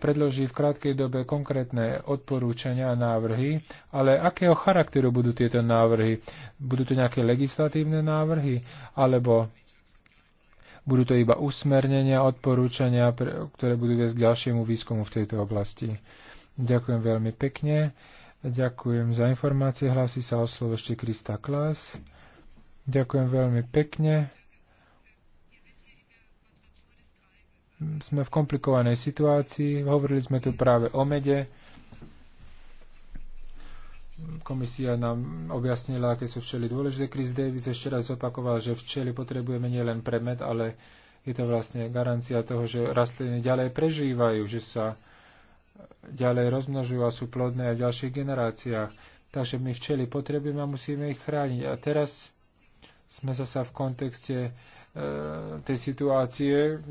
predloží v krátkej dobe konkrétne odporúčania a návrhy, ale akého charakteru budú tieto návrhy? Budú to nejaké legislatívne návrhy, alebo budú to iba usmernenia, odporúčania, ktoré budú viesť k ďalšiemu výskumu v tejto oblasti? Ďakujem veľmi pekne. Ďakujem za informácie. Hlási sa o slovo ešte Krista Klas. Ďakujem veľmi pekne. Sme v komplikovanej situácii. Hovorili sme tu práve o mede. Komisia nám objasnila, aké sú včely dôležité. Chris Davis ešte raz opakoval, že včely potrebujeme nielen pre med, ale je to vlastne garancia toho, že rastliny ďalej prežívajú, že sa ďalej rozmnožujú a sú plodné aj v ďalších generáciách. Takže my včeli potrebujeme a musíme ich chrániť. A teraz sme sa v kontexte e, tej situácie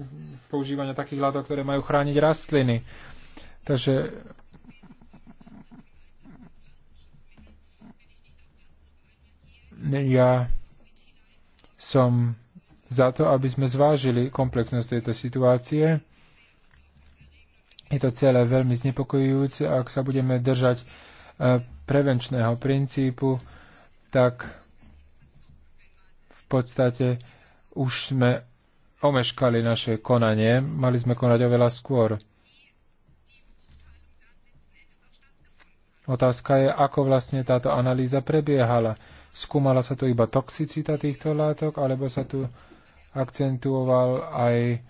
používania takých látok, ktoré majú chrániť rastliny. Takže ja som za to, aby sme zvážili komplexnosť tejto situácie je to celé veľmi znepokojujúce. Ak sa budeme držať e, prevenčného princípu, tak v podstate už sme omeškali naše konanie. Mali sme konať oveľa skôr. Otázka je, ako vlastne táto analýza prebiehala. Skúmala sa tu iba toxicita týchto látok, alebo sa tu akcentuoval aj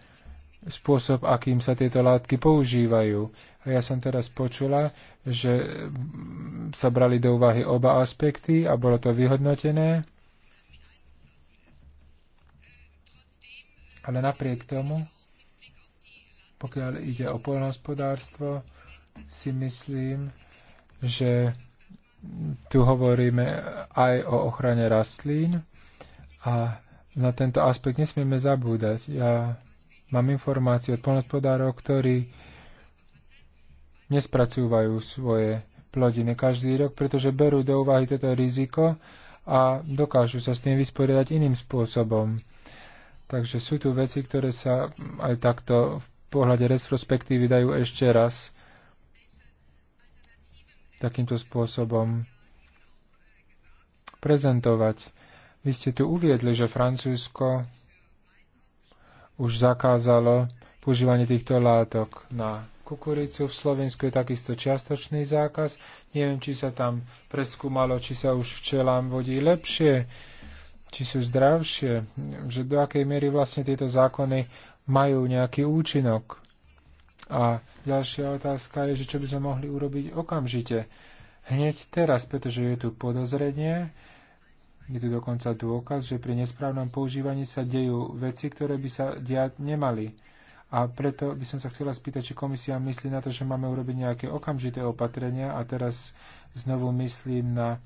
spôsob, akým sa tieto látky používajú. A ja som teraz počula, že sa brali do úvahy oba aspekty a bolo to vyhodnotené. Ale napriek tomu, pokiaľ ide o poľnohospodárstvo, si myslím, že tu hovoríme aj o ochrane rastlín a na tento aspekt nesmieme zabúdať. Ja Mám informácie od polnospodárov, ktorí nespracúvajú svoje plodiny každý rok, pretože berú do úvahy toto riziko a dokážu sa s tým vysporiadať iným spôsobom. Takže sú tu veci, ktoré sa aj takto v pohľade retrospektívy dajú ešte raz takýmto spôsobom prezentovať. Vy ste tu uviedli, že Francúzsko už zakázalo používanie týchto látok na kukuricu. V Slovensku je takisto čiastočný zákaz. Neviem, či sa tam preskúmalo, či sa už včelám vodí lepšie, či sú zdravšie, že do akej miery vlastne tieto zákony majú nejaký účinok. A ďalšia otázka je, že čo by sme mohli urobiť okamžite, hneď teraz, pretože je tu podozrenie, je tu dokonca dôkaz, že pri nesprávnom používaní sa dejú veci, ktoré by sa diať nemali. A preto by som sa chcela spýtať, či komisia myslí na to, že máme urobiť nejaké okamžité opatrenia a teraz znovu myslím na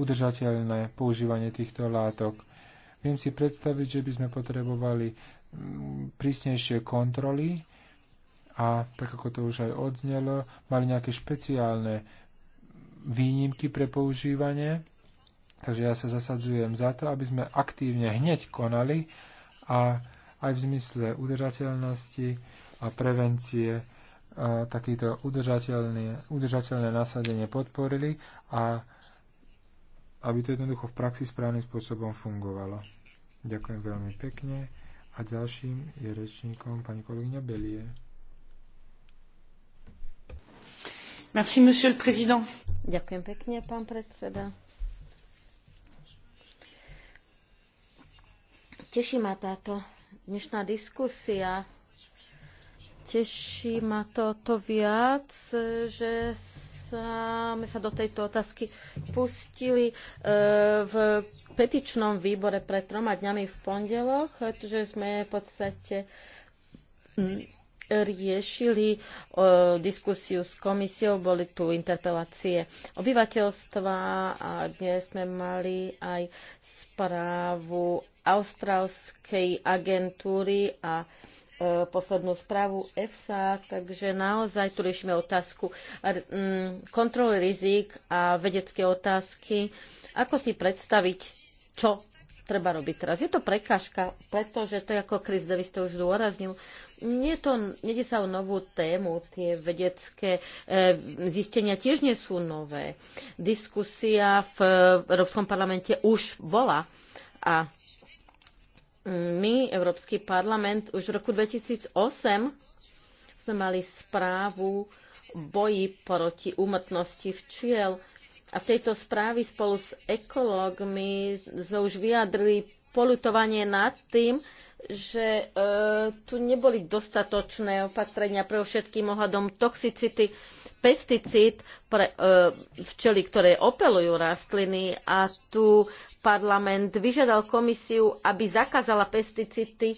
udržateľné používanie týchto látok. Viem si predstaviť, že by sme potrebovali mm, prísnejšie kontroly a, tak ako to už aj odznelo, mali nejaké špeciálne výnimky pre používanie Takže ja sa zasadzujem za to, aby sme aktívne hneď konali a aj v zmysle udržateľnosti a prevencie a e, takýto udržateľné, udržateľné nasadenie podporili a aby to jednoducho v praxi správnym spôsobom fungovalo. Ďakujem veľmi pekne a ďalším je rečníkom pani kolegyňa Belie. Merci, monsieur le président. Ďakujem pekne, pán predseda. Teší ma táto dnešná diskusia. Teší ma to, to viac, že sme sa do tejto otázky pustili e, v petičnom výbore pred troma dňami v pondelok, že sme v podstate riešili e, diskusiu s komisiou, boli tu interpelácie obyvateľstva a dnes sme mali aj správu austrálskej agentúry a e, poslednú správu EFSA, takže naozaj tu riešime otázku kontroly rizik a vedecké otázky. Ako si predstaviť, čo treba robiť teraz? Je to prekážka, pretože to, ako Chris Davis to už zdôraznil, nie to, nejde sa o novú tému, tie vedecké e, zistenia tiež nie sú nové. Diskusia v e, Európskom parlamente už bola a my, Európsky parlament, už v roku 2008 sme mali správu boji proti úmrtnosti včiel. A v tejto správe spolu s ekológmi sme už vyjadrili polutovanie nad tým, že e, tu neboli dostatočné opatrenia pre všetkým ohľadom toxicity pesticíd pre e, včely, ktoré opelujú rastliny a tu parlament vyžiadal komisiu, aby zakázala pesticídy,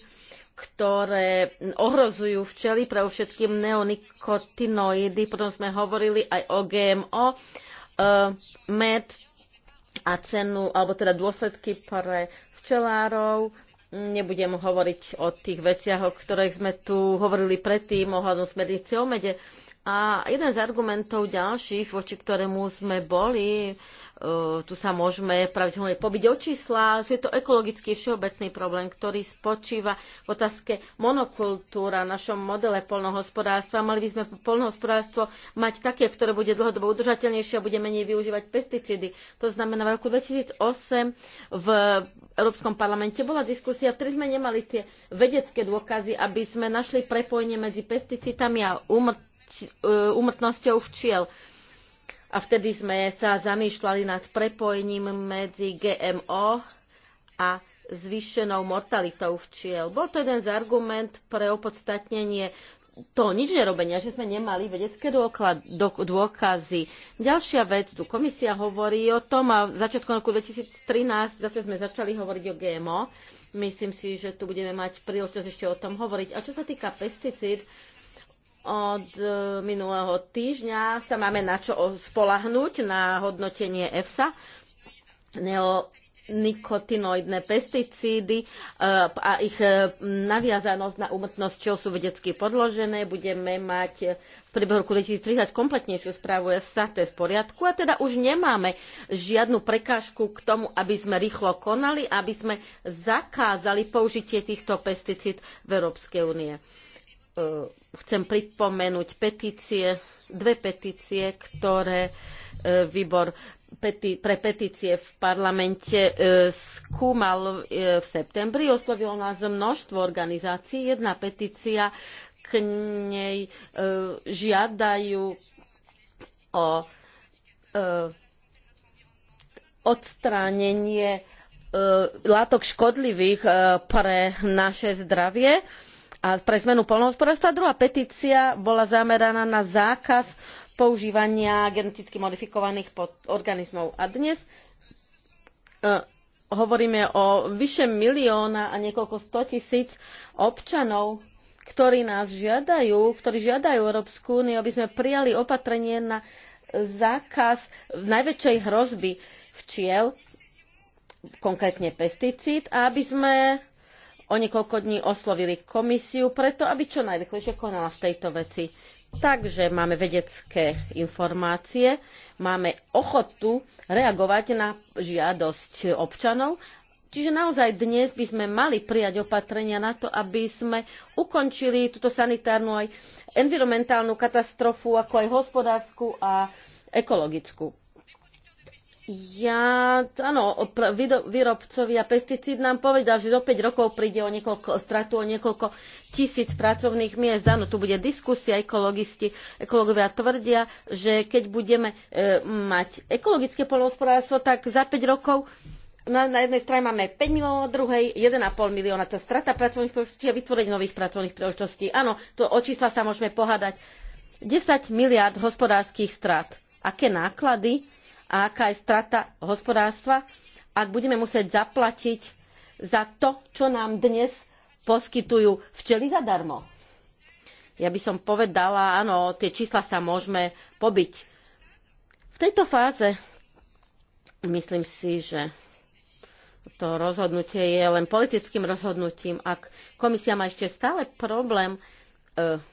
ktoré ohrozujú včely, pre všetkým neonikotinoidy, potom sme hovorili aj o GMO, e, med a cenu, alebo teda dôsledky pre včelárov Nebudem hovoriť o tých veciach, o ktorých sme tu hovorili predtým, hľadom smernice o mede. A jeden z argumentov ďalších, voči ktorému sme boli, E, tu sa môžeme pravdepodobne pobiť o čísla, že je to ekologický všeobecný problém, ktorý spočíva v otázke monokultúra v našom modele polnohospodárstva. Mali by sme polnohospodárstvo mať také, ktoré bude dlhodobo udržateľnejšie a bude menej využívať pesticídy. To znamená, v roku 2008 v Európskom parlamente bola diskusia, vtedy sme nemali tie vedecké dôkazy, aby sme našli prepojenie medzi pesticídami a úmrtnosťou e, včiel a vtedy sme sa zamýšľali nad prepojením medzi GMO a zvýšenou mortalitou včiel. Bol to jeden z argument pre opodstatnenie toho nič nerobenia, že sme nemali vedecké dôklad, do, dôkazy. Ďalšia vec, tu komisia hovorí o tom a v začiatku roku 2013 zase sme začali hovoriť o GMO. Myslím si, že tu budeme mať príležitosť ešte o tom hovoriť. A čo sa týka pesticíd, od e, minulého týždňa sa máme na čo spolahnuť na hodnotenie EFSA. Neo nikotinoidné pesticídy e, a ich e, naviazanosť na umrtnosť, čo sú vedecky podložené. Budeme mať v priebehu roku 2030 kompletnejšiu správu EFSA, to je v poriadku. A teda už nemáme žiadnu prekážku k tomu, aby sme rýchlo konali, aby sme zakázali použitie týchto pesticíd v Európskej únie chcem pripomenúť petície, dve petície, ktoré e, výbor pre petície v parlamente e, skúmal e, v septembri. Oslovilo nás množstvo organizácií. Jedna petícia k nej žiadajú o odstránenie látok škodlivých pre naše zdravie a pre zmenu poľnohospodárstva. Druhá petícia bola zameraná na zákaz používania geneticky modifikovaných organizmov. A dnes e, hovoríme o vyše milióna a niekoľko stotisíc občanov, ktorí nás žiadajú, ktorí žiadajú Európsku úniu, aby sme prijali opatrenie na zákaz najväčšej hrozby včiel, konkrétne pesticíd, a aby sme o niekoľko dní oslovili komisiu preto, aby čo najrychlejšie konala v tejto veci. Takže máme vedecké informácie, máme ochotu reagovať na žiadosť občanov. Čiže naozaj dnes by sme mali prijať opatrenia na to, aby sme ukončili túto sanitárnu aj environmentálnu katastrofu, ako aj hospodárskú a ekologickú. Ja, áno, výrobcovia pesticíd nám povedal, že do 5 rokov príde o niekoľko, stratu o niekoľko tisíc pracovných miest. Áno, tu bude diskusia, ekologisti, ekologovia tvrdia, že keď budeme e, mať ekologické polnohospodárstvo, tak za 5 rokov na, na jednej strane máme 5 miliónov, druhej 1,5 milióna. To strata pracovných príležitostí a vytvorenie nových pracovných príležitostí. Áno, to o čísla sa môžeme pohádať. 10 miliard hospodárskych strát. Aké náklady? a aká je strata hospodárstva, ak budeme musieť zaplatiť za to, čo nám dnes poskytujú včely zadarmo. Ja by som povedala, áno, tie čísla sa môžeme pobiť. V tejto fáze myslím si, že to rozhodnutie je len politickým rozhodnutím. Ak komisia má ešte stále problém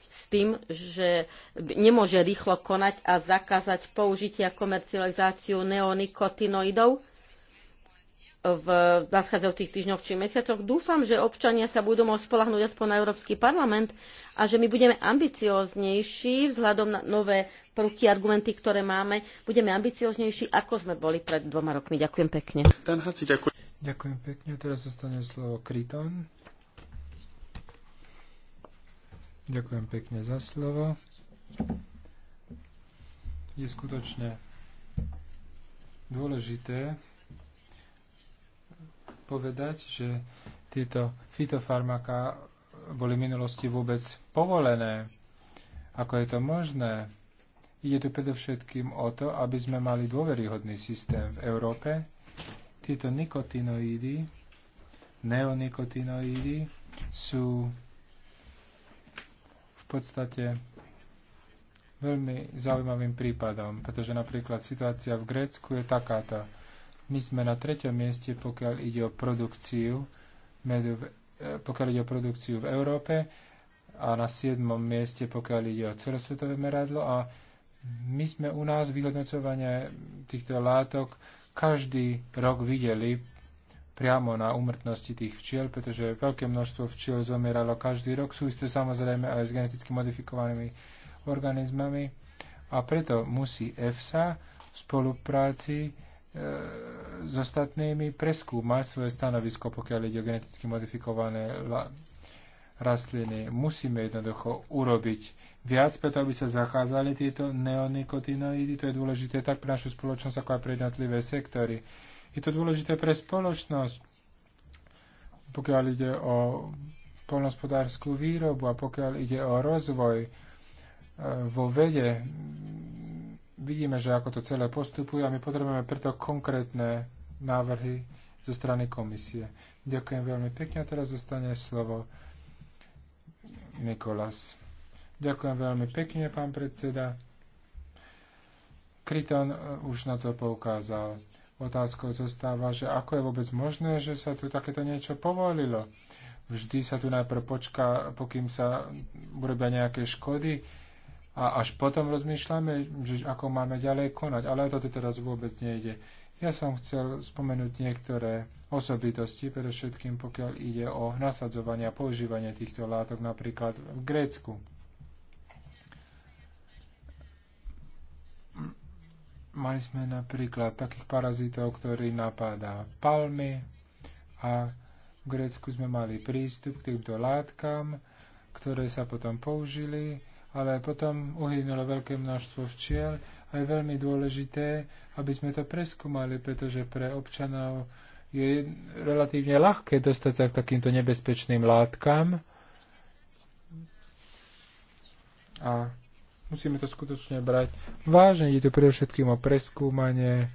s tým, že nemôže rýchlo konať a zakázať použitie a komercializáciu neonikotinoidov v nadchádzajúcich týždňoch či mesiacoch. Dúfam, že občania sa budú môcť spolahnúť aspoň na Európsky parlament a že my budeme ambicioznejší vzhľadom na nové prvky, argumenty, ktoré máme. Budeme ambicioznejší, ako sme boli pred dvoma rokmi. Ďakujem pekne. Ďakujem pekne. Teraz zostane slovo Kriton. Ďakujem pekne za slovo. Je skutočne dôležité povedať, že tieto fitofarmaká boli v minulosti vôbec povolené. Ako je to možné? Ide tu predovšetkým o to, aby sme mali dôveryhodný systém v Európe. Tieto nikotinoidy, neonikotinoidy sú podstate veľmi zaujímavým prípadom, pretože napríklad situácia v Grécku je takáto. My sme na treťom mieste, pokiaľ ide o produkciu medu, eh, pokiaľ ide o produkciu v Európe a na siedmom mieste, pokiaľ ide o celosvetové meradlo a my sme u nás vyhodnocovanie týchto látok každý rok videli priamo na umrtnosti tých včiel, pretože veľké množstvo včiel zomieralo každý rok. sú to samozrejme aj s geneticky modifikovanými organizmami a preto musí EFSA v spolupráci e, s ostatnými preskúmať svoje stanovisko, pokiaľ ide o geneticky modifikované rastliny. Musíme jednoducho urobiť viac, preto aby sa zachádzali tieto neonikotinoidy. To je dôležité tak pre našu spoločnosť, ako aj pre jednotlivé sektory. Je to dôležité pre spoločnosť, pokiaľ ide o polnospodárskú výrobu a pokiaľ ide o rozvoj e, vo vede. Vidíme, že ako to celé postupuje a my potrebujeme preto konkrétne návrhy zo strany komisie. Ďakujem veľmi pekne a teraz zostane slovo Nikolas. Ďakujem veľmi pekne, pán predseda. Kryton e, už na to poukázal. Otázkou zostáva, že ako je vôbec možné, že sa tu takéto niečo povolilo. Vždy sa tu najprv počká, pokým sa urobia nejaké škody a až potom rozmýšľame, že ako máme ďalej konať. Ale o to teraz vôbec nejde. Ja som chcel spomenúť niektoré osobitosti, predovšetkým pokiaľ ide o nasadzovanie a používanie týchto látok napríklad v Grécku. Mali sme napríklad takých parazitov, ktorí napadá palmy a v Grécku sme mali prístup k týmto látkam, ktoré sa potom použili, ale potom uhynulo veľké množstvo včiel a je veľmi dôležité, aby sme to preskúmali, pretože pre občanov je relatívne ľahké dostať sa k takýmto nebezpečným látkam. A musíme to skutočne brať vážne. Ide tu predovšetkým o preskúmanie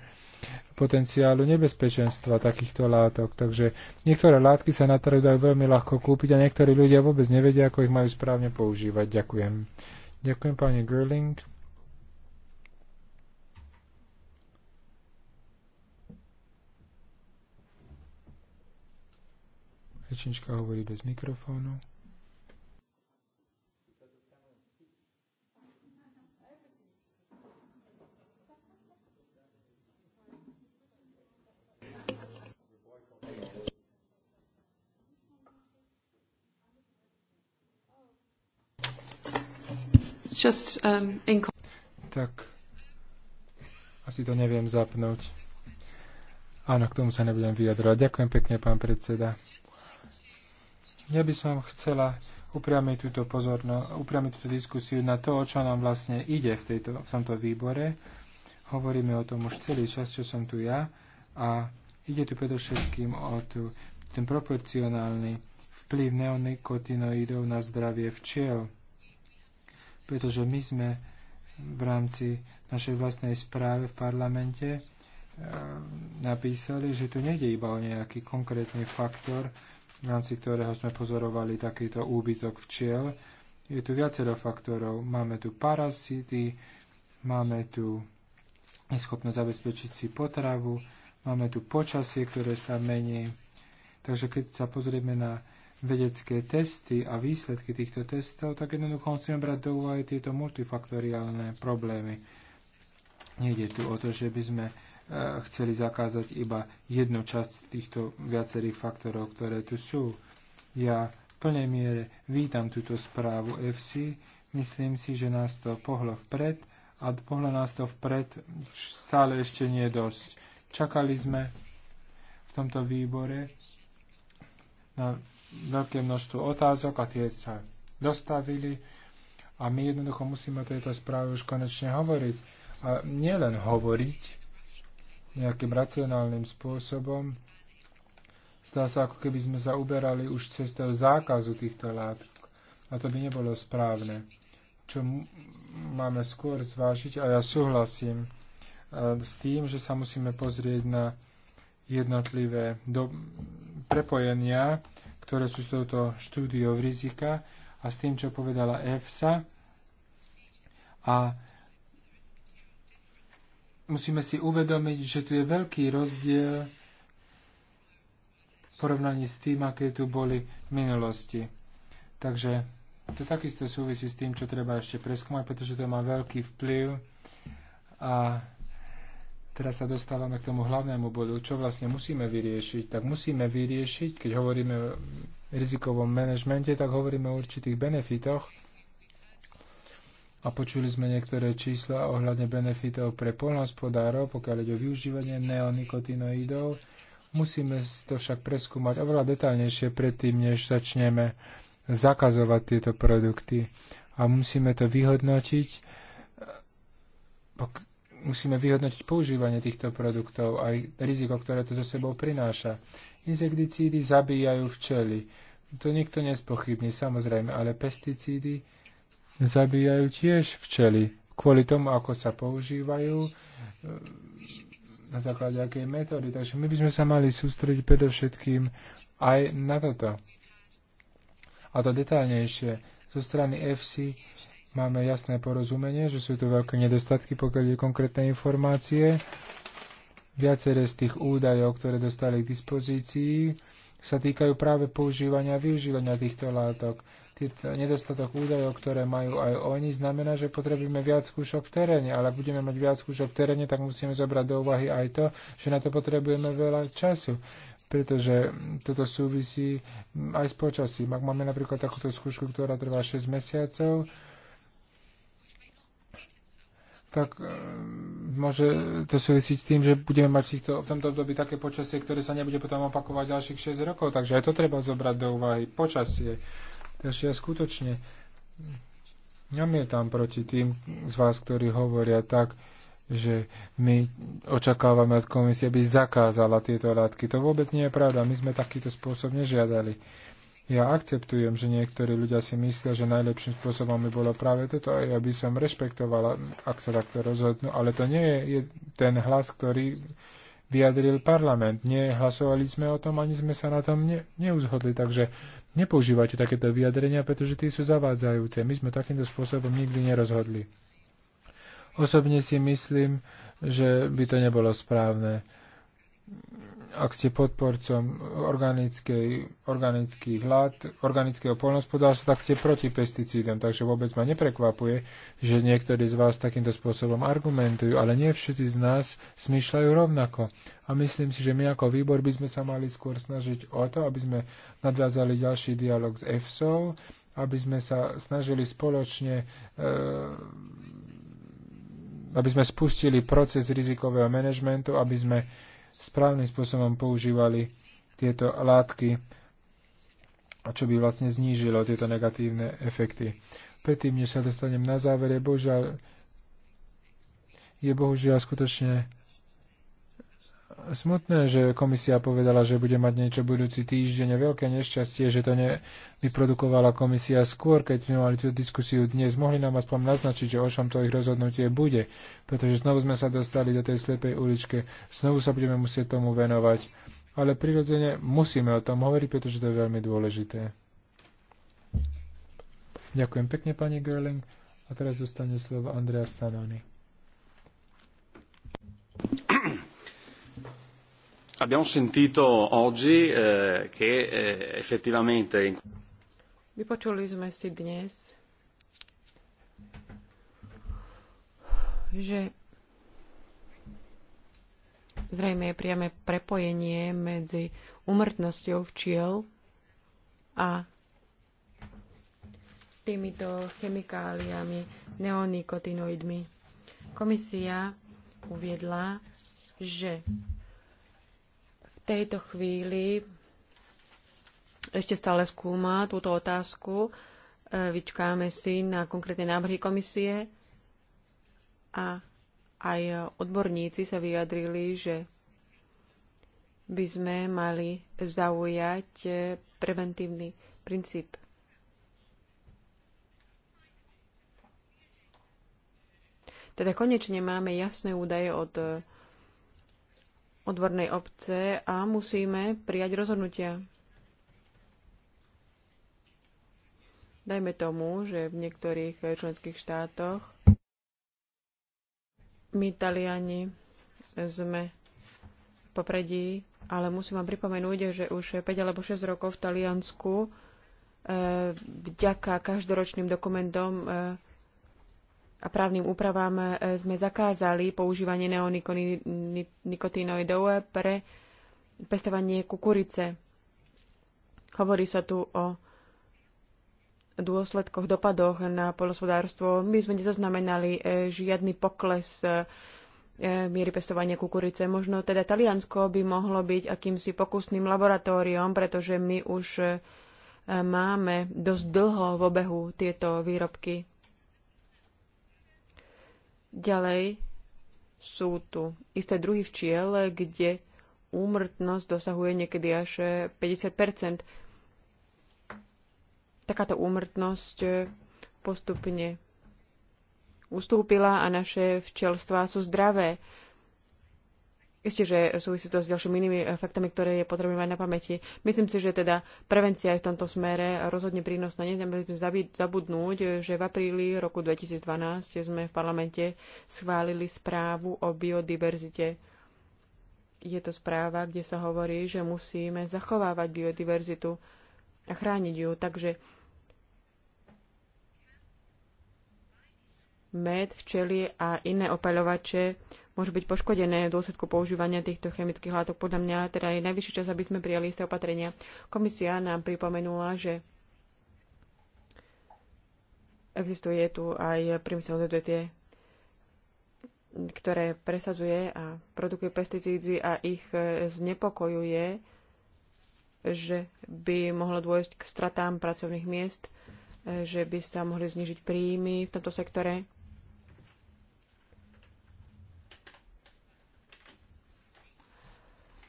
potenciálu nebezpečenstva takýchto látok. Takže niektoré látky sa na trhu dajú veľmi ľahko kúpiť a niektorí ľudia vôbec nevedia, ako ich majú správne používať. Ďakujem. Ďakujem pani Gerling. Rečnička hovorí bez mikrofónu. Just, um, in... Tak, asi to neviem zapnúť. Áno, k tomu sa nebudem vyjadrovať. Ďakujem pekne, pán predseda. Ja by som chcela upriamiť túto pozorno, upriamiť túto diskusiu na to, o čo nám vlastne ide v, tejto, v tomto výbore. Hovoríme o tom už celý čas, čo som tu ja. A ide tu predovšetkým o tú, ten proporcionálny vplyv neonikotinoidov na zdravie včiel pretože my sme v rámci našej vlastnej správy v parlamente eh, napísali, že tu nejde iba o nejaký konkrétny faktor, v rámci ktorého sme pozorovali takýto úbytok včiel. Je tu viacero faktorov. Máme tu parasity, máme tu neschopnosť zabezpečiť si potravu, máme tu počasie, ktoré sa mení. Takže keď sa pozrieme na vedecké testy a výsledky týchto testov, tak jednoducho musíme brať do úvahy tieto multifaktoriálne problémy. Nejde tu o to, že by sme e, chceli zakázať iba jednu časť týchto viacerých faktorov, ktoré tu sú. Ja v plnej miere vítam túto správu FC. Myslím si, že nás to pohlo vpred a pohlo nás to vpred stále ešte nie dosť. Čakali sme v tomto výbore na veľké množstvo otázok a tie sa dostavili a my jednoducho musíme o tejto správe už konečne hovoriť. A nielen hovoriť nejakým racionálnym spôsobom, zdá sa, ako keby sme sa uberali už toho zákazu týchto látok. A to by nebolo správne. Čo máme skôr zvážiť, a ja súhlasím e, s tým, že sa musíme pozrieť na jednotlivé do, prepojenia ktoré sú s touto štúdiou rizika a s tým, čo povedala EFSA. A musíme si uvedomiť, že tu je veľký rozdiel v porovnaní s tým, aké tu boli v minulosti. Takže to takisto súvisí s tým, čo treba ešte preskúmať, pretože to má veľký vplyv a teraz sa dostávame k tomu hlavnému bodu, čo vlastne musíme vyriešiť. Tak musíme vyriešiť, keď hovoríme o rizikovom manažmente, tak hovoríme o určitých benefitoch. A počuli sme niektoré čísla ohľadne benefitov pre polnohospodárov, pokiaľ ide o využívanie neonikotinoidov. Musíme to však preskúmať oveľa detaľnejšie predtým, než začneme zakazovať tieto produkty. A musíme to vyhodnotiť, musíme vyhodnotiť používanie týchto produktov aj riziko, ktoré to so sebou prináša. Insekticídy zabíjajú včely. To nikto nespochybní, samozrejme, ale pesticídy zabíjajú tiež včely. Kvôli tomu, ako sa používajú, eh, na základe akej metódy. Takže my by sme sa mali sústrediť predovšetkým aj na toto. A to detálnejšie. Zo strany FC Máme jasné porozumenie, že sú tu veľké nedostatky, pokiaľ je konkrétne informácie. Viaceré z tých údajov, ktoré dostali k dispozícii, sa týkajú práve používania a využívania týchto látok. Týto nedostatok údajov, ktoré majú aj oni, znamená, že potrebujeme viac skúšok v teréne. Ale ak budeme mať viac skúšok v teréne, tak musíme zobrať do úvahy aj to, že na to potrebujeme veľa času pretože toto súvisí aj s počasím. Ak máme napríklad takúto skúšku, ktorá trvá 6 mesiacov, tak e, môže to súvisiť s tým, že budeme mať týchto, v tomto období také počasie, ktoré sa nebude potom opakovať ďalších 6 rokov. Takže aj to treba zobrať do úvahy. Počasie. Takže ja skutočne namietam proti tým z vás, ktorí hovoria tak, že my očakávame od komisie, aby zakázala tieto látky. To vôbec nie je pravda. My sme takýto spôsob nežiadali. Ja akceptujem, že niektorí ľudia si myslia, že najlepším spôsobom by bolo práve toto a ja by som rešpektovala, ak sa takto rozhodnú, ale to nie je, ten hlas, ktorý vyjadril parlament. Nehlasovali sme o tom, ani sme sa na tom ne, neuzhodli, takže nepoužívajte takéto vyjadrenia, pretože tie sú zavádzajúce. My sme takýmto spôsobom nikdy nerozhodli. Osobne si myslím, že by to nebolo správne ak ste podporcom organických hlad, organického poľnohospodárstva, tak ste proti pesticídom. Takže vôbec ma neprekvapuje, že niektorí z vás takýmto spôsobom argumentujú, ale nie všetci z nás smýšľajú rovnako. A myslím si, že my ako výbor by sme sa mali skôr snažiť o to, aby sme nadviazali ďalší dialog s EFSO, aby sme sa snažili spoločne e, aby sme spustili proces rizikového manažmentu, aby sme správnym spôsobom používali tieto látky, čo by vlastne znížilo tieto negatívne efekty. Predtým, než sa dostanem na záver, je bohužiaľ, je bohužiaľ skutočne smutné, že komisia povedala, že bude mať niečo budúci týždeň. a Veľké nešťastie, že to nevyprodukovala komisia skôr, keď sme mali tú diskusiu dnes. Mohli nám aspoň naznačiť, že o čom to ich rozhodnutie bude, pretože znovu sme sa dostali do tej slepej uličke. Znovu sa budeme musieť tomu venovať. Ale prirodzene musíme o tom hovoriť, pretože to je veľmi dôležité. Ďakujem pekne, pani Gerling. A teraz dostane slovo Andrea Sanoni. Abbiamo sentito oggi eh, che eh, effettivamente... Vypočuli sme si dnes, že zrejme je priame prepojenie medzi umrtnosťou včiel a týmito chemikáliami, neonikotinoidmi. Komisia uviedla, že tejto chvíli ešte stále skúma túto otázku. E, vyčkáme si na konkrétne návrhy komisie a aj odborníci sa vyjadrili, že by sme mali zaujať e, preventívny princíp. Teda konečne máme jasné údaje od odbornej obce a musíme prijať rozhodnutia. Dajme tomu, že v niektorých členských štátoch my, Taliani, sme v popredí, ale musím vám pripomenúť, že už 5 alebo 6 rokov v Taliansku eh, vďaka každoročným dokumentom eh, a právnym úpravám e, sme zakázali používanie neonikotinoidov pre pestovanie kukurice. Hovorí sa tu o dôsledkoch, dopadoch na polospodárstvo. My sme nezaznamenali e, žiadny pokles e, miery pestovania kukurice. Možno teda Taliansko by mohlo byť akýmsi pokusným laboratóriom, pretože my už máme dosť dlho v obehu tieto výrobky Ďalej sú tu isté druhy včiel, kde úmrtnosť dosahuje niekedy až 50 e, Takáto úmrtnosť e, postupne ustúpila a naše včelstvá sú zdravé. Isté, že súvisí to s ďalšími inými eh, faktami, ktoré je potrebné mať na pamäti. Myslím si, že teda prevencia je v tomto smere rozhodne prínosná. sme zabudnúť, že v apríli roku 2012 sme v parlamente schválili správu o biodiverzite. Je to správa, kde sa hovorí, že musíme zachovávať biodiverzitu a chrániť ju. Takže med, včely a iné opaľovače môžu byť poškodené v dôsledku používania týchto chemických látok. Podľa mňa teda je najvyšší čas, aby sme prijali isté opatrenia. Komisia nám pripomenula, že existuje tu aj prímysel odvetvie, ktoré presazuje a produkuje pesticídy a ich e, znepokojuje, že by mohlo dôjsť k stratám pracovných miest, e, že by sa mohli znižiť príjmy v tomto sektore.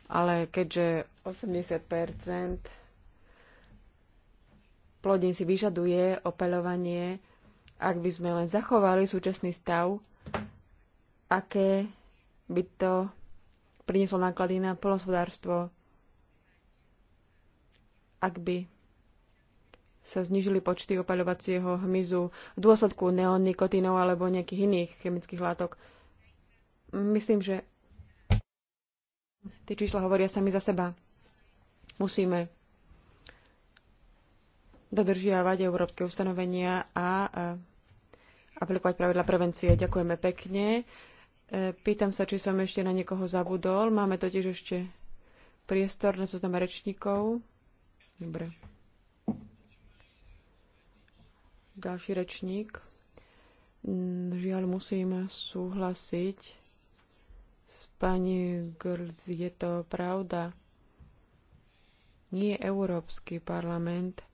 ale keďže 80 plodín si vyžaduje opeľovanie, ak by sme len zachovali súčasný stav, aké by to prinieslo náklady na polnospodárstvo, ak by sa znižili počty opaľovacieho hmyzu v dôsledku neonikotínov alebo nejakých iných chemických látok. Myslím, že Tie čísla hovoria sami za seba. Musíme dodržiavať európske ustanovenia a aplikovať pravidla prevencie. Ďakujeme pekne. E, pýtam sa, či som ešte na niekoho zabudol. Máme totiž ešte priestor na zoznam rečníkov. Dobre. Ďalší rečník. Mm, žiaľ, musím súhlasiť s pani Grz, je to pravda. Nie Európsky parlament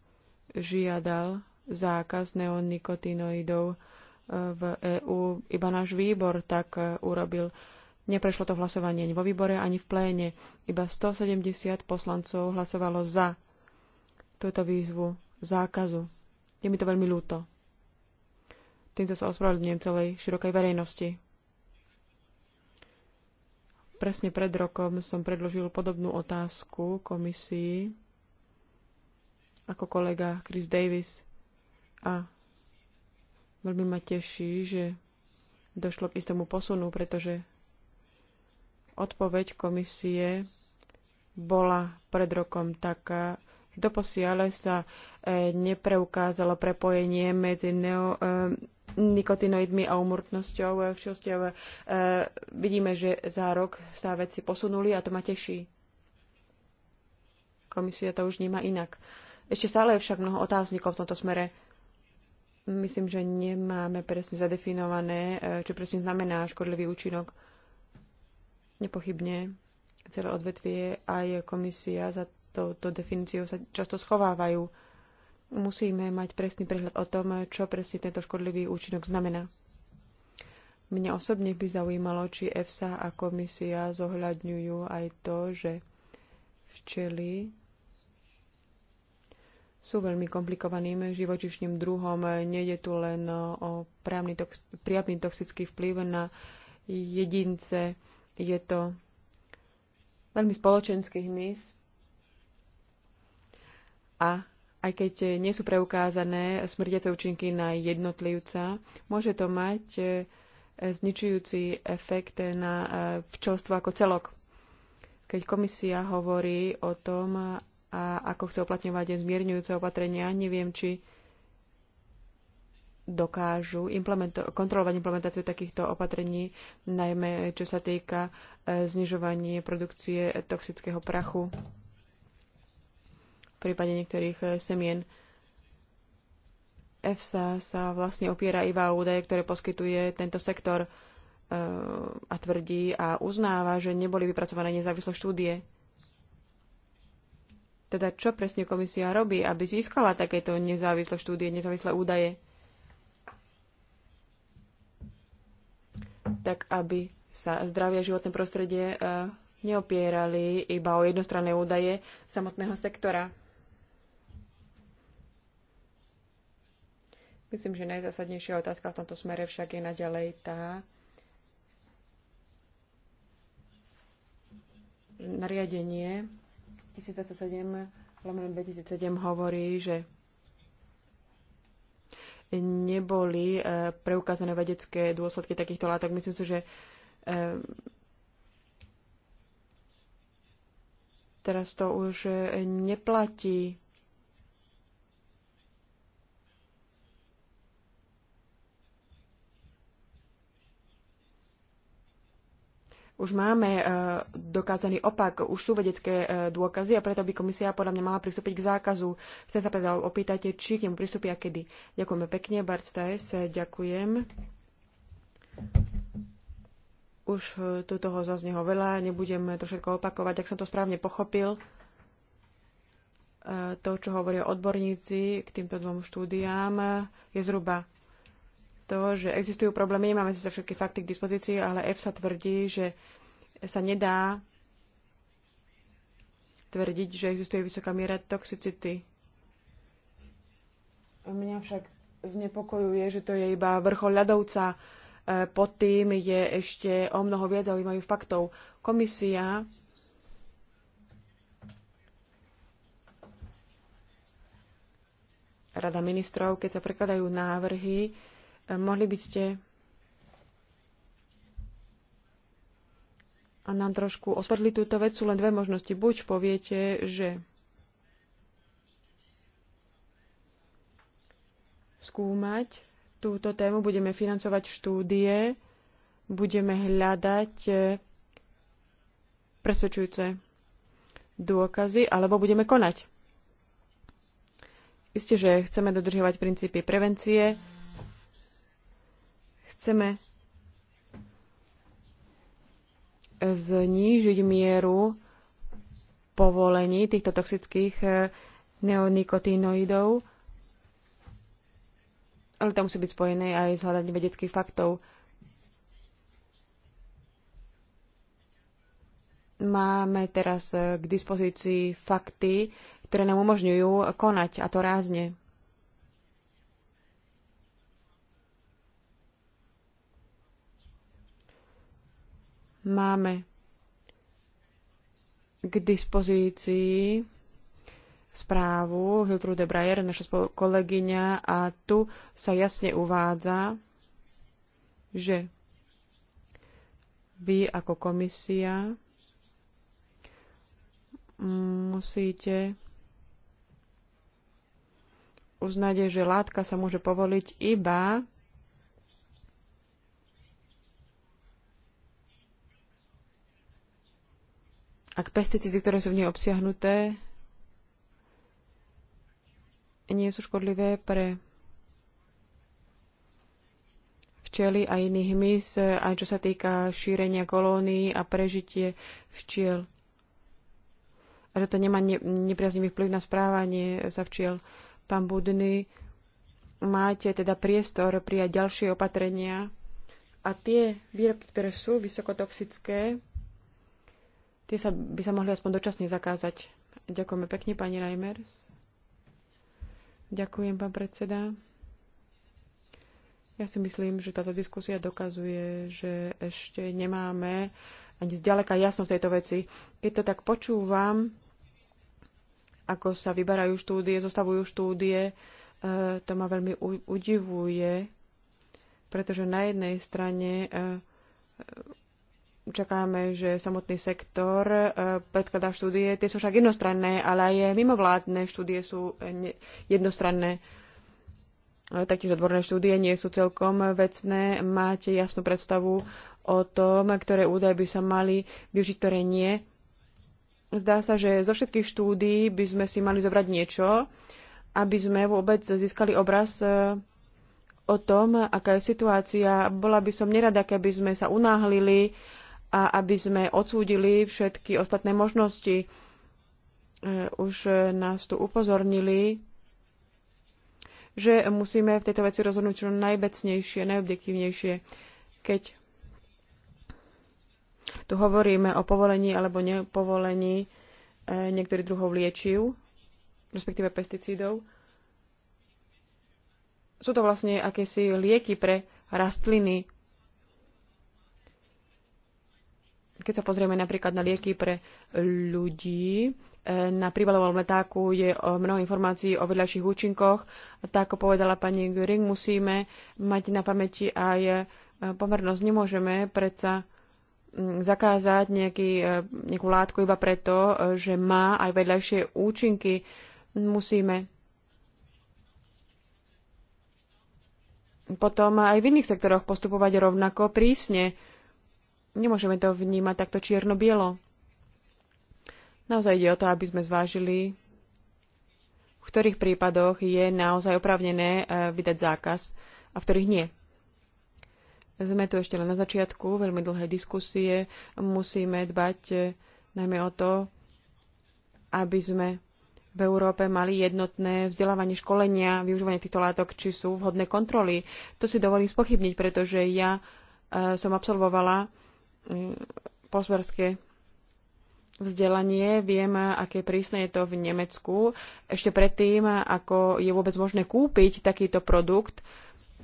žiadal zákaz neonikotinoidov eh, v EÚ. Iba náš výbor tak eh, urobil. Neprešlo to hlasovanie ani vo výbore, ani v pléne. Iba 170 poslancov hlasovalo za túto výzvu zákazu. Je mi to veľmi ľúto. Týmto sa ospravedlňujem celej širokej verejnosti. Presne pred rokom som predložil podobnú otázku komisii ako kolega Chris Davis. A veľmi ma teší, že došlo k istému posunu, pretože odpoveď komisie bola pred rokom taká, Doposiaľ sa e, nepreukázalo prepojenie medzi neo, e, nikotinoidmi a umrtnosťou všosťou. E, vidíme, že za rok sa veci posunuli a to ma teší. Komisia to už nemá inak. Ešte stále je však mnoho otáznikov v tomto smere. Myslím, že nemáme presne zadefinované, čo presne znamená škodlivý účinok. Nepochybne celé odvetvie aj komisia za touto definíciou sa často schovávajú. Musíme mať presný prehľad o tom, čo presne tento škodlivý účinok znamená. Mňa osobne by zaujímalo, či EFSA a komisia zohľadňujú aj to, že včely sú veľmi komplikovaným živočišným druhom. Nejde tu len o priamy, toxický vplyv na jedince. Je to veľmi spoločenský hmyz a aj keď nie sú preukázané smrdiace účinky na jednotlivca, môže to mať e, zničujúci efekt na e, včelstvo ako celok. Keď komisia hovorí o tom, ako chce uplatňovať zmierňujúce opatrenia, neviem, či dokážu implemento- kontrolovať implementáciu takýchto opatrení, najmä čo sa týka e, znižovanie produkcie toxického prachu prípade niektorých e, semien. EFSA sa vlastne opiera iba o údaje, ktoré poskytuje tento sektor e, a tvrdí a uznáva, že neboli vypracované nezávislé štúdie. Teda čo presne komisia robí, aby získala takéto nezávislé štúdie, nezávislé údaje? Tak, aby sa zdravie a životné prostredie e, neopierali iba o jednostranné údaje samotného sektora. Myslím, že najzásadnejšia otázka v tomto smere však je naďalej tá, nariadenie 1027 2007 hovorí, že neboli e, preukázané vedecké dôsledky takýchto látok. Myslím si, že e, teraz to už e, neplatí. už máme e, dokázaný opak, už sú vedecké e, dôkazy a preto by komisia podľa mňa mala pristúpiť k zákazu. Chcem sa predal, opýtate, či k nemu pristúpia kedy. Ďakujeme pekne, Bart Stajs, ďakujem. Už e, tu toho zazneho veľa, nebudem to všetko opakovať. Ak som to správne pochopil, to, čo hovoria odborníci k týmto dvom štúdiám, je zhruba to, že existujú problémy, nemáme si sa všetky fakty k dispozícii, ale EFSA tvrdí, že sa nedá tvrdiť, že existuje vysoká miera toxicity. Mňa však znepokojuje, že to je iba vrchol ľadovca. E, pod tým je ešte o mnoho viac zaujímavých faktov. Komisia Rada ministrov, keď sa prekladajú návrhy, Mohli by ste a nám trošku osvetliť túto vec. Sú len dve možnosti. Buď poviete, že skúmať túto tému, budeme financovať štúdie, budeme hľadať eh, presvedčujúce dôkazy, alebo budeme konať. Isté, že chceme dodržiavať princípy prevencie, Chceme znížiť mieru povolení týchto toxických eh, neonikotinoidov, ale to musí byť spojené aj s hľadaním vedeckých faktov. Máme teraz eh, k dispozícii fakty, ktoré nám umožňujú konať, a to rázne. Máme k dispozícii správu Hiltrude Breyer, naša kolegyňa, a tu sa jasne uvádza, že vy ako komisia musíte uznať, že látka sa môže povoliť iba ak pesticídy, ktoré sú v nej obsiahnuté, nie sú škodlivé pre včely a iných hmyz, aj čo sa týka šírenia kolónií a prežitie včiel. A že to nemá ne- nepriaznivý vplyv na správanie sa včiel. Pán Budny, máte teda priestor prijať ďalšie opatrenia a tie výrobky, ktoré sú vysokotoxické, Tie sa, by sa mohli aspoň dočasne zakázať. Ďakujeme pekne, pani Reimers. Ďakujem, pán predseda. Ja si myslím, že táto diskusia dokazuje, že ešte nemáme ani zďaleka jasno v tejto veci. Keď to tak počúvam, ako sa vyberajú štúdie, zostavujú štúdie, e, to ma veľmi udivuje, pretože na jednej strane e, Čakáme, že samotný sektor e, predkladá štúdie. Tie sú však jednostranné, ale aj mimovládne štúdie sú e, jednostranné. E, taktiež odborné štúdie nie sú celkom vecné. Máte jasnú predstavu o tom, ktoré údaje by sa mali využiť, ktoré nie. Zdá sa, že zo všetkých štúdií by sme si mali zobrať niečo, aby sme vôbec získali obraz o tom, aká je situácia. Bola by som nerada, keby sme sa unáhlili a aby sme odsúdili všetky ostatné možnosti. E, už nás tu upozornili, že musíme v tejto veci rozhodnúť čo najbecnejšie, najobjektívnejšie. Keď tu hovoríme o povolení alebo nepovolení e, niektorých druhov liečiv, respektíve pesticídov, sú to vlastne akési lieky pre rastliny, Keď sa pozrieme napríklad na lieky pre ľudí, e, na príbalovom letáku je e, mnoho informácií o vedľajších účinkoch. Tak ako povedala pani Göring, musíme mať na pamäti aj e, pomernosť. Nemôžeme predsa zakázať nejaký, nejakú látku iba preto, že má aj vedľajšie účinky. Musíme potom aj v iných sektoroch postupovať rovnako prísne. Nemôžeme to vnímať takto čierno-bielo. Naozaj ide o to, aby sme zvážili, v ktorých prípadoch je naozaj oprávnené e, vydať zákaz a v ktorých nie. Sme tu ešte len na začiatku, veľmi dlhé diskusie. Musíme dbať e, najmä o to, aby sme v Európe mali jednotné vzdelávanie, školenia, využívanie týchto látok, či sú vhodné kontroly. To si dovolím spochybniť, pretože ja e, som absolvovala posmerské vzdelanie. Viem, aké prísne je to v Nemecku. Ešte predtým, ako je vôbec možné kúpiť takýto produkt,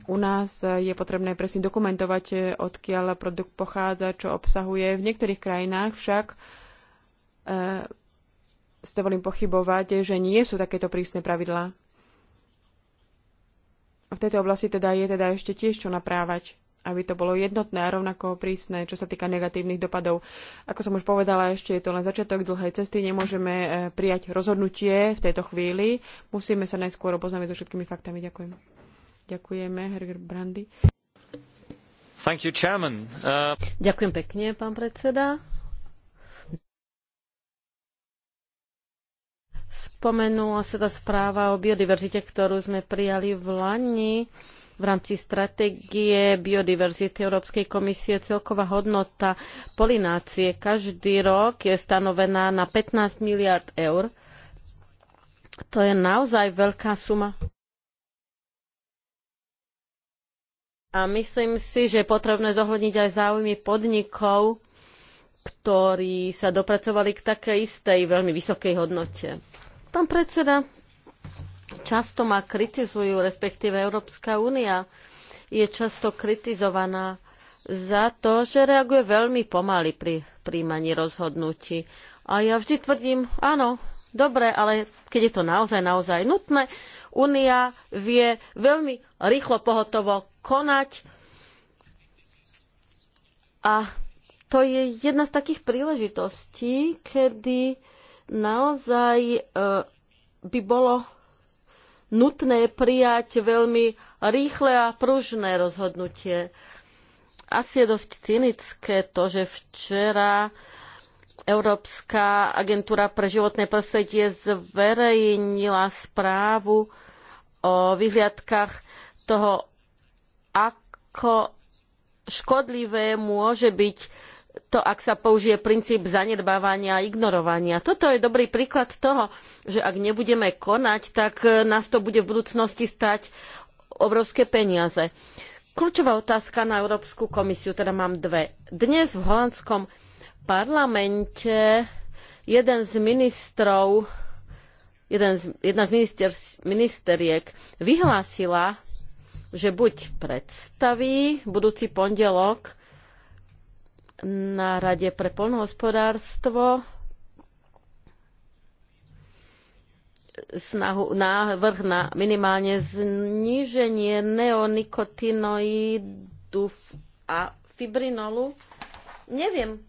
u nás je potrebné presne dokumentovať, odkiaľ produkt pochádza, čo obsahuje. V niektorých krajinách však e, ste volím pochybovať, že nie sú takéto prísne pravidlá. V tejto oblasti teda je teda ešte tiež čo naprávať aby to bolo jednotné a rovnako prísne, čo sa týka negatívnych dopadov. Ako som už povedala, ešte je to len začiatok dlhej cesty, nemôžeme e, prijať rozhodnutie v tejto chvíli. Musíme sa najskôr oboznámiť so všetkými faktami. Ďakujem. Ďakujeme, Herger Brandy. Thank you, chairman. Uh... Ďakujem pekne, pán predseda. Spomenula sa tá správa o biodiverzite, ktorú sme prijali v Lani v rámci stratégie biodiverzity Európskej komisie celková hodnota polinácie každý rok je stanovená na 15 miliard eur. To je naozaj veľká suma. A myslím si, že je potrebné zohľadniť aj záujmy podnikov, ktorí sa dopracovali k takej istej veľmi vysokej hodnote. Pán predseda, často ma kritizujú, respektíve Európska únia je často kritizovaná za to, že reaguje veľmi pomaly pri príjmaní rozhodnutí. A ja vždy tvrdím, áno, dobre, ale keď je to naozaj, naozaj nutné, Únia vie veľmi rýchlo pohotovo konať a to je jedna z takých príležitostí, kedy naozaj e, by bolo nutné prijať veľmi rýchle a pružné rozhodnutie. Asi je dosť cynické to, že včera Európska agentúra pre životné prostredie zverejnila správu o vyhliadkách toho, ako škodlivé môže byť to, ak sa použije princíp zanedbávania a ignorovania. Toto je dobrý príklad toho, že ak nebudeme konať, tak e, nás to bude v budúcnosti stať obrovské peniaze. Kľúčová otázka na Európsku komisiu, teda mám dve. Dnes v holandskom parlamente jeden z ministrov, jeden z, jedna z minister, ministeriek vyhlásila, že buď predstaví budúci pondelok na Rade pre polnohospodárstvo snahu, návrh na minimálne zníženie neonikotinoidu a fibrinolu. Neviem,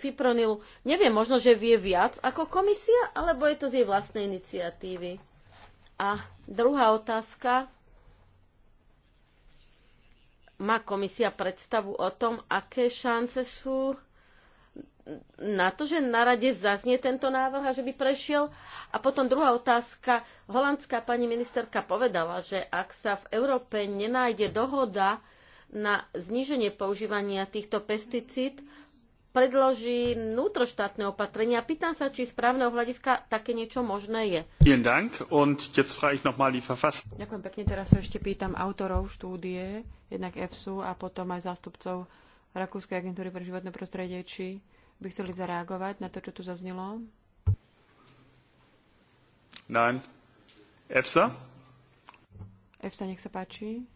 fipronilu. Neviem, možno, že vie viac ako komisia, alebo je to z jej vlastnej iniciatívy. A druhá otázka má komisia predstavu o tom, aké šance sú na to, že na rade zaznie tento návrh a že by prešiel? A potom druhá otázka. Holandská pani ministerka povedala, že ak sa v Európe nenájde dohoda na zníženie používania týchto pesticíd, predloží vnútroštátne opatrenia. Pýtam sa, či z právneho hľadiska také niečo možné je. Ďakujem pekne. Teraz sa ešte pýtam autorov štúdie, jednak EFSU a potom aj zástupcov Rakúskej agentúry pre životné prostredie, či by chceli zareagovať na to, čo tu zaznelo. Nein. EFSA? EFSA, nech sa páči.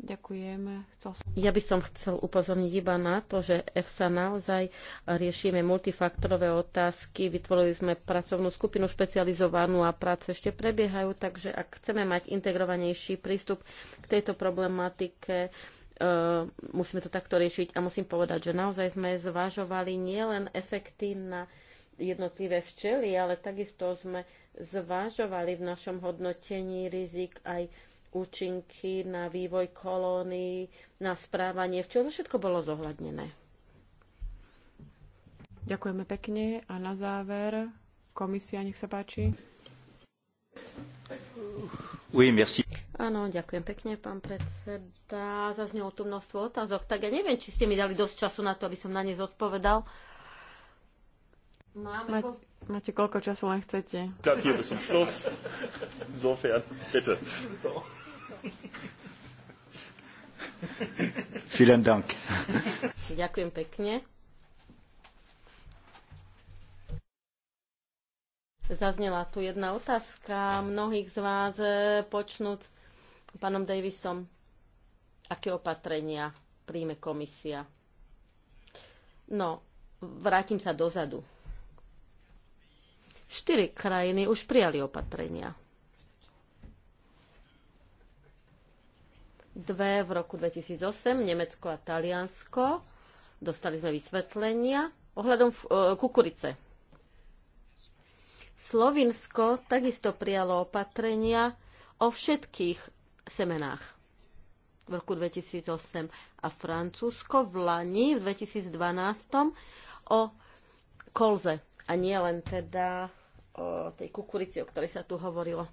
Ďakujem. Chcel som... Ja by som chcel upozorniť iba na to, že EFSA naozaj riešime multifaktorové otázky. Vytvorili sme pracovnú skupinu špecializovanú a práce ešte prebiehajú, takže ak chceme mať integrovanejší prístup k tejto problematike, e, musíme to takto riešiť a musím povedať, že naozaj sme zvažovali nielen efekty na jednotlivé včely, ale takisto sme zvažovali v našom hodnotení rizik aj účinky na vývoj kolónií, na správanie v čom Všetko bolo zohľadnené. Ďakujeme pekne a na záver komisia, nech sa páči. Oui, merci. Áno, ďakujem pekne, pán predseda. Zaznelo tu množstvo otázok, tak ja neviem, či ste mi dali dosť času na to, aby som na ne zodpovedal. Máme Mať, po... Máte koľko času len chcete? Ďakujem, hier bis zum Schluss. Insofern, Vielen Dank. Ďakujem pekne. Zaznela tu jedna otázka mnohých z vás, e, počnúť pánom Davisom. Aké opatrenia príjme komisia? No, vrátim sa dozadu. Štyri krajiny už prijali opatrenia. dve v roku 2008, Nemecko a Taliansko. Dostali sme vysvetlenia ohľadom eh, kukurice. Slovinsko takisto prijalo opatrenia o všetkých semenách v roku 2008 a Francúzsko v Lani v 2012 o kolze a nie len teda o tej kukurici, o ktorej sa tu hovorilo.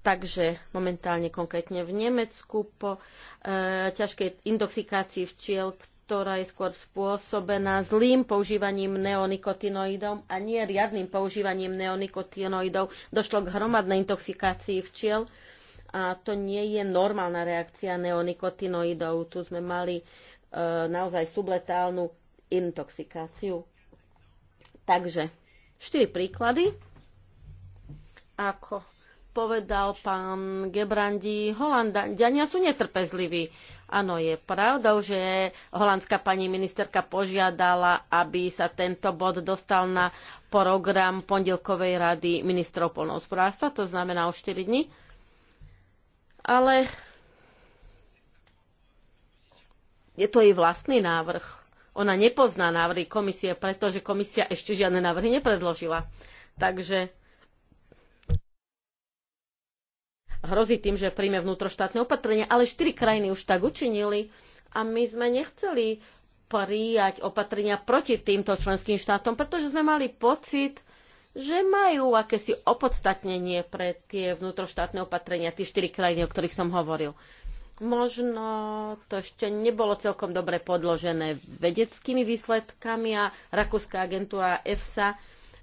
Takže momentálne konkrétne v Nemecku po e, ťažkej intoxikácii včiel, ktorá je skôr spôsobená zlým používaním neonikotinoidov a nie riadnym používaním neonikotinoidov, došlo k hromadnej intoxikácii včiel a to nie je normálna reakcia neonikotinoidov. Tu sme mali e, naozaj subletálnu intoxikáciu. Takže, štyri príklady, ako povedal pán Gebrandi, Holandania sú netrpezliví. Áno, je pravdou, že holandská pani ministerka požiadala, aby sa tento bod dostal na program pondelkovej rady ministrov polnohospodárstva, to znamená o 4 dní. Ale je to jej vlastný návrh. Ona nepozná návrhy komisie, pretože komisia ešte žiadne návrhy nepredložila. Takže hrozí tým, že príjme vnútroštátne opatrenie, ale štyri krajiny už tak učinili a my sme nechceli prijať opatrenia proti týmto členským štátom, pretože sme mali pocit, že majú akési opodstatnenie pre tie vnútroštátne opatrenia, tie štyri krajiny, o ktorých som hovoril. Možno to ešte nebolo celkom dobre podložené vedeckými výsledkami a Rakúska agentúra EFSA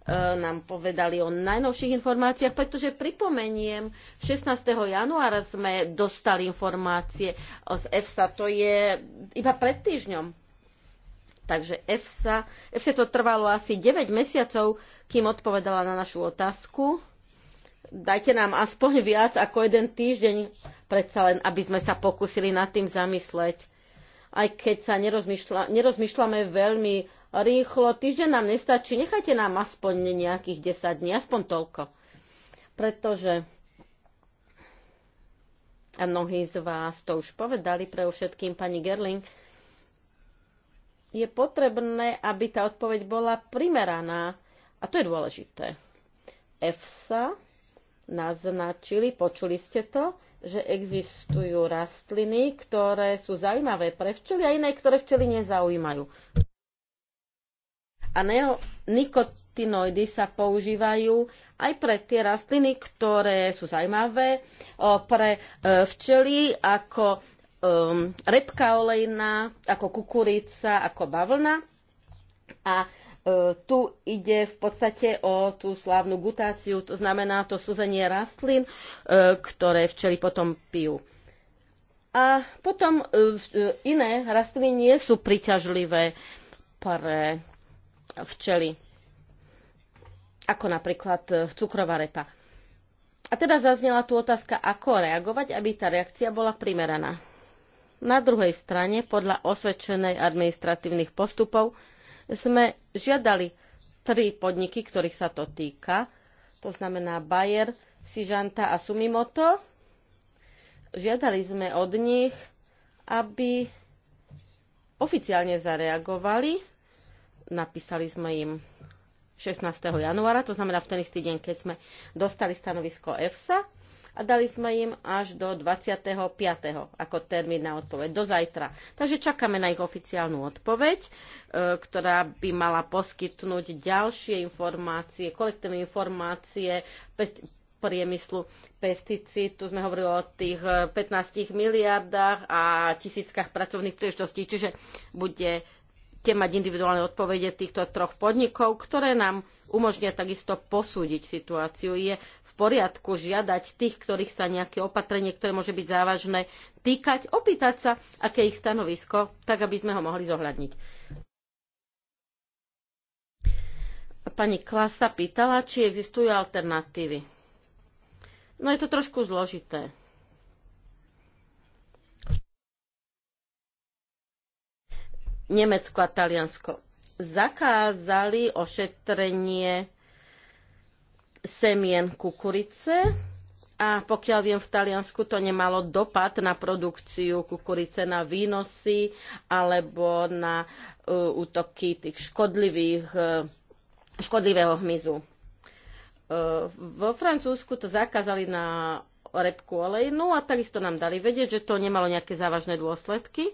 E, nám povedali o najnovších informáciách, pretože pripomeniem, 16. januára sme dostali informácie z EFSA, to je iba pred týždňom. Takže EFSA, EFSA to trvalo asi 9 mesiacov, kým odpovedala na našu otázku. Dajte nám aspoň viac ako jeden týždeň, predsa len, aby sme sa pokúsili nad tým zamysleť. Aj keď sa nerozmýšľa, nerozmýšľame veľmi rýchlo. Týždeň nám nestačí, nechajte nám aspoň nejakých 10 dní, aspoň toľko. Pretože a mnohí z vás to už povedali, pre všetkým pani Gerling, je potrebné, aby tá odpoveď bola primeraná. A to je dôležité. EFSA naznačili, počuli ste to, že existujú rastliny, ktoré sú zaujímavé pre včely a iné, ktoré včely nezaujímajú. A neonikotinoidy sa používajú aj pre tie rastliny, ktoré sú zaujímavé pre e, včely ako e, repka olejná, ako kukurica, ako bavlna. A e, tu ide v podstate o tú slávnu gutáciu, to znamená to slzenie rastlín, ktoré včely potom pijú. A potom iné rastliny nie sú priťažlivé pre včely, ako napríklad e, cukrová repa. A teda zaznela tu otázka, ako reagovať, aby tá reakcia bola primeraná. Na druhej strane, podľa osvedčenej administratívnych postupov, sme žiadali tri podniky, ktorých sa to týka, to znamená Bayer, Sižanta a Sumimoto. Žiadali sme od nich, aby oficiálne zareagovali napísali sme im 16. januára, to znamená v ten istý deň, keď sme dostali stanovisko EFSA a dali sme im až do 25. ako termín na odpoveď, do zajtra. Takže čakáme na ich oficiálnu odpoveď, e, ktorá by mala poskytnúť ďalšie informácie, kolektívne informácie priemyslu pesticíd. Tu sme hovorili o tých 15 e, miliardách a tisíckach pracovných príležitostí, čiže bude mať individuálne odpovede týchto troch podnikov, ktoré nám umožnia takisto posúdiť situáciu. Je v poriadku žiadať tých, ktorých sa nejaké opatrenie, ktoré môže byť závažné, týkať, opýtať sa, aké ich stanovisko, tak aby sme ho mohli zohľadniť. Pani Klasa pýtala, či existujú alternatívy. No je to trošku zložité Nemecko a Taliansko zakázali ošetrenie semien kukurice a pokiaľ viem, v Taliansku to nemalo dopad na produkciu kukurice, na výnosy alebo na uh, útoky tých škodlivých, uh, škodlivého hmyzu. Uh, vo Francúzsku to zakázali na repku olejnú a takisto nám dali vedieť, že to nemalo nejaké závažné dôsledky. Uh,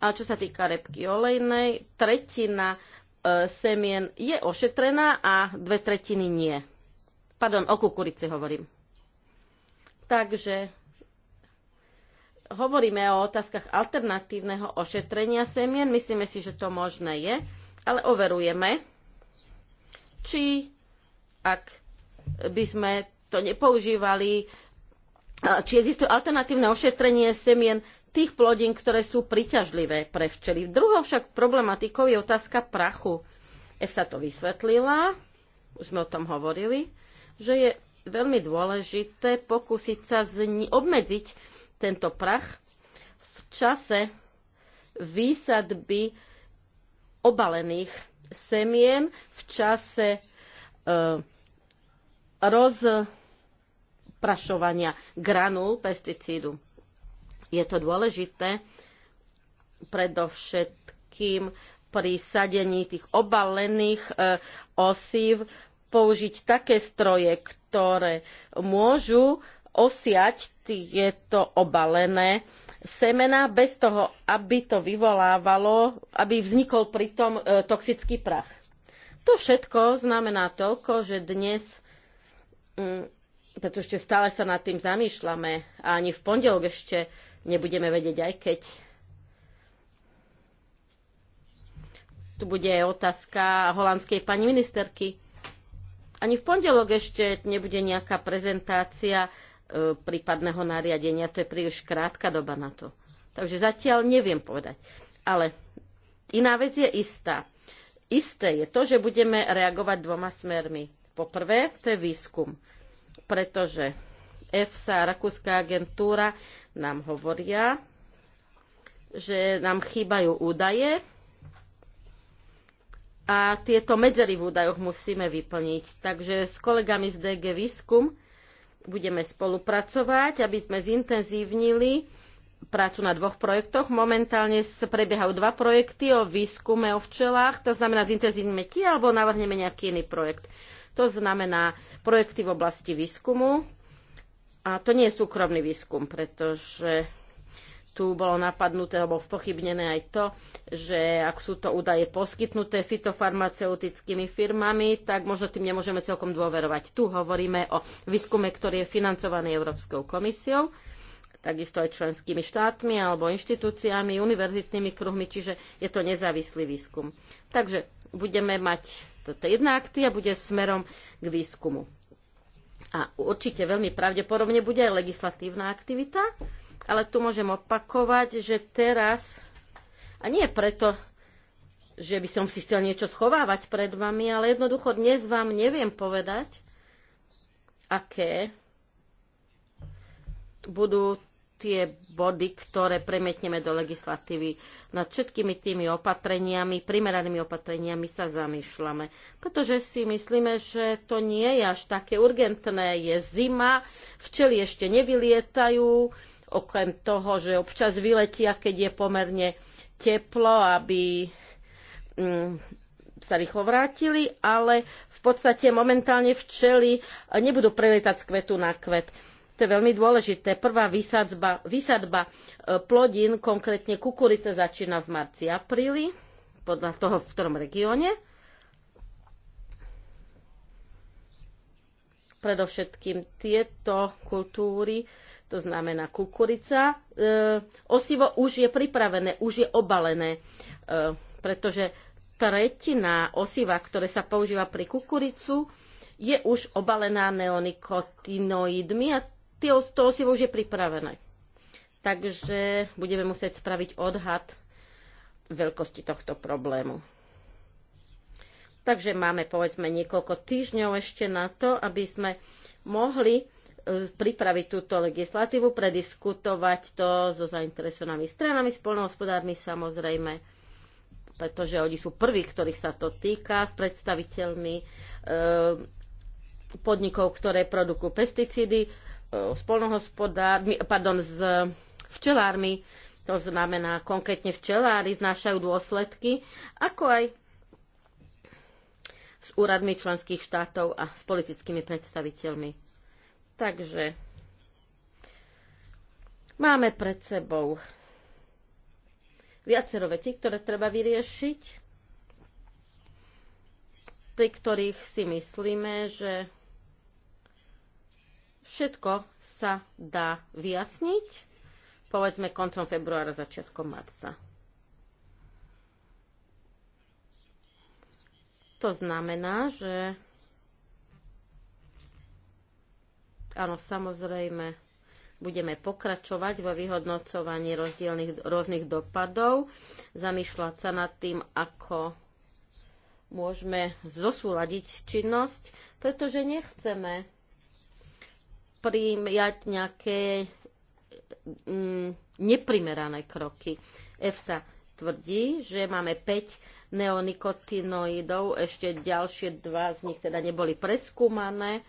a čo sa týka repky olejnej, tretina e, semien je ošetrená a dve tretiny nie. Pardon, o kukurici hovorím. Takže hovoríme o otázkach alternatívneho ošetrenia semien. Myslíme si, že to možné je, ale overujeme, či ak by sme to nepoužívali, e, či existuje alternatívne ošetrenie semien tých plodín, ktoré sú priťažlivé pre včely. Druhou však problematikou je otázka prachu. sa to vysvetlila, už sme o tom hovorili, že je veľmi dôležité pokúsiť sa zni- obmedziť tento prach v čase výsadby obalených semien, v čase e, rozprašovania granul pesticídu. Je to dôležité predovšetkým pri sadení tých obalených e, osív použiť také stroje, ktoré môžu osiať tieto obalené semená bez toho, aby to vyvolávalo, aby vznikol pritom e, toxický prach. To všetko znamená toľko, že dnes, m, mm, pretože stále sa nad tým zamýšľame, a ani v pondelok ešte nebudeme vedieť, aj keď tu bude otázka holandskej pani ministerky. Ani v pondelok ešte nebude nejaká prezentácia e, prípadného nariadenia. To je príliš krátka doba na to. Takže zatiaľ neviem povedať. Ale iná vec je istá. Isté je to, že budeme reagovať dvoma smermi. Poprvé, to je výskum. Pretože EFSA a Rakúska agentúra nám hovoria, že nám chýbajú údaje a tieto medzery v údajoch musíme vyplniť. Takže s kolegami z DG Výskum budeme spolupracovať, aby sme zintenzívnili prácu na dvoch projektoch. Momentálne prebiehajú dva projekty o výskume o včelách, to znamená zintenzívnime tie alebo navrhneme nejaký iný projekt. To znamená projekty v oblasti výskumu, a to nie je súkromný výskum, pretože tu bolo napadnuté alebo spochybnené aj to, že ak sú to údaje poskytnuté fitofarmaceutickými firmami, tak možno tým nemôžeme celkom dôverovať. Tu hovoríme o výskume, ktorý je financovaný Európskou komisiou, takisto aj členskými štátmi alebo inštitúciami, univerzitnými kruhmi, čiže je to nezávislý výskum. Takže budeme mať, toto jedna akcia, bude smerom k výskumu a určite veľmi pravdepodobne bude aj legislatívna aktivita, ale tu môžem opakovať, že teraz, a nie preto, že by som si chcel niečo schovávať pred vami, ale jednoducho dnes vám neviem povedať, aké budú tie body, ktoré premietneme do legislatívy nad všetkými tými opatreniami, primeranými opatreniami sa zamýšľame. Pretože si myslíme, že to nie je až také urgentné. Je zima, včely ešte nevylietajú, okrem toho, že občas vyletia, keď je pomerne teplo, aby mm, sa rýchlo vrátili, ale v podstate momentálne včely nebudú prelietať z kvetu na kvet to je veľmi dôležité. Prvá vysadba, vysadba e, plodín, konkrétne kukurice, začína v marci, apríli, podľa toho, v ktorom regióne. Predovšetkým tieto kultúry, to znamená kukurica, e, osivo už je pripravené, už je obalené, e, pretože tretina osiva, ktoré sa používa pri kukuricu, je už obalená neonikotinoidmi a to osivo už je pripravené. Takže budeme musieť spraviť odhad veľkosti tohto problému. Takže máme povedzme niekoľko týždňov ešte na to, aby sme mohli e, pripraviť túto legislatívu, prediskutovať to so zainteresovanými stranami, spolnohospodármi samozrejme, pretože oni sú prví, ktorých sa to týka, s predstaviteľmi e, podnikov, ktoré produkujú pesticídy, E, spolnohospodármi, pardon, s včelármi, to znamená konkrétne včelári znášajú dôsledky, ako aj s úradmi členských štátov a s politickými predstaviteľmi. Takže máme pred sebou viacero vecí, ktoré treba vyriešiť, pri ktorých si myslíme, že Všetko sa dá vyjasniť, povedzme koncom februára, začiatkom marca. To znamená, že áno, samozrejme, budeme pokračovať vo vyhodnocovaní rozdielných, rôznych dopadov, zamýšľať sa nad tým, ako môžeme zosúľadiť činnosť, pretože nechceme prijať nejaké mm, neprimerané kroky. EFSA tvrdí, že máme 5 neonikotinoidov, ešte ďalšie dva z nich teda neboli preskúmané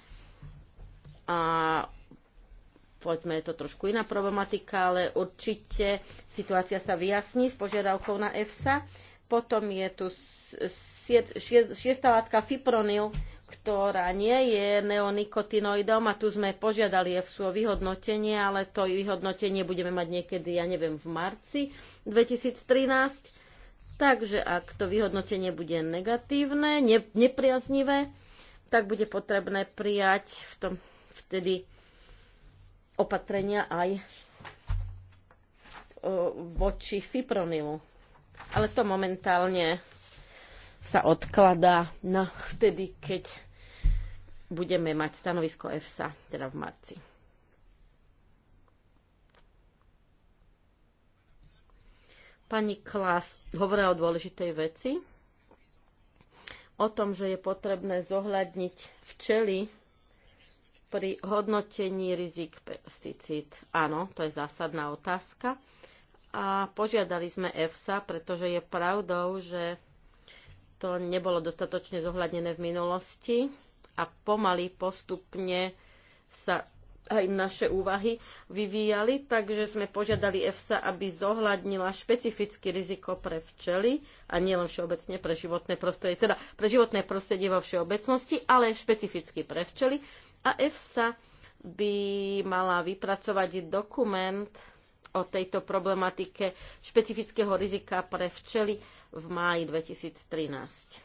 a povedzme, je to trošku iná problematika, ale určite situácia sa vyjasní s požiadavkou na EFSA. Potom je tu šiesta látka fipronil, ktorá nie je neonikotinoidom a tu sme požiadali EFSU o vyhodnotenie, ale to vyhodnotenie budeme mať niekedy, ja neviem, v marci 2013. Takže ak to vyhodnotenie bude negatívne, ne, nepriaznivé, tak bude potrebné prijať v tom vtedy opatrenia aj voči fipronilu. Ale to momentálne sa odkladá na vtedy, keď budeme mať stanovisko EFSA, teda v marci. Pani Klas hovorila o dôležitej veci, o tom, že je potrebné zohľadniť včely pri hodnotení rizik pesticíd. Áno, to je zásadná otázka. A požiadali sme EFSA, pretože je pravdou, že to nebolo dostatočne zohľadnené v minulosti a pomaly postupne sa aj naše úvahy vyvíjali, takže sme požiadali EFSA, aby zohľadnila špecifické riziko pre včely a nielen všeobecne pre životné prostredie, teda pre životné prostredie vo všeobecnosti, ale špecificky pre včely. A EFSA by mala vypracovať dokument o tejto problematike špecifického rizika pre včely v máji 2013.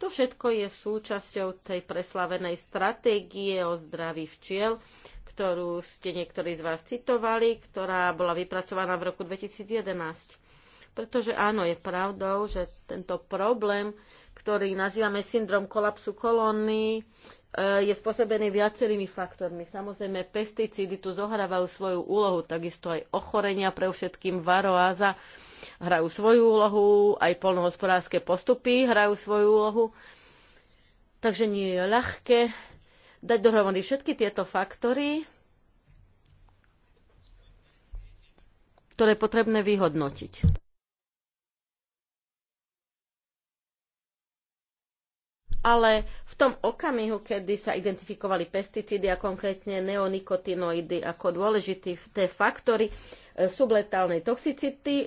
To všetko je súčasťou tej preslavenej stratégie o zdraví včiel, ktorú ste niektorí z vás citovali, ktorá bola vypracovaná v roku 2011. Pretože áno, je pravdou, že tento problém ktorý nazývame syndrom kolapsu kolóny, e, je spôsobený viacerými faktormi. Samozrejme, pesticídy tu zohrávajú svoju úlohu, takisto aj ochorenia pre všetkým varoáza hrajú svoju úlohu, aj polnohospodárske postupy hrajú svoju úlohu. Takže nie je ľahké dať dohromady všetky tieto faktory, ktoré je potrebné vyhodnotiť. ale v tom okamihu, kedy sa identifikovali pesticídy a konkrétne neonikotinoidy ako dôležitý tie faktory e, subletálnej toxicity, e,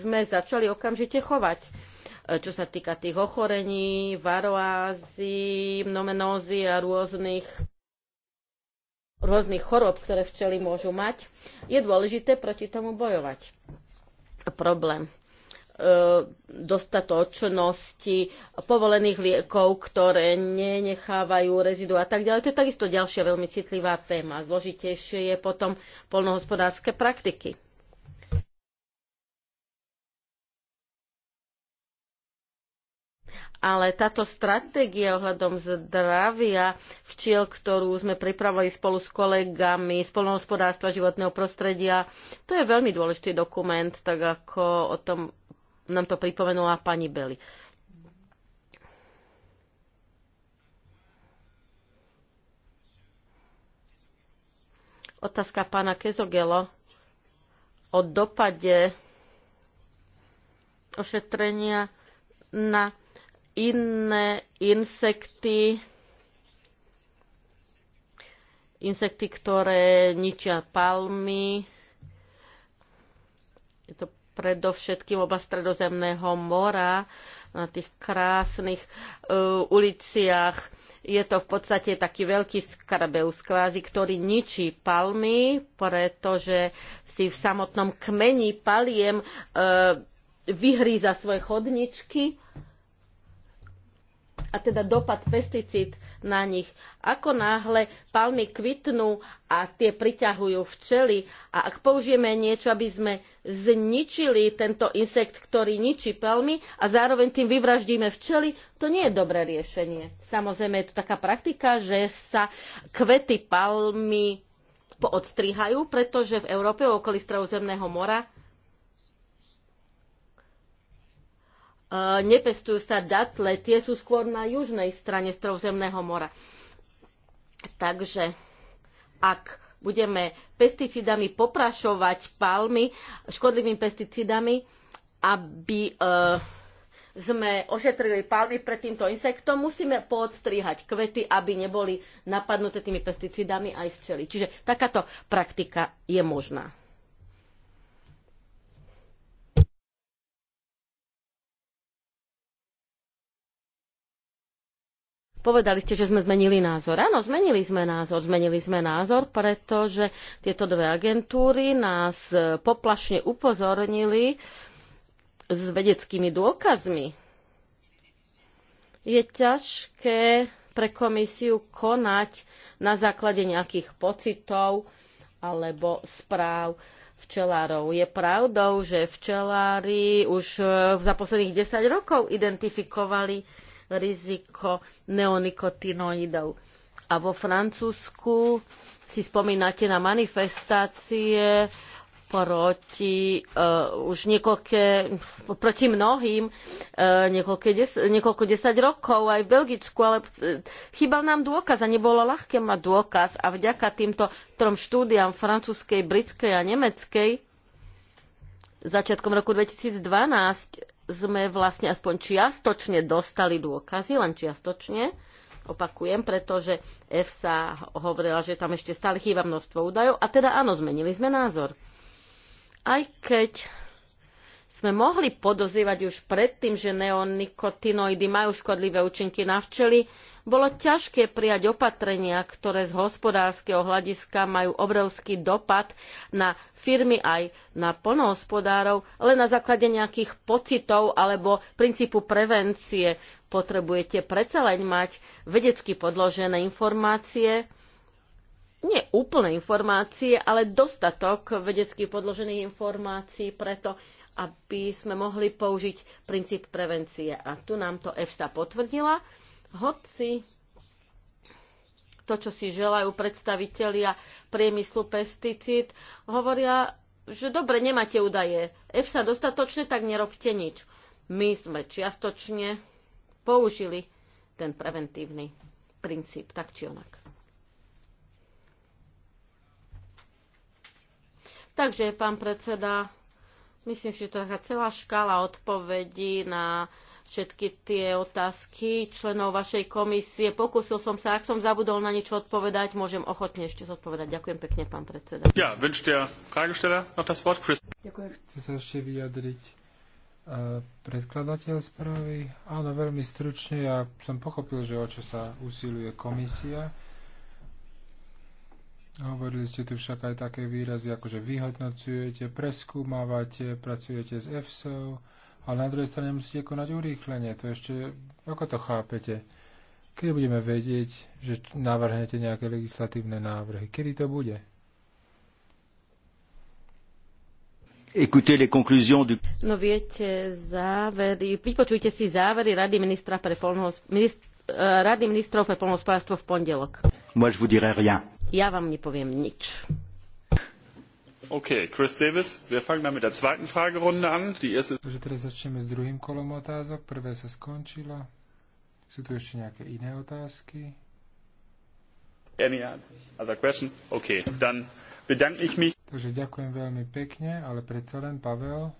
sme začali okamžite chovať. E, čo sa týka tých ochorení, varoázy, mnomenózy a rôznych rôznych chorób, ktoré včely môžu mať, je dôležité proti tomu bojovať. Problém E, dostatočnosti povolených liekov, ktoré nenechávajú rezidu a tak ďalej. To je takisto ďalšia veľmi citlivá téma. Zložitejšie je potom polnohospodárske praktiky. ale táto stratégia ohľadom zdravia včiel, ktorú sme pripravili spolu s kolegami z polnohospodárstva životného prostredia, to je veľmi dôležitý dokument, tak ako o tom nám to pripomenula pani Beli. Otázka pána Kezogelo o dopade ošetrenia na iné insekty, insekty, ktoré ničia palmy. Je to predovšetkým oba stredozemného mora, na tých krásnych uh, uliciach. Je to v podstate taký veľký skarabeus kvázi, ktorý ničí palmy, pretože si v samotnom kmeni paliem uh, vyhríza svoje chodničky. A teda dopad pesticíd na nich. Ako náhle palmy kvitnú a tie priťahujú včely a ak použijeme niečo, aby sme zničili tento insekt, ktorý ničí palmy a zároveň tým vyvraždíme včely, to nie je dobré riešenie. Samozrejme je tu taká praktika, že sa kvety palmy poodstrihajú, pretože v Európe okolí Stredozemného mora E, nepestujú sa datle, tie sú skôr na južnej strane Stredozemného mora. Takže ak budeme pesticídami poprašovať palmy, škodlivými pesticídami, aby e, sme ošetrili palmy pred týmto insektom, musíme podstrihať kvety, aby neboli napadnuté tými pesticídami aj včely. Čiže takáto praktika je možná. Povedali ste, že sme zmenili názor. Áno, zmenili sme názor. Zmenili sme názor, pretože tieto dve agentúry nás e, poplašne upozornili s vedeckými dôkazmi. Je ťažké pre komisiu konať na základe nejakých pocitov alebo správ včelárov. Je pravdou, že včelári už e, za posledných 10 rokov identifikovali riziko neonikotinoidov. A vo Francúzsku si spomínate na manifestácie proti uh, už niekoľké, proti mnohým, uh, niekoľké des, niekoľko desať rokov aj v Belgicku, ale uh, chýbal nám dôkaz a nebolo ľahké mať dôkaz a vďaka týmto trom štúdiám francúzskej, britskej a nemeckej začiatkom roku 2012 sme vlastne aspoň čiastočne dostali dôkazy, len čiastočne, opakujem, pretože EFSA hovorila, že tam ešte stále chýba množstvo údajov a teda áno, zmenili sme názor. Aj keď sme mohli podozrievať už predtým, že neonikotinoidy majú škodlivé účinky na včely, bolo ťažké prijať opatrenia, ktoré z hospodárskeho hľadiska majú obrovský dopad na firmy aj na plnohospodárov, ale na základe nejakých pocitov alebo princípu prevencie. Potrebujete predsa len mať vedecky podložené informácie, nie úplné informácie, ale dostatok vedecky podložených informácií preto, aby sme mohli použiť princíp prevencie. A tu nám to EFSA potvrdila, hoci to, čo si želajú predstavitelia priemyslu pesticíd, hovoria, že dobre, nemáte údaje. EFSA dostatočne, tak nerobte nič. My sme čiastočne použili ten preventívny princíp, tak či onak. Takže, pán predseda, Myslím si, že to je celá škála odpovedí na všetky tie otázky členov vašej komisie. Pokúsil som sa, ak som zabudol na niečo odpovedať, môžem ochotne ešte zodpovedať. Ďakujem pekne, pán predseda. Ja, Ďakujem. Chce sa ešte vyjadriť uh, predkladateľ správy. Áno, veľmi stručne. Ja som pochopil, že o čo sa usiluje komisia. Hovorili ste tu však aj také výrazy, ako že vyhodnocujete, preskúmavate, pracujete s EFSO, ale na druhej strane musíte konať urýchlenie. To ešte, ako to chápete? Kedy budeme vedieť, že navrhnete nejaké legislatívne návrhy? Kedy to bude? No viete, závery, vypočujte si závery Rady, ministra pre polnohosp- minist- eh, Rady ministrov pre polnohospodárstvo v pondelok. Moi, je vous dirai rien. Ja vám nepoviem nič. Okay, Chris Davis, wir fangen dann mit der zweiten Fragerunde an. Die erste... Takže teraz začneme s druhým kolom otázok. Prvé sa skončilo. Sú tu ešte nejaké iné otázky? Any other question? Okay, dann bedanke ich mich. Takže ďakujem veľmi pekne, ale predsa len Pavel.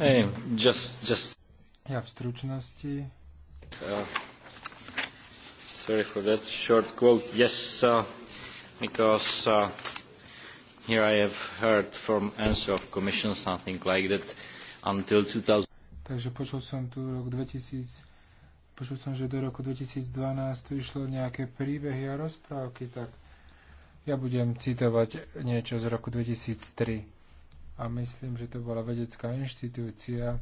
Hey, just, just... Ja v stručnosti. Uh, sorry for that short quote. Yes, uh, because uh, here I have heard from answer of Commission something like that until 2000. Takže počul som tu rok 2000, počul som, že do roku 2012 tu išlo nejaké príbehy a rozprávky, tak ja budem citovať niečo z roku 2003. A myslím, že to bola vedecká inštitúcia,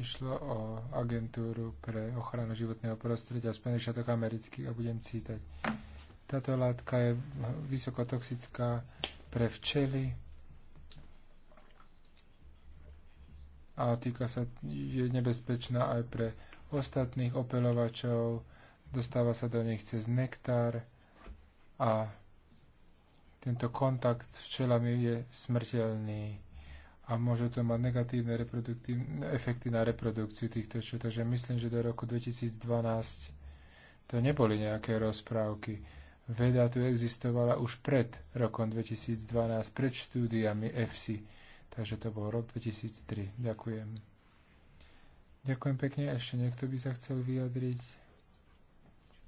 išlo o agentúru pre ochranu životného prostredia Spojených štátok amerických a budem cítať. Táto látka je vysokotoxická pre včely a týka sa, je nebezpečná aj pre ostatných opelovačov, dostáva sa do nich cez nektár a tento kontakt s včelami je smrteľný a môže to mať negatívne efekty na reprodukciu týchto čo. Takže myslím, že do roku 2012 to neboli nejaké rozprávky. Veda tu existovala už pred rokom 2012, pred štúdiami EFSI. Takže to bol rok 2003. Ďakujem. Ďakujem pekne. Ešte niekto by sa chcel vyjadriť?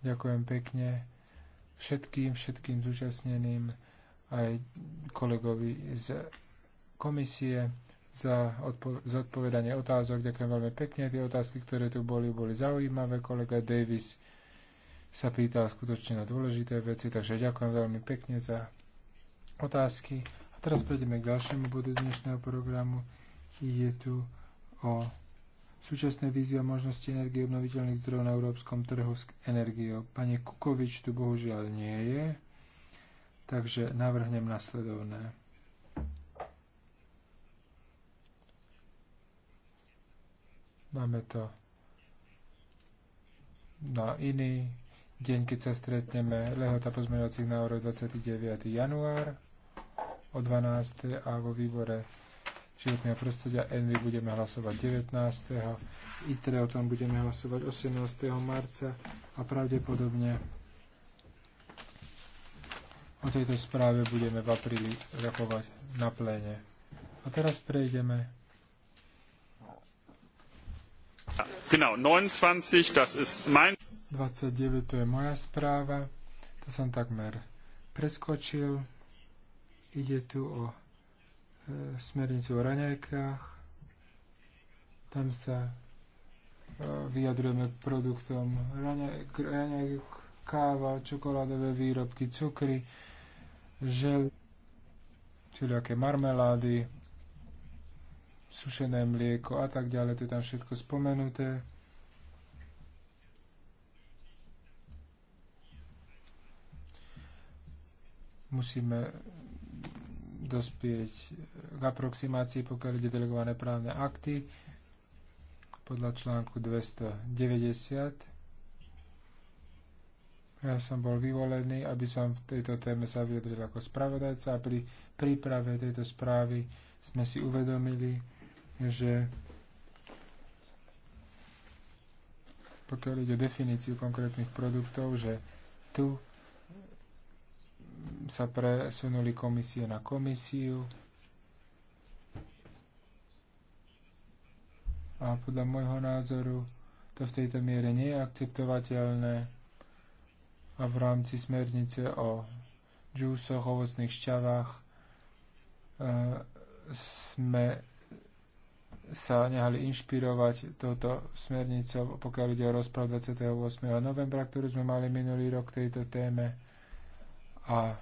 Ďakujem pekne všetkým, všetkým zúčastneným, aj kolegovi z komisie za zodpovedanie otázok. Ďakujem veľmi pekne. Tie otázky, ktoré tu boli, boli zaujímavé. Kolega Davis sa pýtal skutočne na dôležité veci, takže ďakujem veľmi pekne za otázky. A teraz prejdeme k ďalšiemu bodu dnešného programu. Je tu o súčasné výzvy a možnosti energie obnoviteľných zdrojov na európskom trhu s energiou. Pane Kukovič tu bohužiaľ nie je, takže navrhnem nasledovné Máme to na iný deň, keď sa stretneme. Lehota pozmeňovacích návrhov 29. január o 12. a vo výbore životného prostredia Envy budeme hlasovať 19. ITRE o tom budeme hlasovať 18. marca a pravdepodobne o tejto správe budeme v apríli rokovať na pléne. A teraz prejdeme Genau, 29, das ist mein... 29, to je moja správa. To som takmer preskočil. Ide tu o e, smernicu o raňajkách. Tam sa e, vyjadrujeme k produktom raňajk, raňajk, káva, čokoládové výrobky, cukry, žel, čiliaké marmelády, sušené mlieko a tak ďalej, to je tam všetko spomenuté. Musíme dospieť k aproximácii, pokiaľ ide delegované právne akty podľa článku 290. Ja som bol vyvolený, aby som v tejto téme sa vyjadril ako spravodajca a pri príprave tejto správy sme si uvedomili, že pokiaľ ide o definíciu konkrétnych produktov, že tu sa presunuli komisie na komisiu a podľa môjho názoru to v tejto miere nie je akceptovateľné a v rámci smernice o džúsoch, ovocných šťavách e, sme sa nehali inšpirovať touto smernicou, pokiaľ ide o rozprav 28. novembra, ktorú sme mali minulý rok k tejto téme. A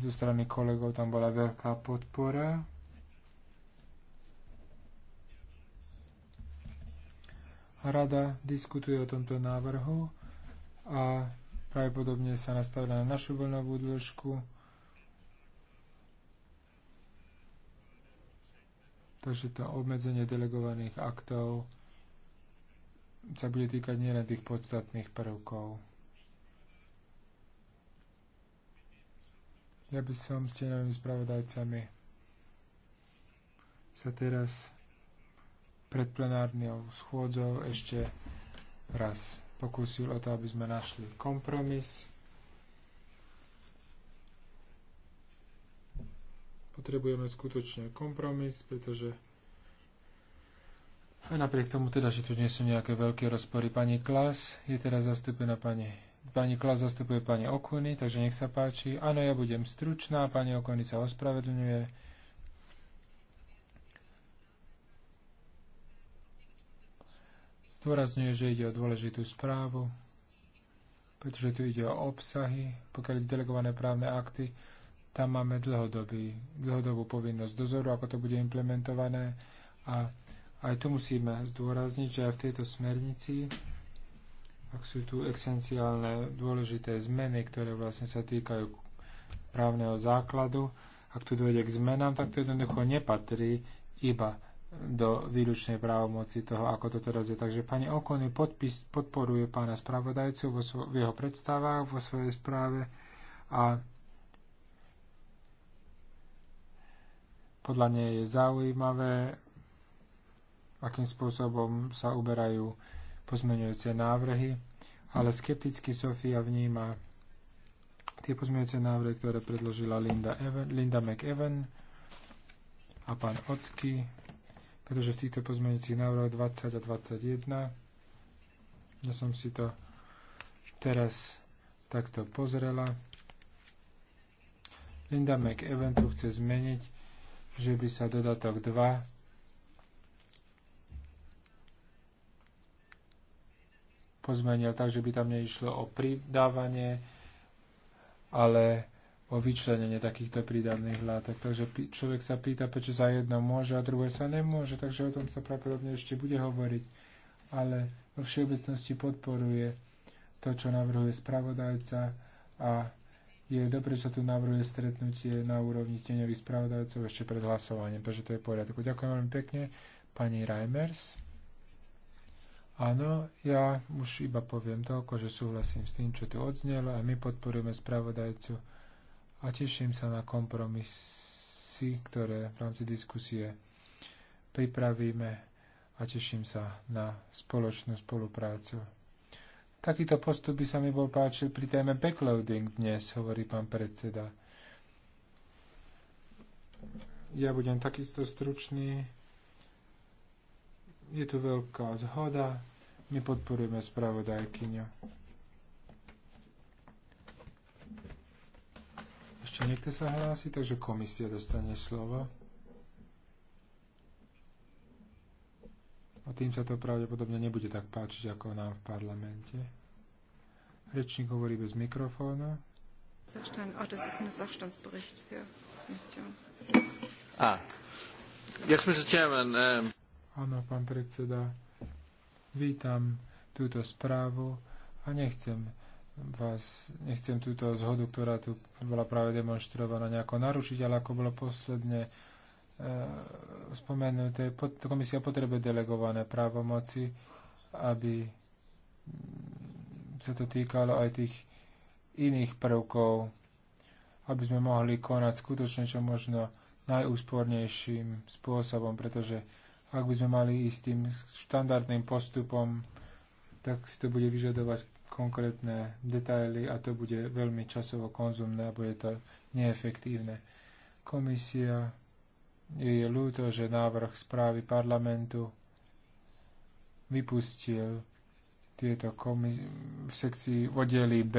zo strany kolegov tam bola veľká podpora. Rada diskutuje o tomto návrhu a pravdepodobne sa nastavila na našu vlnovú dĺžku Takže to obmedzenie delegovaných aktov sa bude týkať nielen tých podstatných prvkov. Ja by som s tieňovými spravodajcami sa teraz pred plenárnou schôdzou ešte raz pokúsil o to, aby sme našli kompromis. Potrebujeme skutočne kompromis, pretože a napriek tomu teda, že tu nie sú nejaké veľké rozpory. Pani Klas je teraz zastúpená pani Pani Klas zastupuje pani Okuny, takže nech sa páči. Áno, ja budem stručná, pani Okuny sa ospravedlňuje. Zdôrazňuje, že ide o dôležitú správu, pretože tu ide o obsahy, pokiaľ delegované právne akty, tam máme dlhodobý, dlhodobú povinnosť dozoru, ako to bude implementované a aj tu musíme zdôrazniť, že aj v tejto smernici, ak sú tu esenciálne dôležité zmeny, ktoré vlastne sa týkajú právneho základu, ak tu dojde k zmenám, tak to jednoducho nepatrí iba do výlučnej právomoci toho, ako to teraz je. Takže pani Okony podpis, podporuje pána spravodajcu vo svo, v jeho predstavách, vo svojej správe a Podľa nej je zaujímavé, akým spôsobom sa uberajú pozmeňujúce návrhy, ale skepticky Sofia vníma tie pozmeňujúce návrhy, ktoré predložila Linda, Even, Linda McEwen a pán Ocky, pretože v týchto pozmeňujúcich návrhoch 20 a 21 ja som si to teraz takto pozrela. Linda McEwen tu chce zmeniť že by sa dodatok 2 pozmenil tak, že by tam neišlo o pridávanie, ale o vyčlenenie takýchto prídavných látok. Takže človek sa pýta, prečo za jedno môže a druhé sa nemôže, takže o tom sa pravdepodobne ešte bude hovoriť. Ale vo všeobecnosti podporuje to, čo navrhuje spravodajca a je dobre, že sa tu navrhuje stretnutie na úrovni tieňových spravodajcov ešte pred hlasovaním, takže to je v poriadku. Ďakujem veľmi pekne, pani Reimers. Áno, ja už iba poviem toľko, že súhlasím s tým, čo tu odznelo a my podporujeme spravodajcu a teším sa na kompromisy, ktoré v rámci diskusie pripravíme a teším sa na spoločnú spoluprácu. Takýto postup by sa mi bol páčil pri téme backloading dnes, hovorí pán predseda. Ja budem takisto stručný. Je tu veľká zhoda. My podporujeme spravodajkyňu. Ešte niekto sa hlási, takže komisia dostane slovo. A tým sa to pravdepodobne nebude tak páčiť ako nám v parlamente. Rečník hovorí bez mikrofóna. Ah, ah. um, Áno, pán predseda, vítam túto správu a nechcem vás, nechcem túto zhodu, ktorá tu bola práve demonstrovaná, nejako narušiť, ale ako bolo posledne E, spomenuté, komisia potrebuje delegované právomoci, aby sa to týkalo aj tých iných prvkov, aby sme mohli konať skutočne čo možno najúspornejším spôsobom, pretože ak by sme mali ísť tým štandardným postupom, tak si to bude vyžadovať konkrétne detaily a to bude veľmi časovo konzumné a bude to neefektívne. Komisia je, je ľúto, že návrh správy parlamentu vypustil tieto komis- v sekcii v oddeli B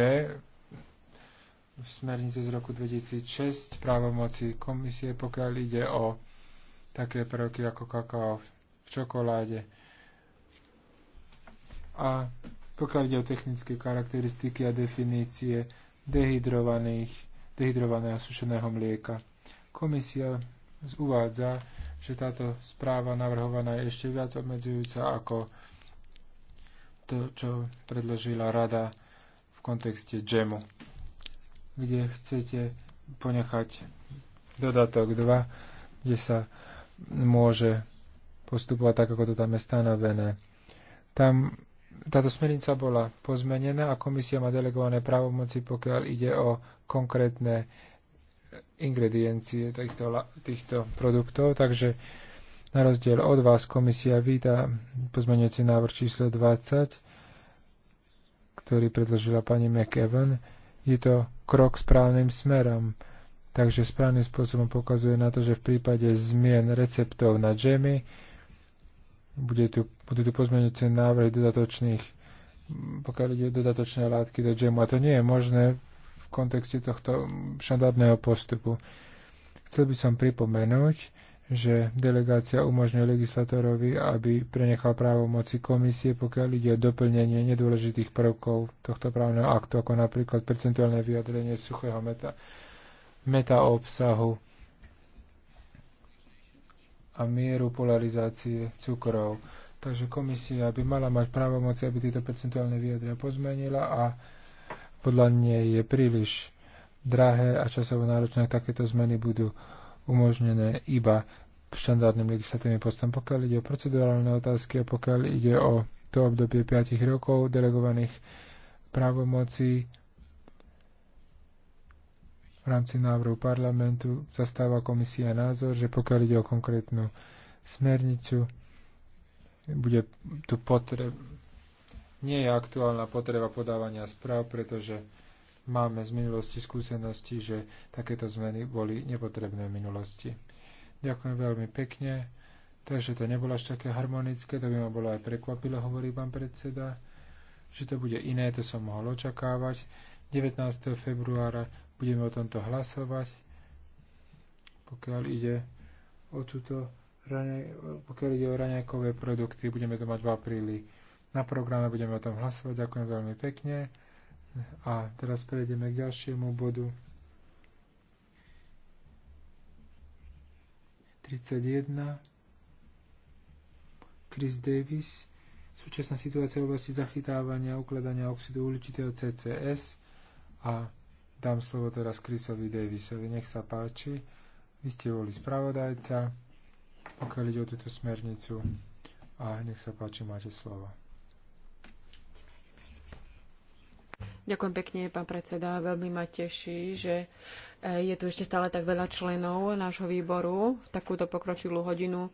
v smernice z roku 2006 právomoci komisie, pokiaľ ide o také prvky ako kakao v čokoláde. A pokiaľ ide o technické charakteristiky a definície dehydrovaných, dehydrovaného sušeného mlieka. Komisia uvádza, že táto správa navrhovaná je ešte viac obmedzujúca ako to, čo predložila rada v kontexte džemu, kde chcete ponechať dodatok 2, kde sa môže postupovať tak, ako to tam je stanovené. Tam táto smernica bola pozmenená a komisia má delegované právomoci, pokiaľ ide o konkrétne ingrediencie týchto, týchto produktov, takže na rozdiel od vás komisia víta pozmeniaci návrh číslo 20, ktorý predložila pani McEwan. Je to krok správnym smerom, takže správnym spôsobom pokazuje na to, že v prípade zmien receptov na džemy bude tu, budú tu pozmeniace návrhy dodatočných pokiaľ ide dodatočné látky do džemu. A to nie je možné kontexte tohto štandardného postupu. Chcel by som pripomenúť, že delegácia umožňuje legislatorovi, aby prenechal právomoci komisie, pokiaľ ide o doplnenie nedôležitých prvkov tohto právneho aktu, ako napríklad percentuálne vyjadrenie suchého meta, meta obsahu a mieru polarizácie cukrov. Takže komisia by mala mať moci, aby tieto percentuálne vyjadrenia pozmenila a podľa nej je príliš drahé a časovo náročné, takéto zmeny budú umožnené iba štandardným legislatívnym postom. Pokiaľ ide o procedurálne otázky a pokiaľ ide o to obdobie 5 rokov delegovaných právomocí v rámci návrhu parlamentu zastáva komisia názor, že pokiaľ ide o konkrétnu smernicu, bude tu potreb, nie je aktuálna potreba podávania správ, pretože máme z minulosti skúsenosti, že takéto zmeny boli nepotrebné v minulosti. Ďakujem veľmi pekne. Takže to nebolo až také harmonické, to by ma bolo aj prekvapilo, hovorí pán predseda, že to bude iné, to som mohol očakávať. 19. februára budeme o tomto hlasovať, pokiaľ ide o túto, pokiaľ ide o raňajkové produkty, budeme to mať v apríli na programe, budeme o tom hlasovať. Ďakujem veľmi pekne. A teraz prejdeme k ďalšiemu bodu. 31. Chris Davis. Súčasná situácia v oblasti zachytávania a ukladania oxidu uličitého CCS. A dám slovo teraz Chrisovi Davisovi. Nech sa páči. Vy ste boli spravodajca, pokiaľ ide o túto smernicu. A nech sa páči, máte slovo. Ďakujem pekne, pán predseda. Veľmi ma teší, že e, je tu ešte stále tak veľa členov nášho výboru v takúto pokročilú hodinu. E,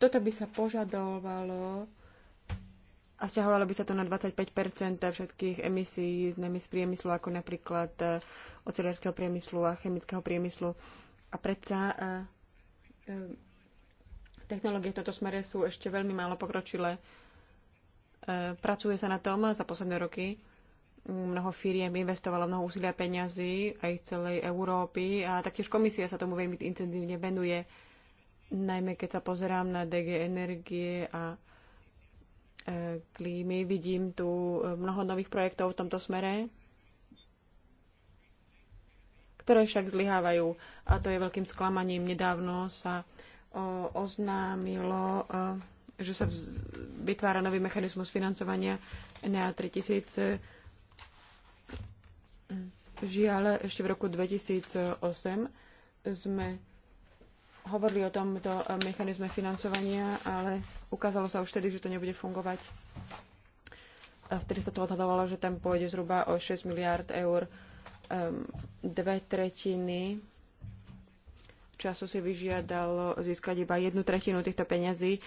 toto by sa požadovalo a stiahovalo by sa to na 25 všetkých emisí z z priemyslu, ako napríklad e, oceliarského priemyslu a chemického priemyslu. A predsa technológie v tomto smere sú ešte veľmi málo pokročilé. E, pracuje sa na tom za posledné roky. Mnoho firiem investovalo mnoho úsilia peňazí aj z celej Európy a taktiež komisia sa tomu veľmi intenzívne venuje. Najmä keď sa pozerám na DG Energie a e, klímy, vidím tu e, mnoho nových projektov v tomto smere, ktoré však zlyhávajú a to je veľkým sklamaním. Nedávno sa oznámilo že sa vytvára nový mechanizmus financovania NEA 3000. Žiaľ, ešte v roku 2008 sme hovorili o tomto mechanizme financovania, ale ukázalo sa už vtedy, že to nebude fungovať. A vtedy sa to odhadovalo, že tam pôjde zhruba o 6 miliard eur. Um, dve tretiny času si vyžiadalo získať iba jednu tretinu týchto peňazí. E,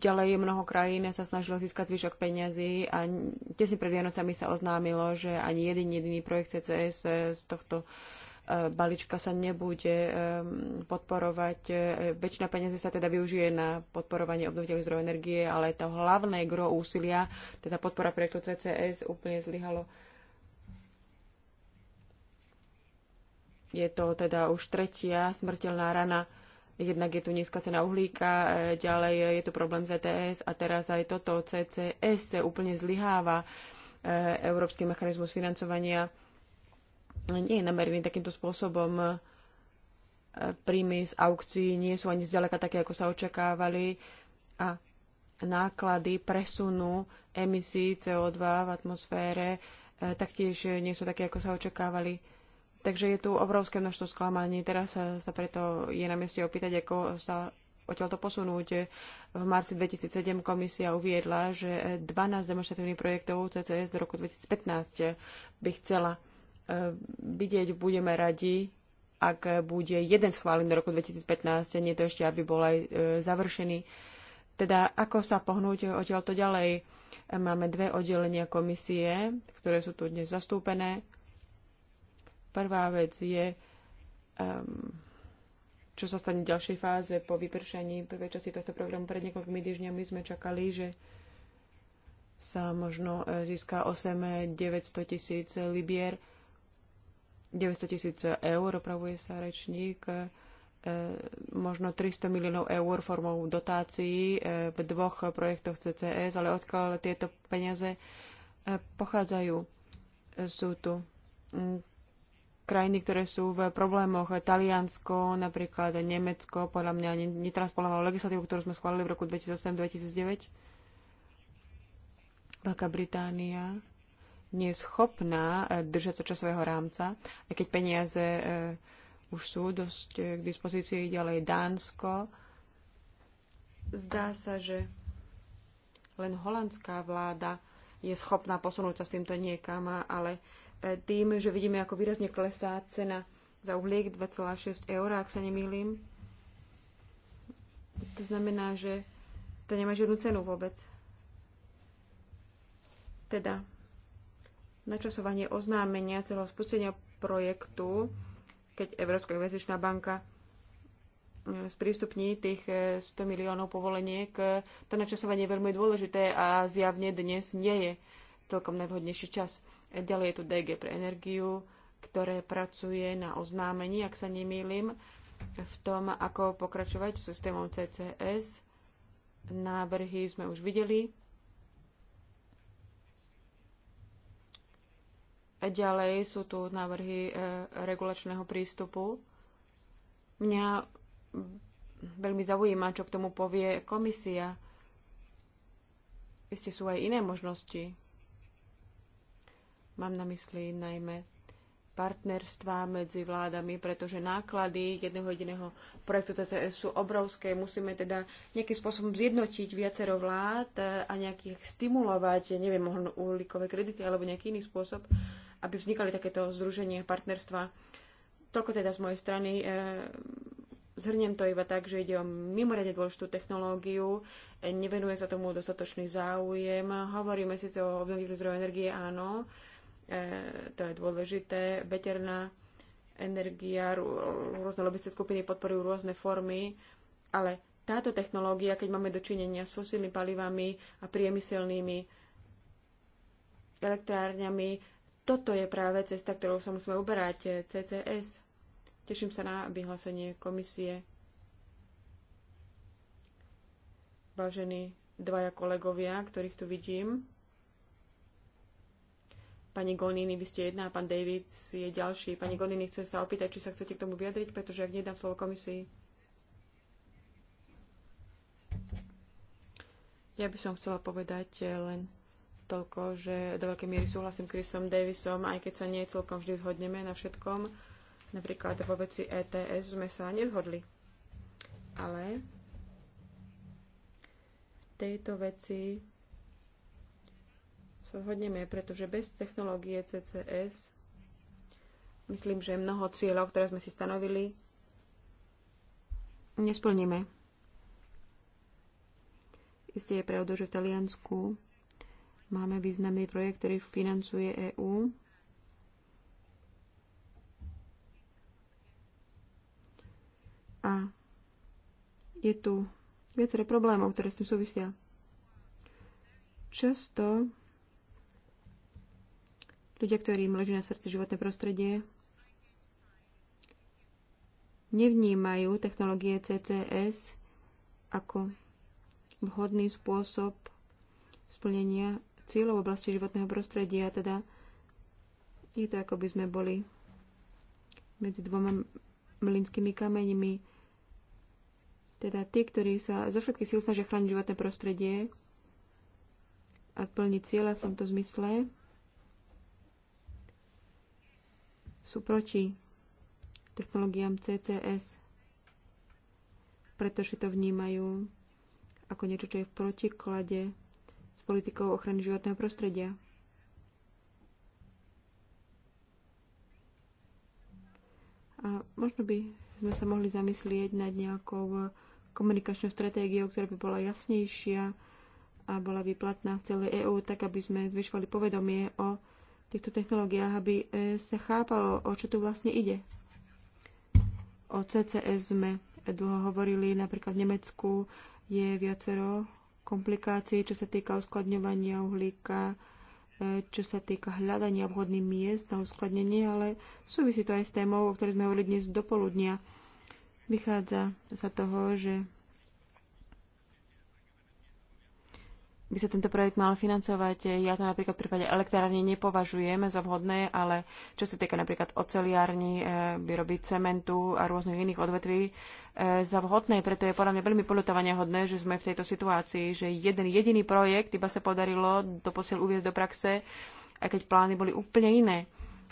ďalej mnoho krajín sa snažilo získať zvyšok peňazí a tesne pred Vianocami sa oznámilo, že ani jeden jediný projekt CCS z tohto e, balíčka sa nebude e, podporovať. Väčšina peniazy sa teda využije na podporovanie obnoviteľných zdrojov energie, ale to hlavné gro úsilia, teda podpora projektu CCS, úplne zlyhalo. Je to teda už tretia smrteľná rana. Jednak je tu nízka cena uhlíka, e, ďalej je tu problém ZTS a teraz aj toto CCS úplne zlyháva. E, Európsky mechanizmus financovania nie je namerený takýmto spôsobom. E, príjmy z aukcií nie sú ani zďaleka také, ako sa očakávali a náklady presunu emisí CO2 v atmosfére taktiež nie sú také, ako sa očakávali Takže je tu obrovské množstvo sklamaní. Teraz sa, sa preto je na mieste opýtať, ako sa odtiaľto posunúť. V marci 2007 komisia uviedla, že 12 demonstratívnych projektov CCS do roku 2015 by chcela e, vidieť. Budeme radi, ak bude jeden schválený do roku 2015, nie to ešte, aby bol aj e, završený. Teda ako sa pohnúť odtiaľto ďalej? E, máme dve oddelenia komisie, ktoré sú tu dnes zastúpené Prvá vec je, um, čo sa stane v ďalšej fáze po vypršení prvej časti tohto programu. Pred niekoľkými týždňami sme čakali, že sa možno e, získa 8 900 e, tisíc libier, 900 tisíc eur, opravuje sa rečník, e, možno 300 miliónov eur formou dotácií v dvoch projektoch CCS, ale odkiaľ tieto peniaze pochádzajú? Sú tu krajiny, ktoré sú v problémoch. Taliansko, napríklad Nemecko, podľa mňa netransponovalo legislatívu, ktorú sme schválili v roku 2008-2009. Veľká Británia nie je schopná eh, držať sa časového rámca, aj keď peniaze eh, už sú dosť eh, k dispozícii, ďalej Dánsko. Zdá sa, že len holandská vláda je schopná posunúť sa s týmto niekam, ale tým, že vidíme, ako výrazne klesá cena za uhliek 2,6 eur, ak sa nemýlim. To znamená, že to nemá žiadnu cenu vôbec. Teda, načasovanie oznámenia celého spustenia projektu, keď Európska investičná banka e, sprístupní tých 100 e, miliónov povoleniek, e, to načasovanie je veľmi dôležité a zjavne dnes nie je celkom najvhodnejší čas. Ďalej je tu DG pre energiu, ktoré pracuje na oznámení, ak sa nemýlim, v tom, ako pokračovať s systémom CCS. Návrhy sme už videli. Ďalej sú tu návrhy e, regulačného prístupu. Mňa veľmi zaujíma, čo k tomu povie komisia. Isté sú aj iné možnosti. Mám na mysli najmä partnerstva medzi vládami, pretože náklady jedného jediného projektu TCS sú obrovské. Musíme teda nejakým spôsobom zjednotiť viacero vlád a nejakých stimulovať, neviem, možno uhlíkové kredity alebo nejaký iný spôsob, aby vznikali takéto združenie partnerstva. Toľko teda z mojej strany. E, zhrniem to iba tak, že ide o mimoriadne dôležitú technológiu, e, nevenuje sa tomu dostatočný záujem. Hovoríme síce o obnoviteľných zdrojoch energie, áno, E, to je dôležité. Veterná energia, rôzne lobbyste skupiny podporujú rôzne formy, ale táto technológia, keď máme dočinenia s fosílnymi palivami a priemyselnými elektrárňami, toto je práve cesta, ktorou sa musíme uberať, CCS. Teším sa na vyhlásenie komisie. Vážení dvaja kolegovia, ktorých tu vidím. Pani Goniny, vy ste jedna a pán David je ďalší. Pani Goniny, chcem sa opýtať, či sa chcete k tomu vyjadriť, pretože ak nedám slovo komisii. Ja by som chcela povedať len toľko, že do veľkej miery súhlasím Chrisom Davisom, aj keď sa nie celkom vždy zhodneme na všetkom. Napríklad vo veci ETS sme sa nezhodli. Ale tejto veci zhodneme, pretože bez technológie CCS myslím, že mnoho cieľov, ktoré sme si stanovili, nesplníme. Isté je pravda, že v Taliansku máme významný projekt, ktorý financuje EÚ. A je tu viacero problémov, ktoré s tým súvisia. Často ľudia, ktorým leží na srdci životné prostredie, nevnímajú technológie CCS ako vhodný spôsob splnenia cieľov v oblasti životného prostredia, teda je to ako by sme boli medzi dvoma mlinskými kameňmi. Teda tí, ktorí sa zo všetkých síl snažia chrániť životné prostredie a plniť cieľa v tomto zmysle, sú proti technológiám CCS, pretože to vnímajú ako niečo, čo je v protiklade s politikou ochrany životného prostredia. A možno by sme sa mohli zamyslieť nad nejakou komunikačnou stratégiou, ktorá by bola jasnejšia a bola by platná v celej EÚ, tak aby sme zvyšovali povedomie o týchto technológiách, aby e, sa chápalo, o čo tu vlastne ide. O CCS sme dlho hovorili, napríklad v Nemecku je viacero komplikácií, čo sa týka uskladňovania uhlíka, e, čo sa týka hľadania vhodných miest na uskladnenie, ale súvisí to aj s témou, o ktorej sme hovorili dnes do poludnia. Vychádza sa toho, že by sa tento projekt mal financovať. Ja to napríklad v prípade elektrárne nepovažujem za vhodné, ale čo sa týka napríklad oceliárni, e, výroby cementu a rôznych iných odvetví, e, za vhodné. Preto je podľa mňa veľmi polutovania hodné, že sme v tejto situácii, že jeden jediný projekt iba sa podarilo doposiaľ uviezť do praxe, aj keď plány boli úplne iné.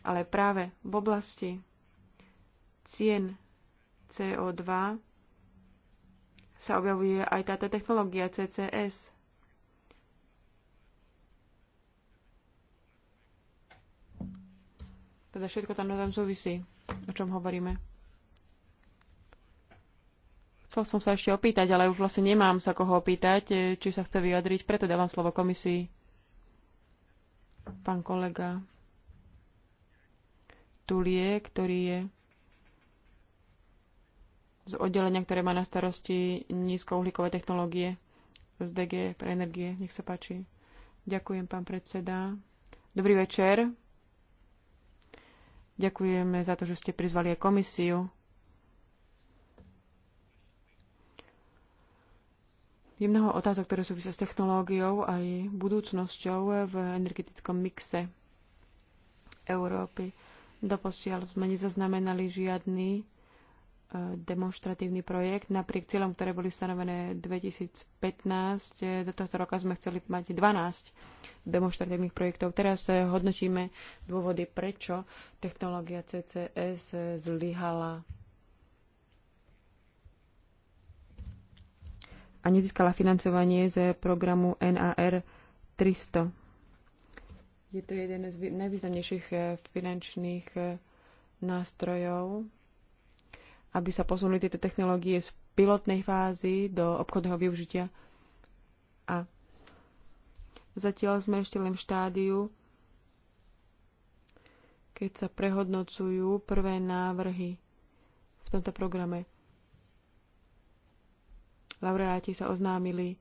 Ale práve v oblasti cien CO2 sa objavuje aj táto technológia CCS Teda všetko tam tam súvisí, o čom hovoríme. Chcel som sa ešte opýtať, ale už vlastne nemám sa koho opýtať, e, či sa chce vyjadriť, preto dávam slovo komisii. Pán kolega Tulie, ktorý je z oddelenia, ktoré má na starosti nízkouhlíkové technológie z DG pre energie. Nech sa páči. Ďakujem, pán predseda. Dobrý večer. Ďakujeme za to, že ste prizvali aj komisiu. Je mnoho otázok, ktoré súvisia s technológiou aj budúcnosťou v energetickom mixe Európy. Doposiaľ sme nezaznamenali žiadny Eh, demonstratívny projekt. Napriek cieľom, ktoré boli stanovené 2015, eh, do tohto roka sme chceli mať 12 demonstratívnych projektov. Teraz eh, hodnotíme dôvody, prečo technológia CCS zlyhala a nezískala financovanie z programu NAR 300. Je to jeden z najvýznamnejších finančných nástrojov aby sa posunuli tieto technológie z pilotnej fázy do obchodného využitia. A zatiaľ sme ešte len v štádiu, keď sa prehodnocujú prvé návrhy v tomto programe. Laureáti sa oznámili,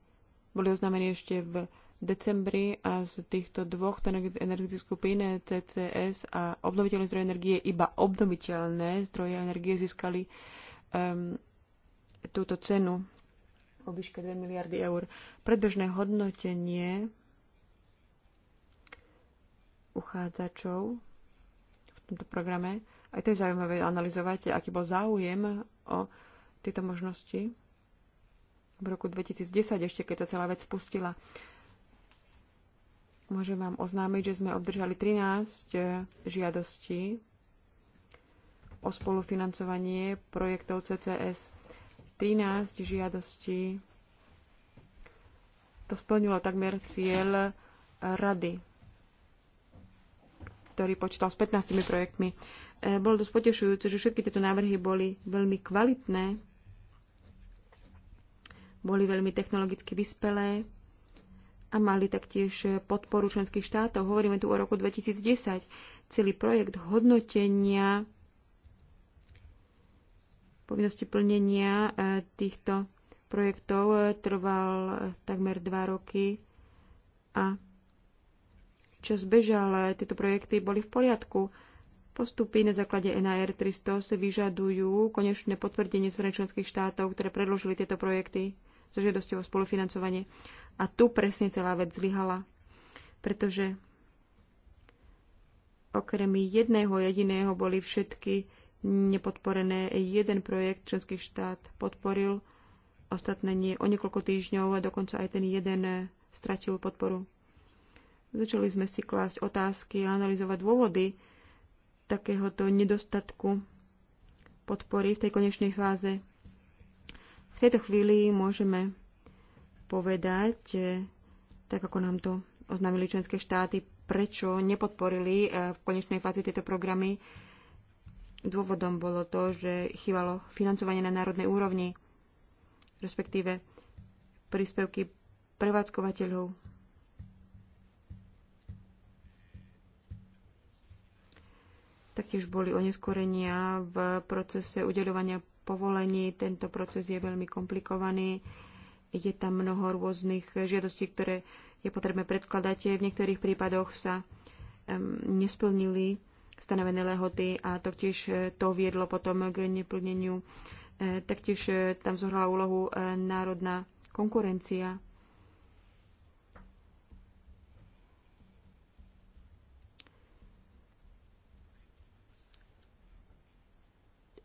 boli oznámení ešte v decembri a z týchto dvoch energetických skupín CCS a obnoviteľné zdroje energie, iba obnoviteľné zdroje energie získali um, túto cenu o výške 2 miliardy eur. Predbežné hodnotenie uchádzačov v tomto programe, aj to je zaujímavé analyzovať, aký bol záujem o tieto možnosti v roku 2010, ešte keď sa celá vec spustila. Môžem vám oznámiť, že sme obdržali 13 eh, žiadostí o spolufinancovanie projektov CCS. 13 žiadostí. To splnilo takmer cieľ rady, ktorý počítal s 15 projektmi. Eh, bolo dosť potešujúce, že všetky tieto návrhy boli veľmi kvalitné, boli veľmi technologicky vyspelé, a mali taktiež podporu členských štátov. Hovoríme tu o roku 2010. Celý projekt hodnotenia povinnosti plnenia e, týchto projektov e, trval takmer dva roky a čas bežal, e, tieto projekty boli v poriadku. Postupy na základe NAR 300 sa vyžadujú konečné potvrdenie z členských štátov, ktoré predložili tieto projekty so žiadosťou o spolufinancovanie. A tu presne celá vec zlyhala, pretože okrem jedného jediného boli všetky nepodporené. Jeden projekt členský štát podporil, ostatné nie. O niekoľko týždňov a dokonca aj ten jeden eh, stratil podporu. Začali sme si klásť otázky a analyzovať dôvody takéhoto nedostatku podpory v tej konečnej fáze. V tejto chvíli môžeme povedať, e, tak ako nám to oznámili členské štáty, prečo nepodporili e, v konečnej fázi tieto programy. Dôvodom bolo to, že chýbalo financovanie na národnej úrovni, respektíve príspevky prevádzkovateľov. Taktiež boli oneskorenia v procese udeľovania povolení. Tento proces je veľmi komplikovaný. Je tam mnoho rôznych žiadostí, ktoré je potrebné predkladať. V niektorých prípadoch sa nesplnili stanovené lehoty a totiž e, to viedlo potom k neplneniu. E, taktiež e, tam zohrala úlohu národná konkurencia.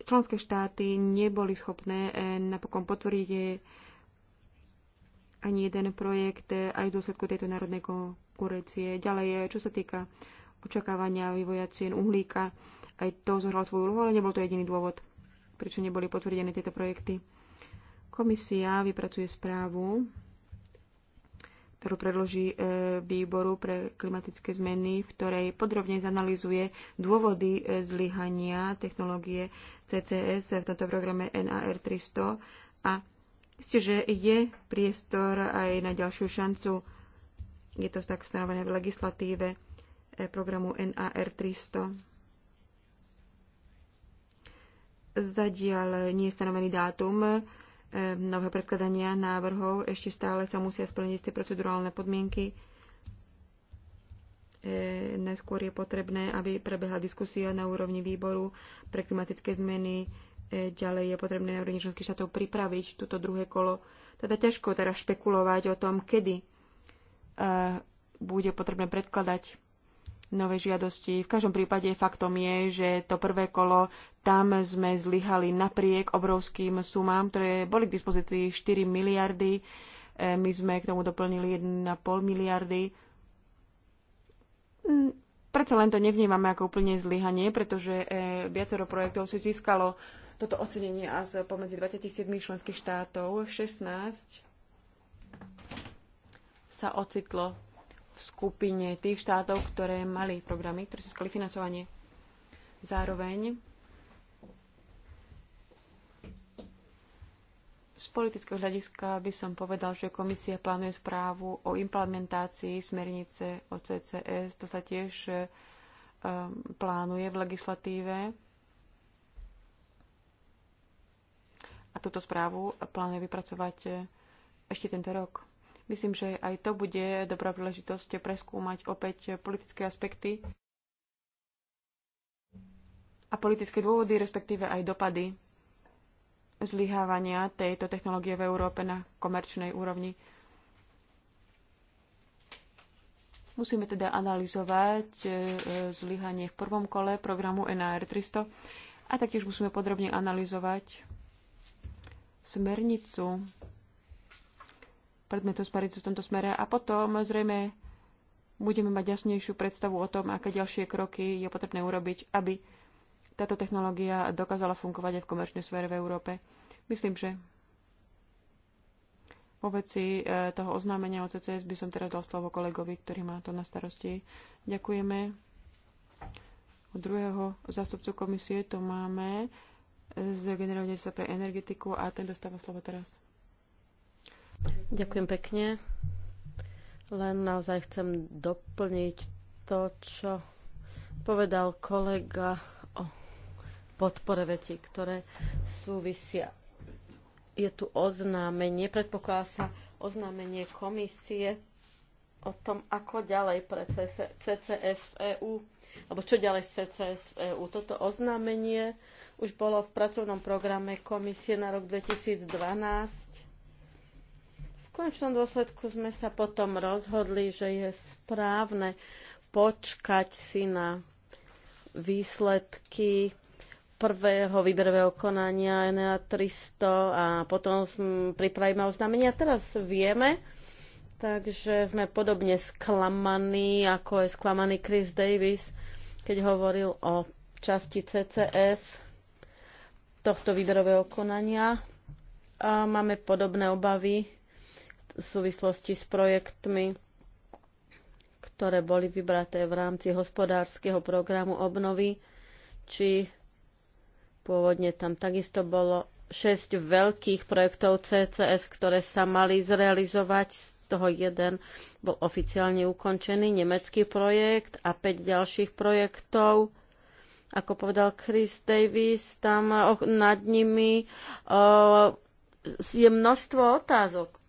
členské štáty neboli schopné e, napokon potvrdiť e, ani jeden projekt e, aj v dôsledku tejto národnej konkurencie. Ďalej, čo sa týka očakávania vývoja cien uhlíka, aj to zohralo svoju úlohu, ale nebol to jediný dôvod, prečo neboli potvrdené tieto projekty. Komisia vypracuje správu ktorú predloží e, výboru pre klimatické zmeny, v ktorej podrobne zanalizuje dôvody e, zlyhania technológie CCS v tomto programe NAR 300 a myslím, že je priestor aj na ďalšiu šancu. Je to tak stanovené v legislatíve e, programu NAR 300. Zadiaľ nie je stanovený dátum nového predkladania návrhov. Ešte stále sa musia splniť tie procedurálne podmienky. E, najskôr je potrebné, aby prebehla diskusia na úrovni výboru pre klimatické zmeny. E, ďalej je potrebné na úrovni členských štátov pripraviť túto druhé kolo. Teda ťažko teraz špekulovať o tom, kedy e, bude potrebné predkladať novej žiadosti. V každom prípade faktom je, že to prvé kolo tam sme zlyhali napriek obrovským sumám, ktoré boli k dispozícii 4 miliardy. E, my sme k tomu doplnili 1,5 miliardy. Mm, predsa len to nevnímame ako úplne zlyhanie, pretože e, viacero projektov si získalo toto ocenenie a z pomedzi 27 členských štátov 16 sa ocitlo v skupine tých štátov, ktoré mali programy, ktoré získali financovanie. Zároveň z politického hľadiska by som povedal, že komisia plánuje správu o implementácii smernice o CCS. To sa tiež um, plánuje v legislatíve. A túto správu plánuje vypracovať eh, ešte tento rok. Myslím, že aj to bude dobrá príležitosť preskúmať opäť politické aspekty a politické dôvody, respektíve aj dopady zlyhávania tejto technológie v Európe na komerčnej úrovni. Musíme teda analyzovať e, zlyhanie v prvom kole programu NAR 300 a taktiež musíme podrobne analyzovať smernicu predmetom smernicu v tomto smere a potom zrejme budeme mať jasnejšiu predstavu o tom, aké ďalšie kroky je potrebné urobiť, aby táto technológia dokázala fungovať aj v komerčnej sfére v Európe. Myslím, že po veci e, toho oznámenia o CCS by som teraz dal slovo kolegovi, ktorý má to na starosti. Ďakujeme. Od druhého zástupcu komisie to máme z generálne sa pre energetiku a ten dostáva slovo teraz. Ďakujem pekne. Len naozaj chcem doplniť to, čo povedal kolega o podpore veci, ktoré súvisia. Je tu oznámenie, predpokladá sa oznámenie komisie o tom, ako ďalej pre CCS v EU, alebo čo ďalej z CCS v EU. Toto oznámenie už bolo v pracovnom programe komisie na rok 2012 konečnom dôsledku sme sa potom rozhodli, že je správne počkať si na výsledky prvého výberového konania NA 300 a potom pripravíme oznámenia. Teraz vieme, takže sme podobne sklamaní, ako je sklamaný Chris Davis, keď hovoril o časti CCS tohto výberového konania. A máme podobné obavy v súvislosti s projektmi, ktoré boli vybraté v rámci hospodárskeho programu obnovy, či pôvodne tam takisto bolo 6 veľkých projektov CCS, ktoré sa mali zrealizovať. Z toho jeden bol oficiálne ukončený, nemecký projekt a 5 ďalších projektov ako povedal Chris Davis, tam nad nimi je množstvo otázok.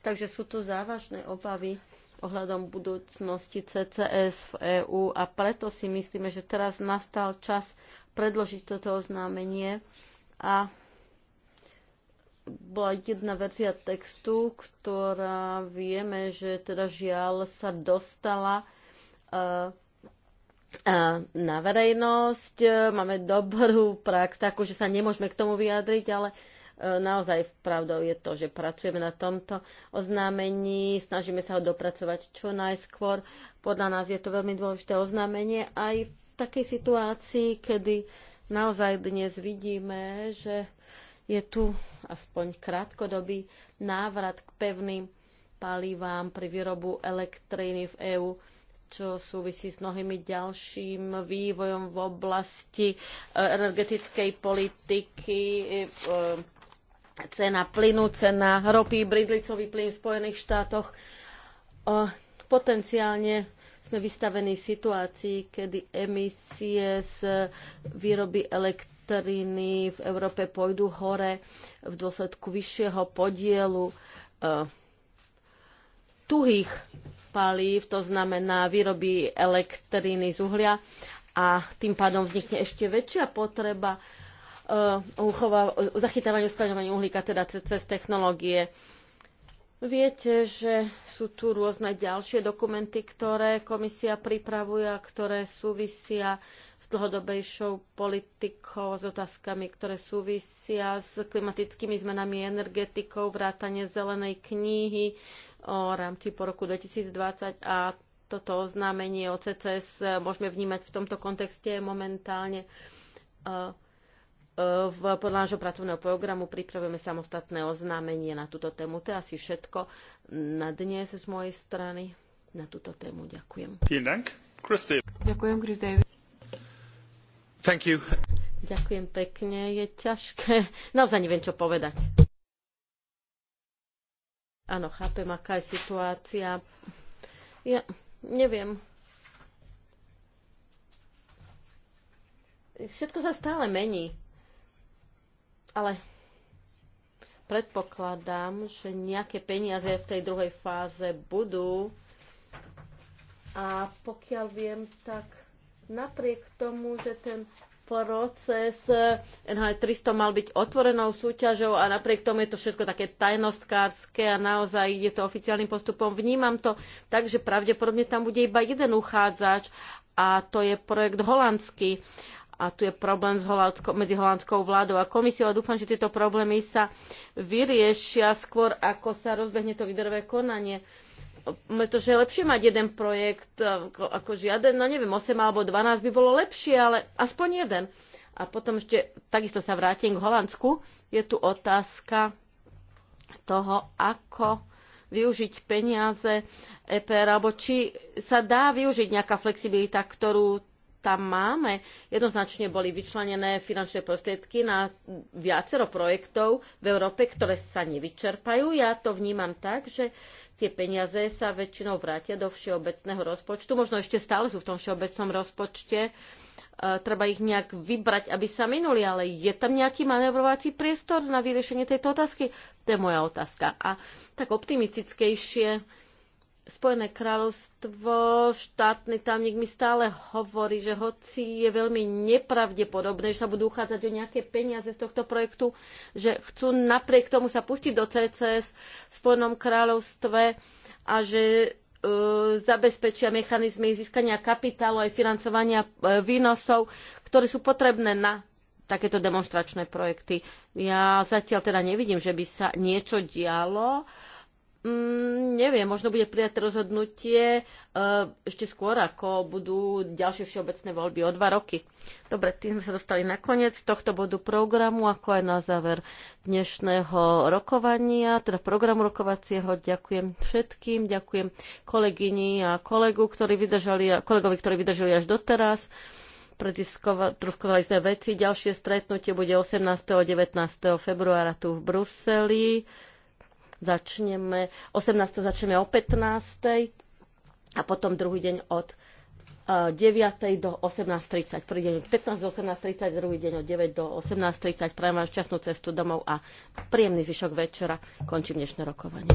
Takže sú to závažné obavy ohľadom budúcnosti CCS v EÚ a preto si myslíme, že teraz nastal čas predložiť toto oznámenie a bola jedna verzia textu, ktorá vieme, že teda žiaľ sa dostala eh, eh, na verejnosť. Máme dobrú prax, takú, že sa nemôžeme k tomu vyjadriť, ale Naozaj pravdou je to, že pracujeme na tomto oznámení, snažíme sa ho dopracovať čo najskôr. Podľa nás je to veľmi dôležité oznámenie aj v takej situácii, kedy naozaj dnes vidíme, že je tu aspoň krátkodobý návrat k pevným palivám pri výrobu elektriny v EÚ čo súvisí s mnohými ďalším vývojom v oblasti eh, energetickej politiky, eh, cena plynu, cena ropy, bridlicový plyn v Spojených štátoch. Potenciálne sme vystavení situácii, kedy emisie z výroby elektriny v Európe pôjdu hore v dôsledku vyššieho podielu e, tuhých palív, to znamená výroby elektriny z uhlia a tým pádom vznikne ešte väčšia potreba Uh, zachytávaniu, skladňovaniu uhlíka, teda cez technológie. Viete, že sú tu rôzne ďalšie dokumenty, ktoré komisia pripravuje a ktoré súvisia s dlhodobejšou politikou, s otázkami, ktoré súvisia s klimatickými zmenami energetikou, vrátanie zelenej knihy o rámci po roku 2020 a toto oznámenie o CCS eh, môžeme vnímať v tomto kontexte momentálne. Uh, v, podľa nášho pracovného programu pripravujeme samostatné oznámenie na túto tému. To je asi všetko na dnes z mojej strany na túto tému. Ďakujem. Ďakujem, Chris David. Thank you. Ďakujem pekne. Je ťažké. Naozaj neviem, čo povedať. Áno, chápem, aká je situácia. Ja neviem. Všetko sa stále mení. Ale predpokladám, že nejaké peniaze v tej druhej fáze budú. A pokiaľ viem, tak napriek tomu, že ten proces NH eh, 300 mal byť otvorenou súťažou a napriek tomu je to všetko také tajnostkárske a naozaj ide to oficiálnym postupom. Vnímam to tak, že pravdepodobne tam bude iba jeden uchádzač a to je projekt holandský. Uh, a tu je problém s Holandsko, medzi holandskou vládou a komisiou a dúfam, že tieto problémy sa vyriešia skôr, ako sa rozbehne to výberové konanie pretože je lepšie mať jeden projekt eh, ako, ako žiaden, no neviem, 8 alebo 12 by bolo lepšie, ale aspoň jeden. A potom ešte, takisto sa vrátim k Holandsku, je tu otázka toho, ako využiť peniaze EPR, alebo či sa dá využiť nejaká flexibilita, ktorú tam máme. Jednoznačne boli vyčlenené finančné prostriedky na viacero projektov v Európe, ktoré sa nevyčerpajú. Ja to vnímam tak, že tie peniaze sa väčšinou vrátia do všeobecného rozpočtu. Možno ešte stále sú v tom všeobecnom rozpočte. E, treba ich nejak vybrať, aby sa minuli, ale je tam nejaký manevrovací priestor na vyriešenie tejto otázky? To je moja otázka. A tak optimistickejšie Spojené kráľovstvo, štátny tamník mi stále hovorí, že hoci je veľmi nepravdepodobné, že sa budú uchádzať o nejaké peniaze z tohto projektu, že chcú napriek tomu sa pustiť do CCS v Spojenom kráľovstve a že e, zabezpečia mechanizmy získania kapitálu aj financovania e, výnosov, ktoré sú potrebné na takéto demonstračné projekty. Ja zatiaľ teda nevidím, že by sa niečo dialo Mm, neviem, možno bude prijaté rozhodnutie eh, ešte skôr, ako budú ďalšie všeobecné voľby o dva roky. Dobre, tým sme sa dostali na koniec tohto bodu programu, ako aj na záver dnešného rokovania, teda programu rokovacieho. Ďakujem všetkým, ďakujem kolegyni a kolegu, ktorí vydržali, kolegovi, ktorí vydržali až doteraz Prediskovali sme veci. Ďalšie stretnutie bude 18. a 19. februára tu v Bruseli. Začneme, 18. začneme o 15. a potom druhý deň od 9. E, do 18.30. Prvý deň od 15 do 18.30, druhý deň od 9 do 18.30. Prajem vám šťastnú cestu domov a príjemný zvyšok večera. Končím dnešné rokovanie.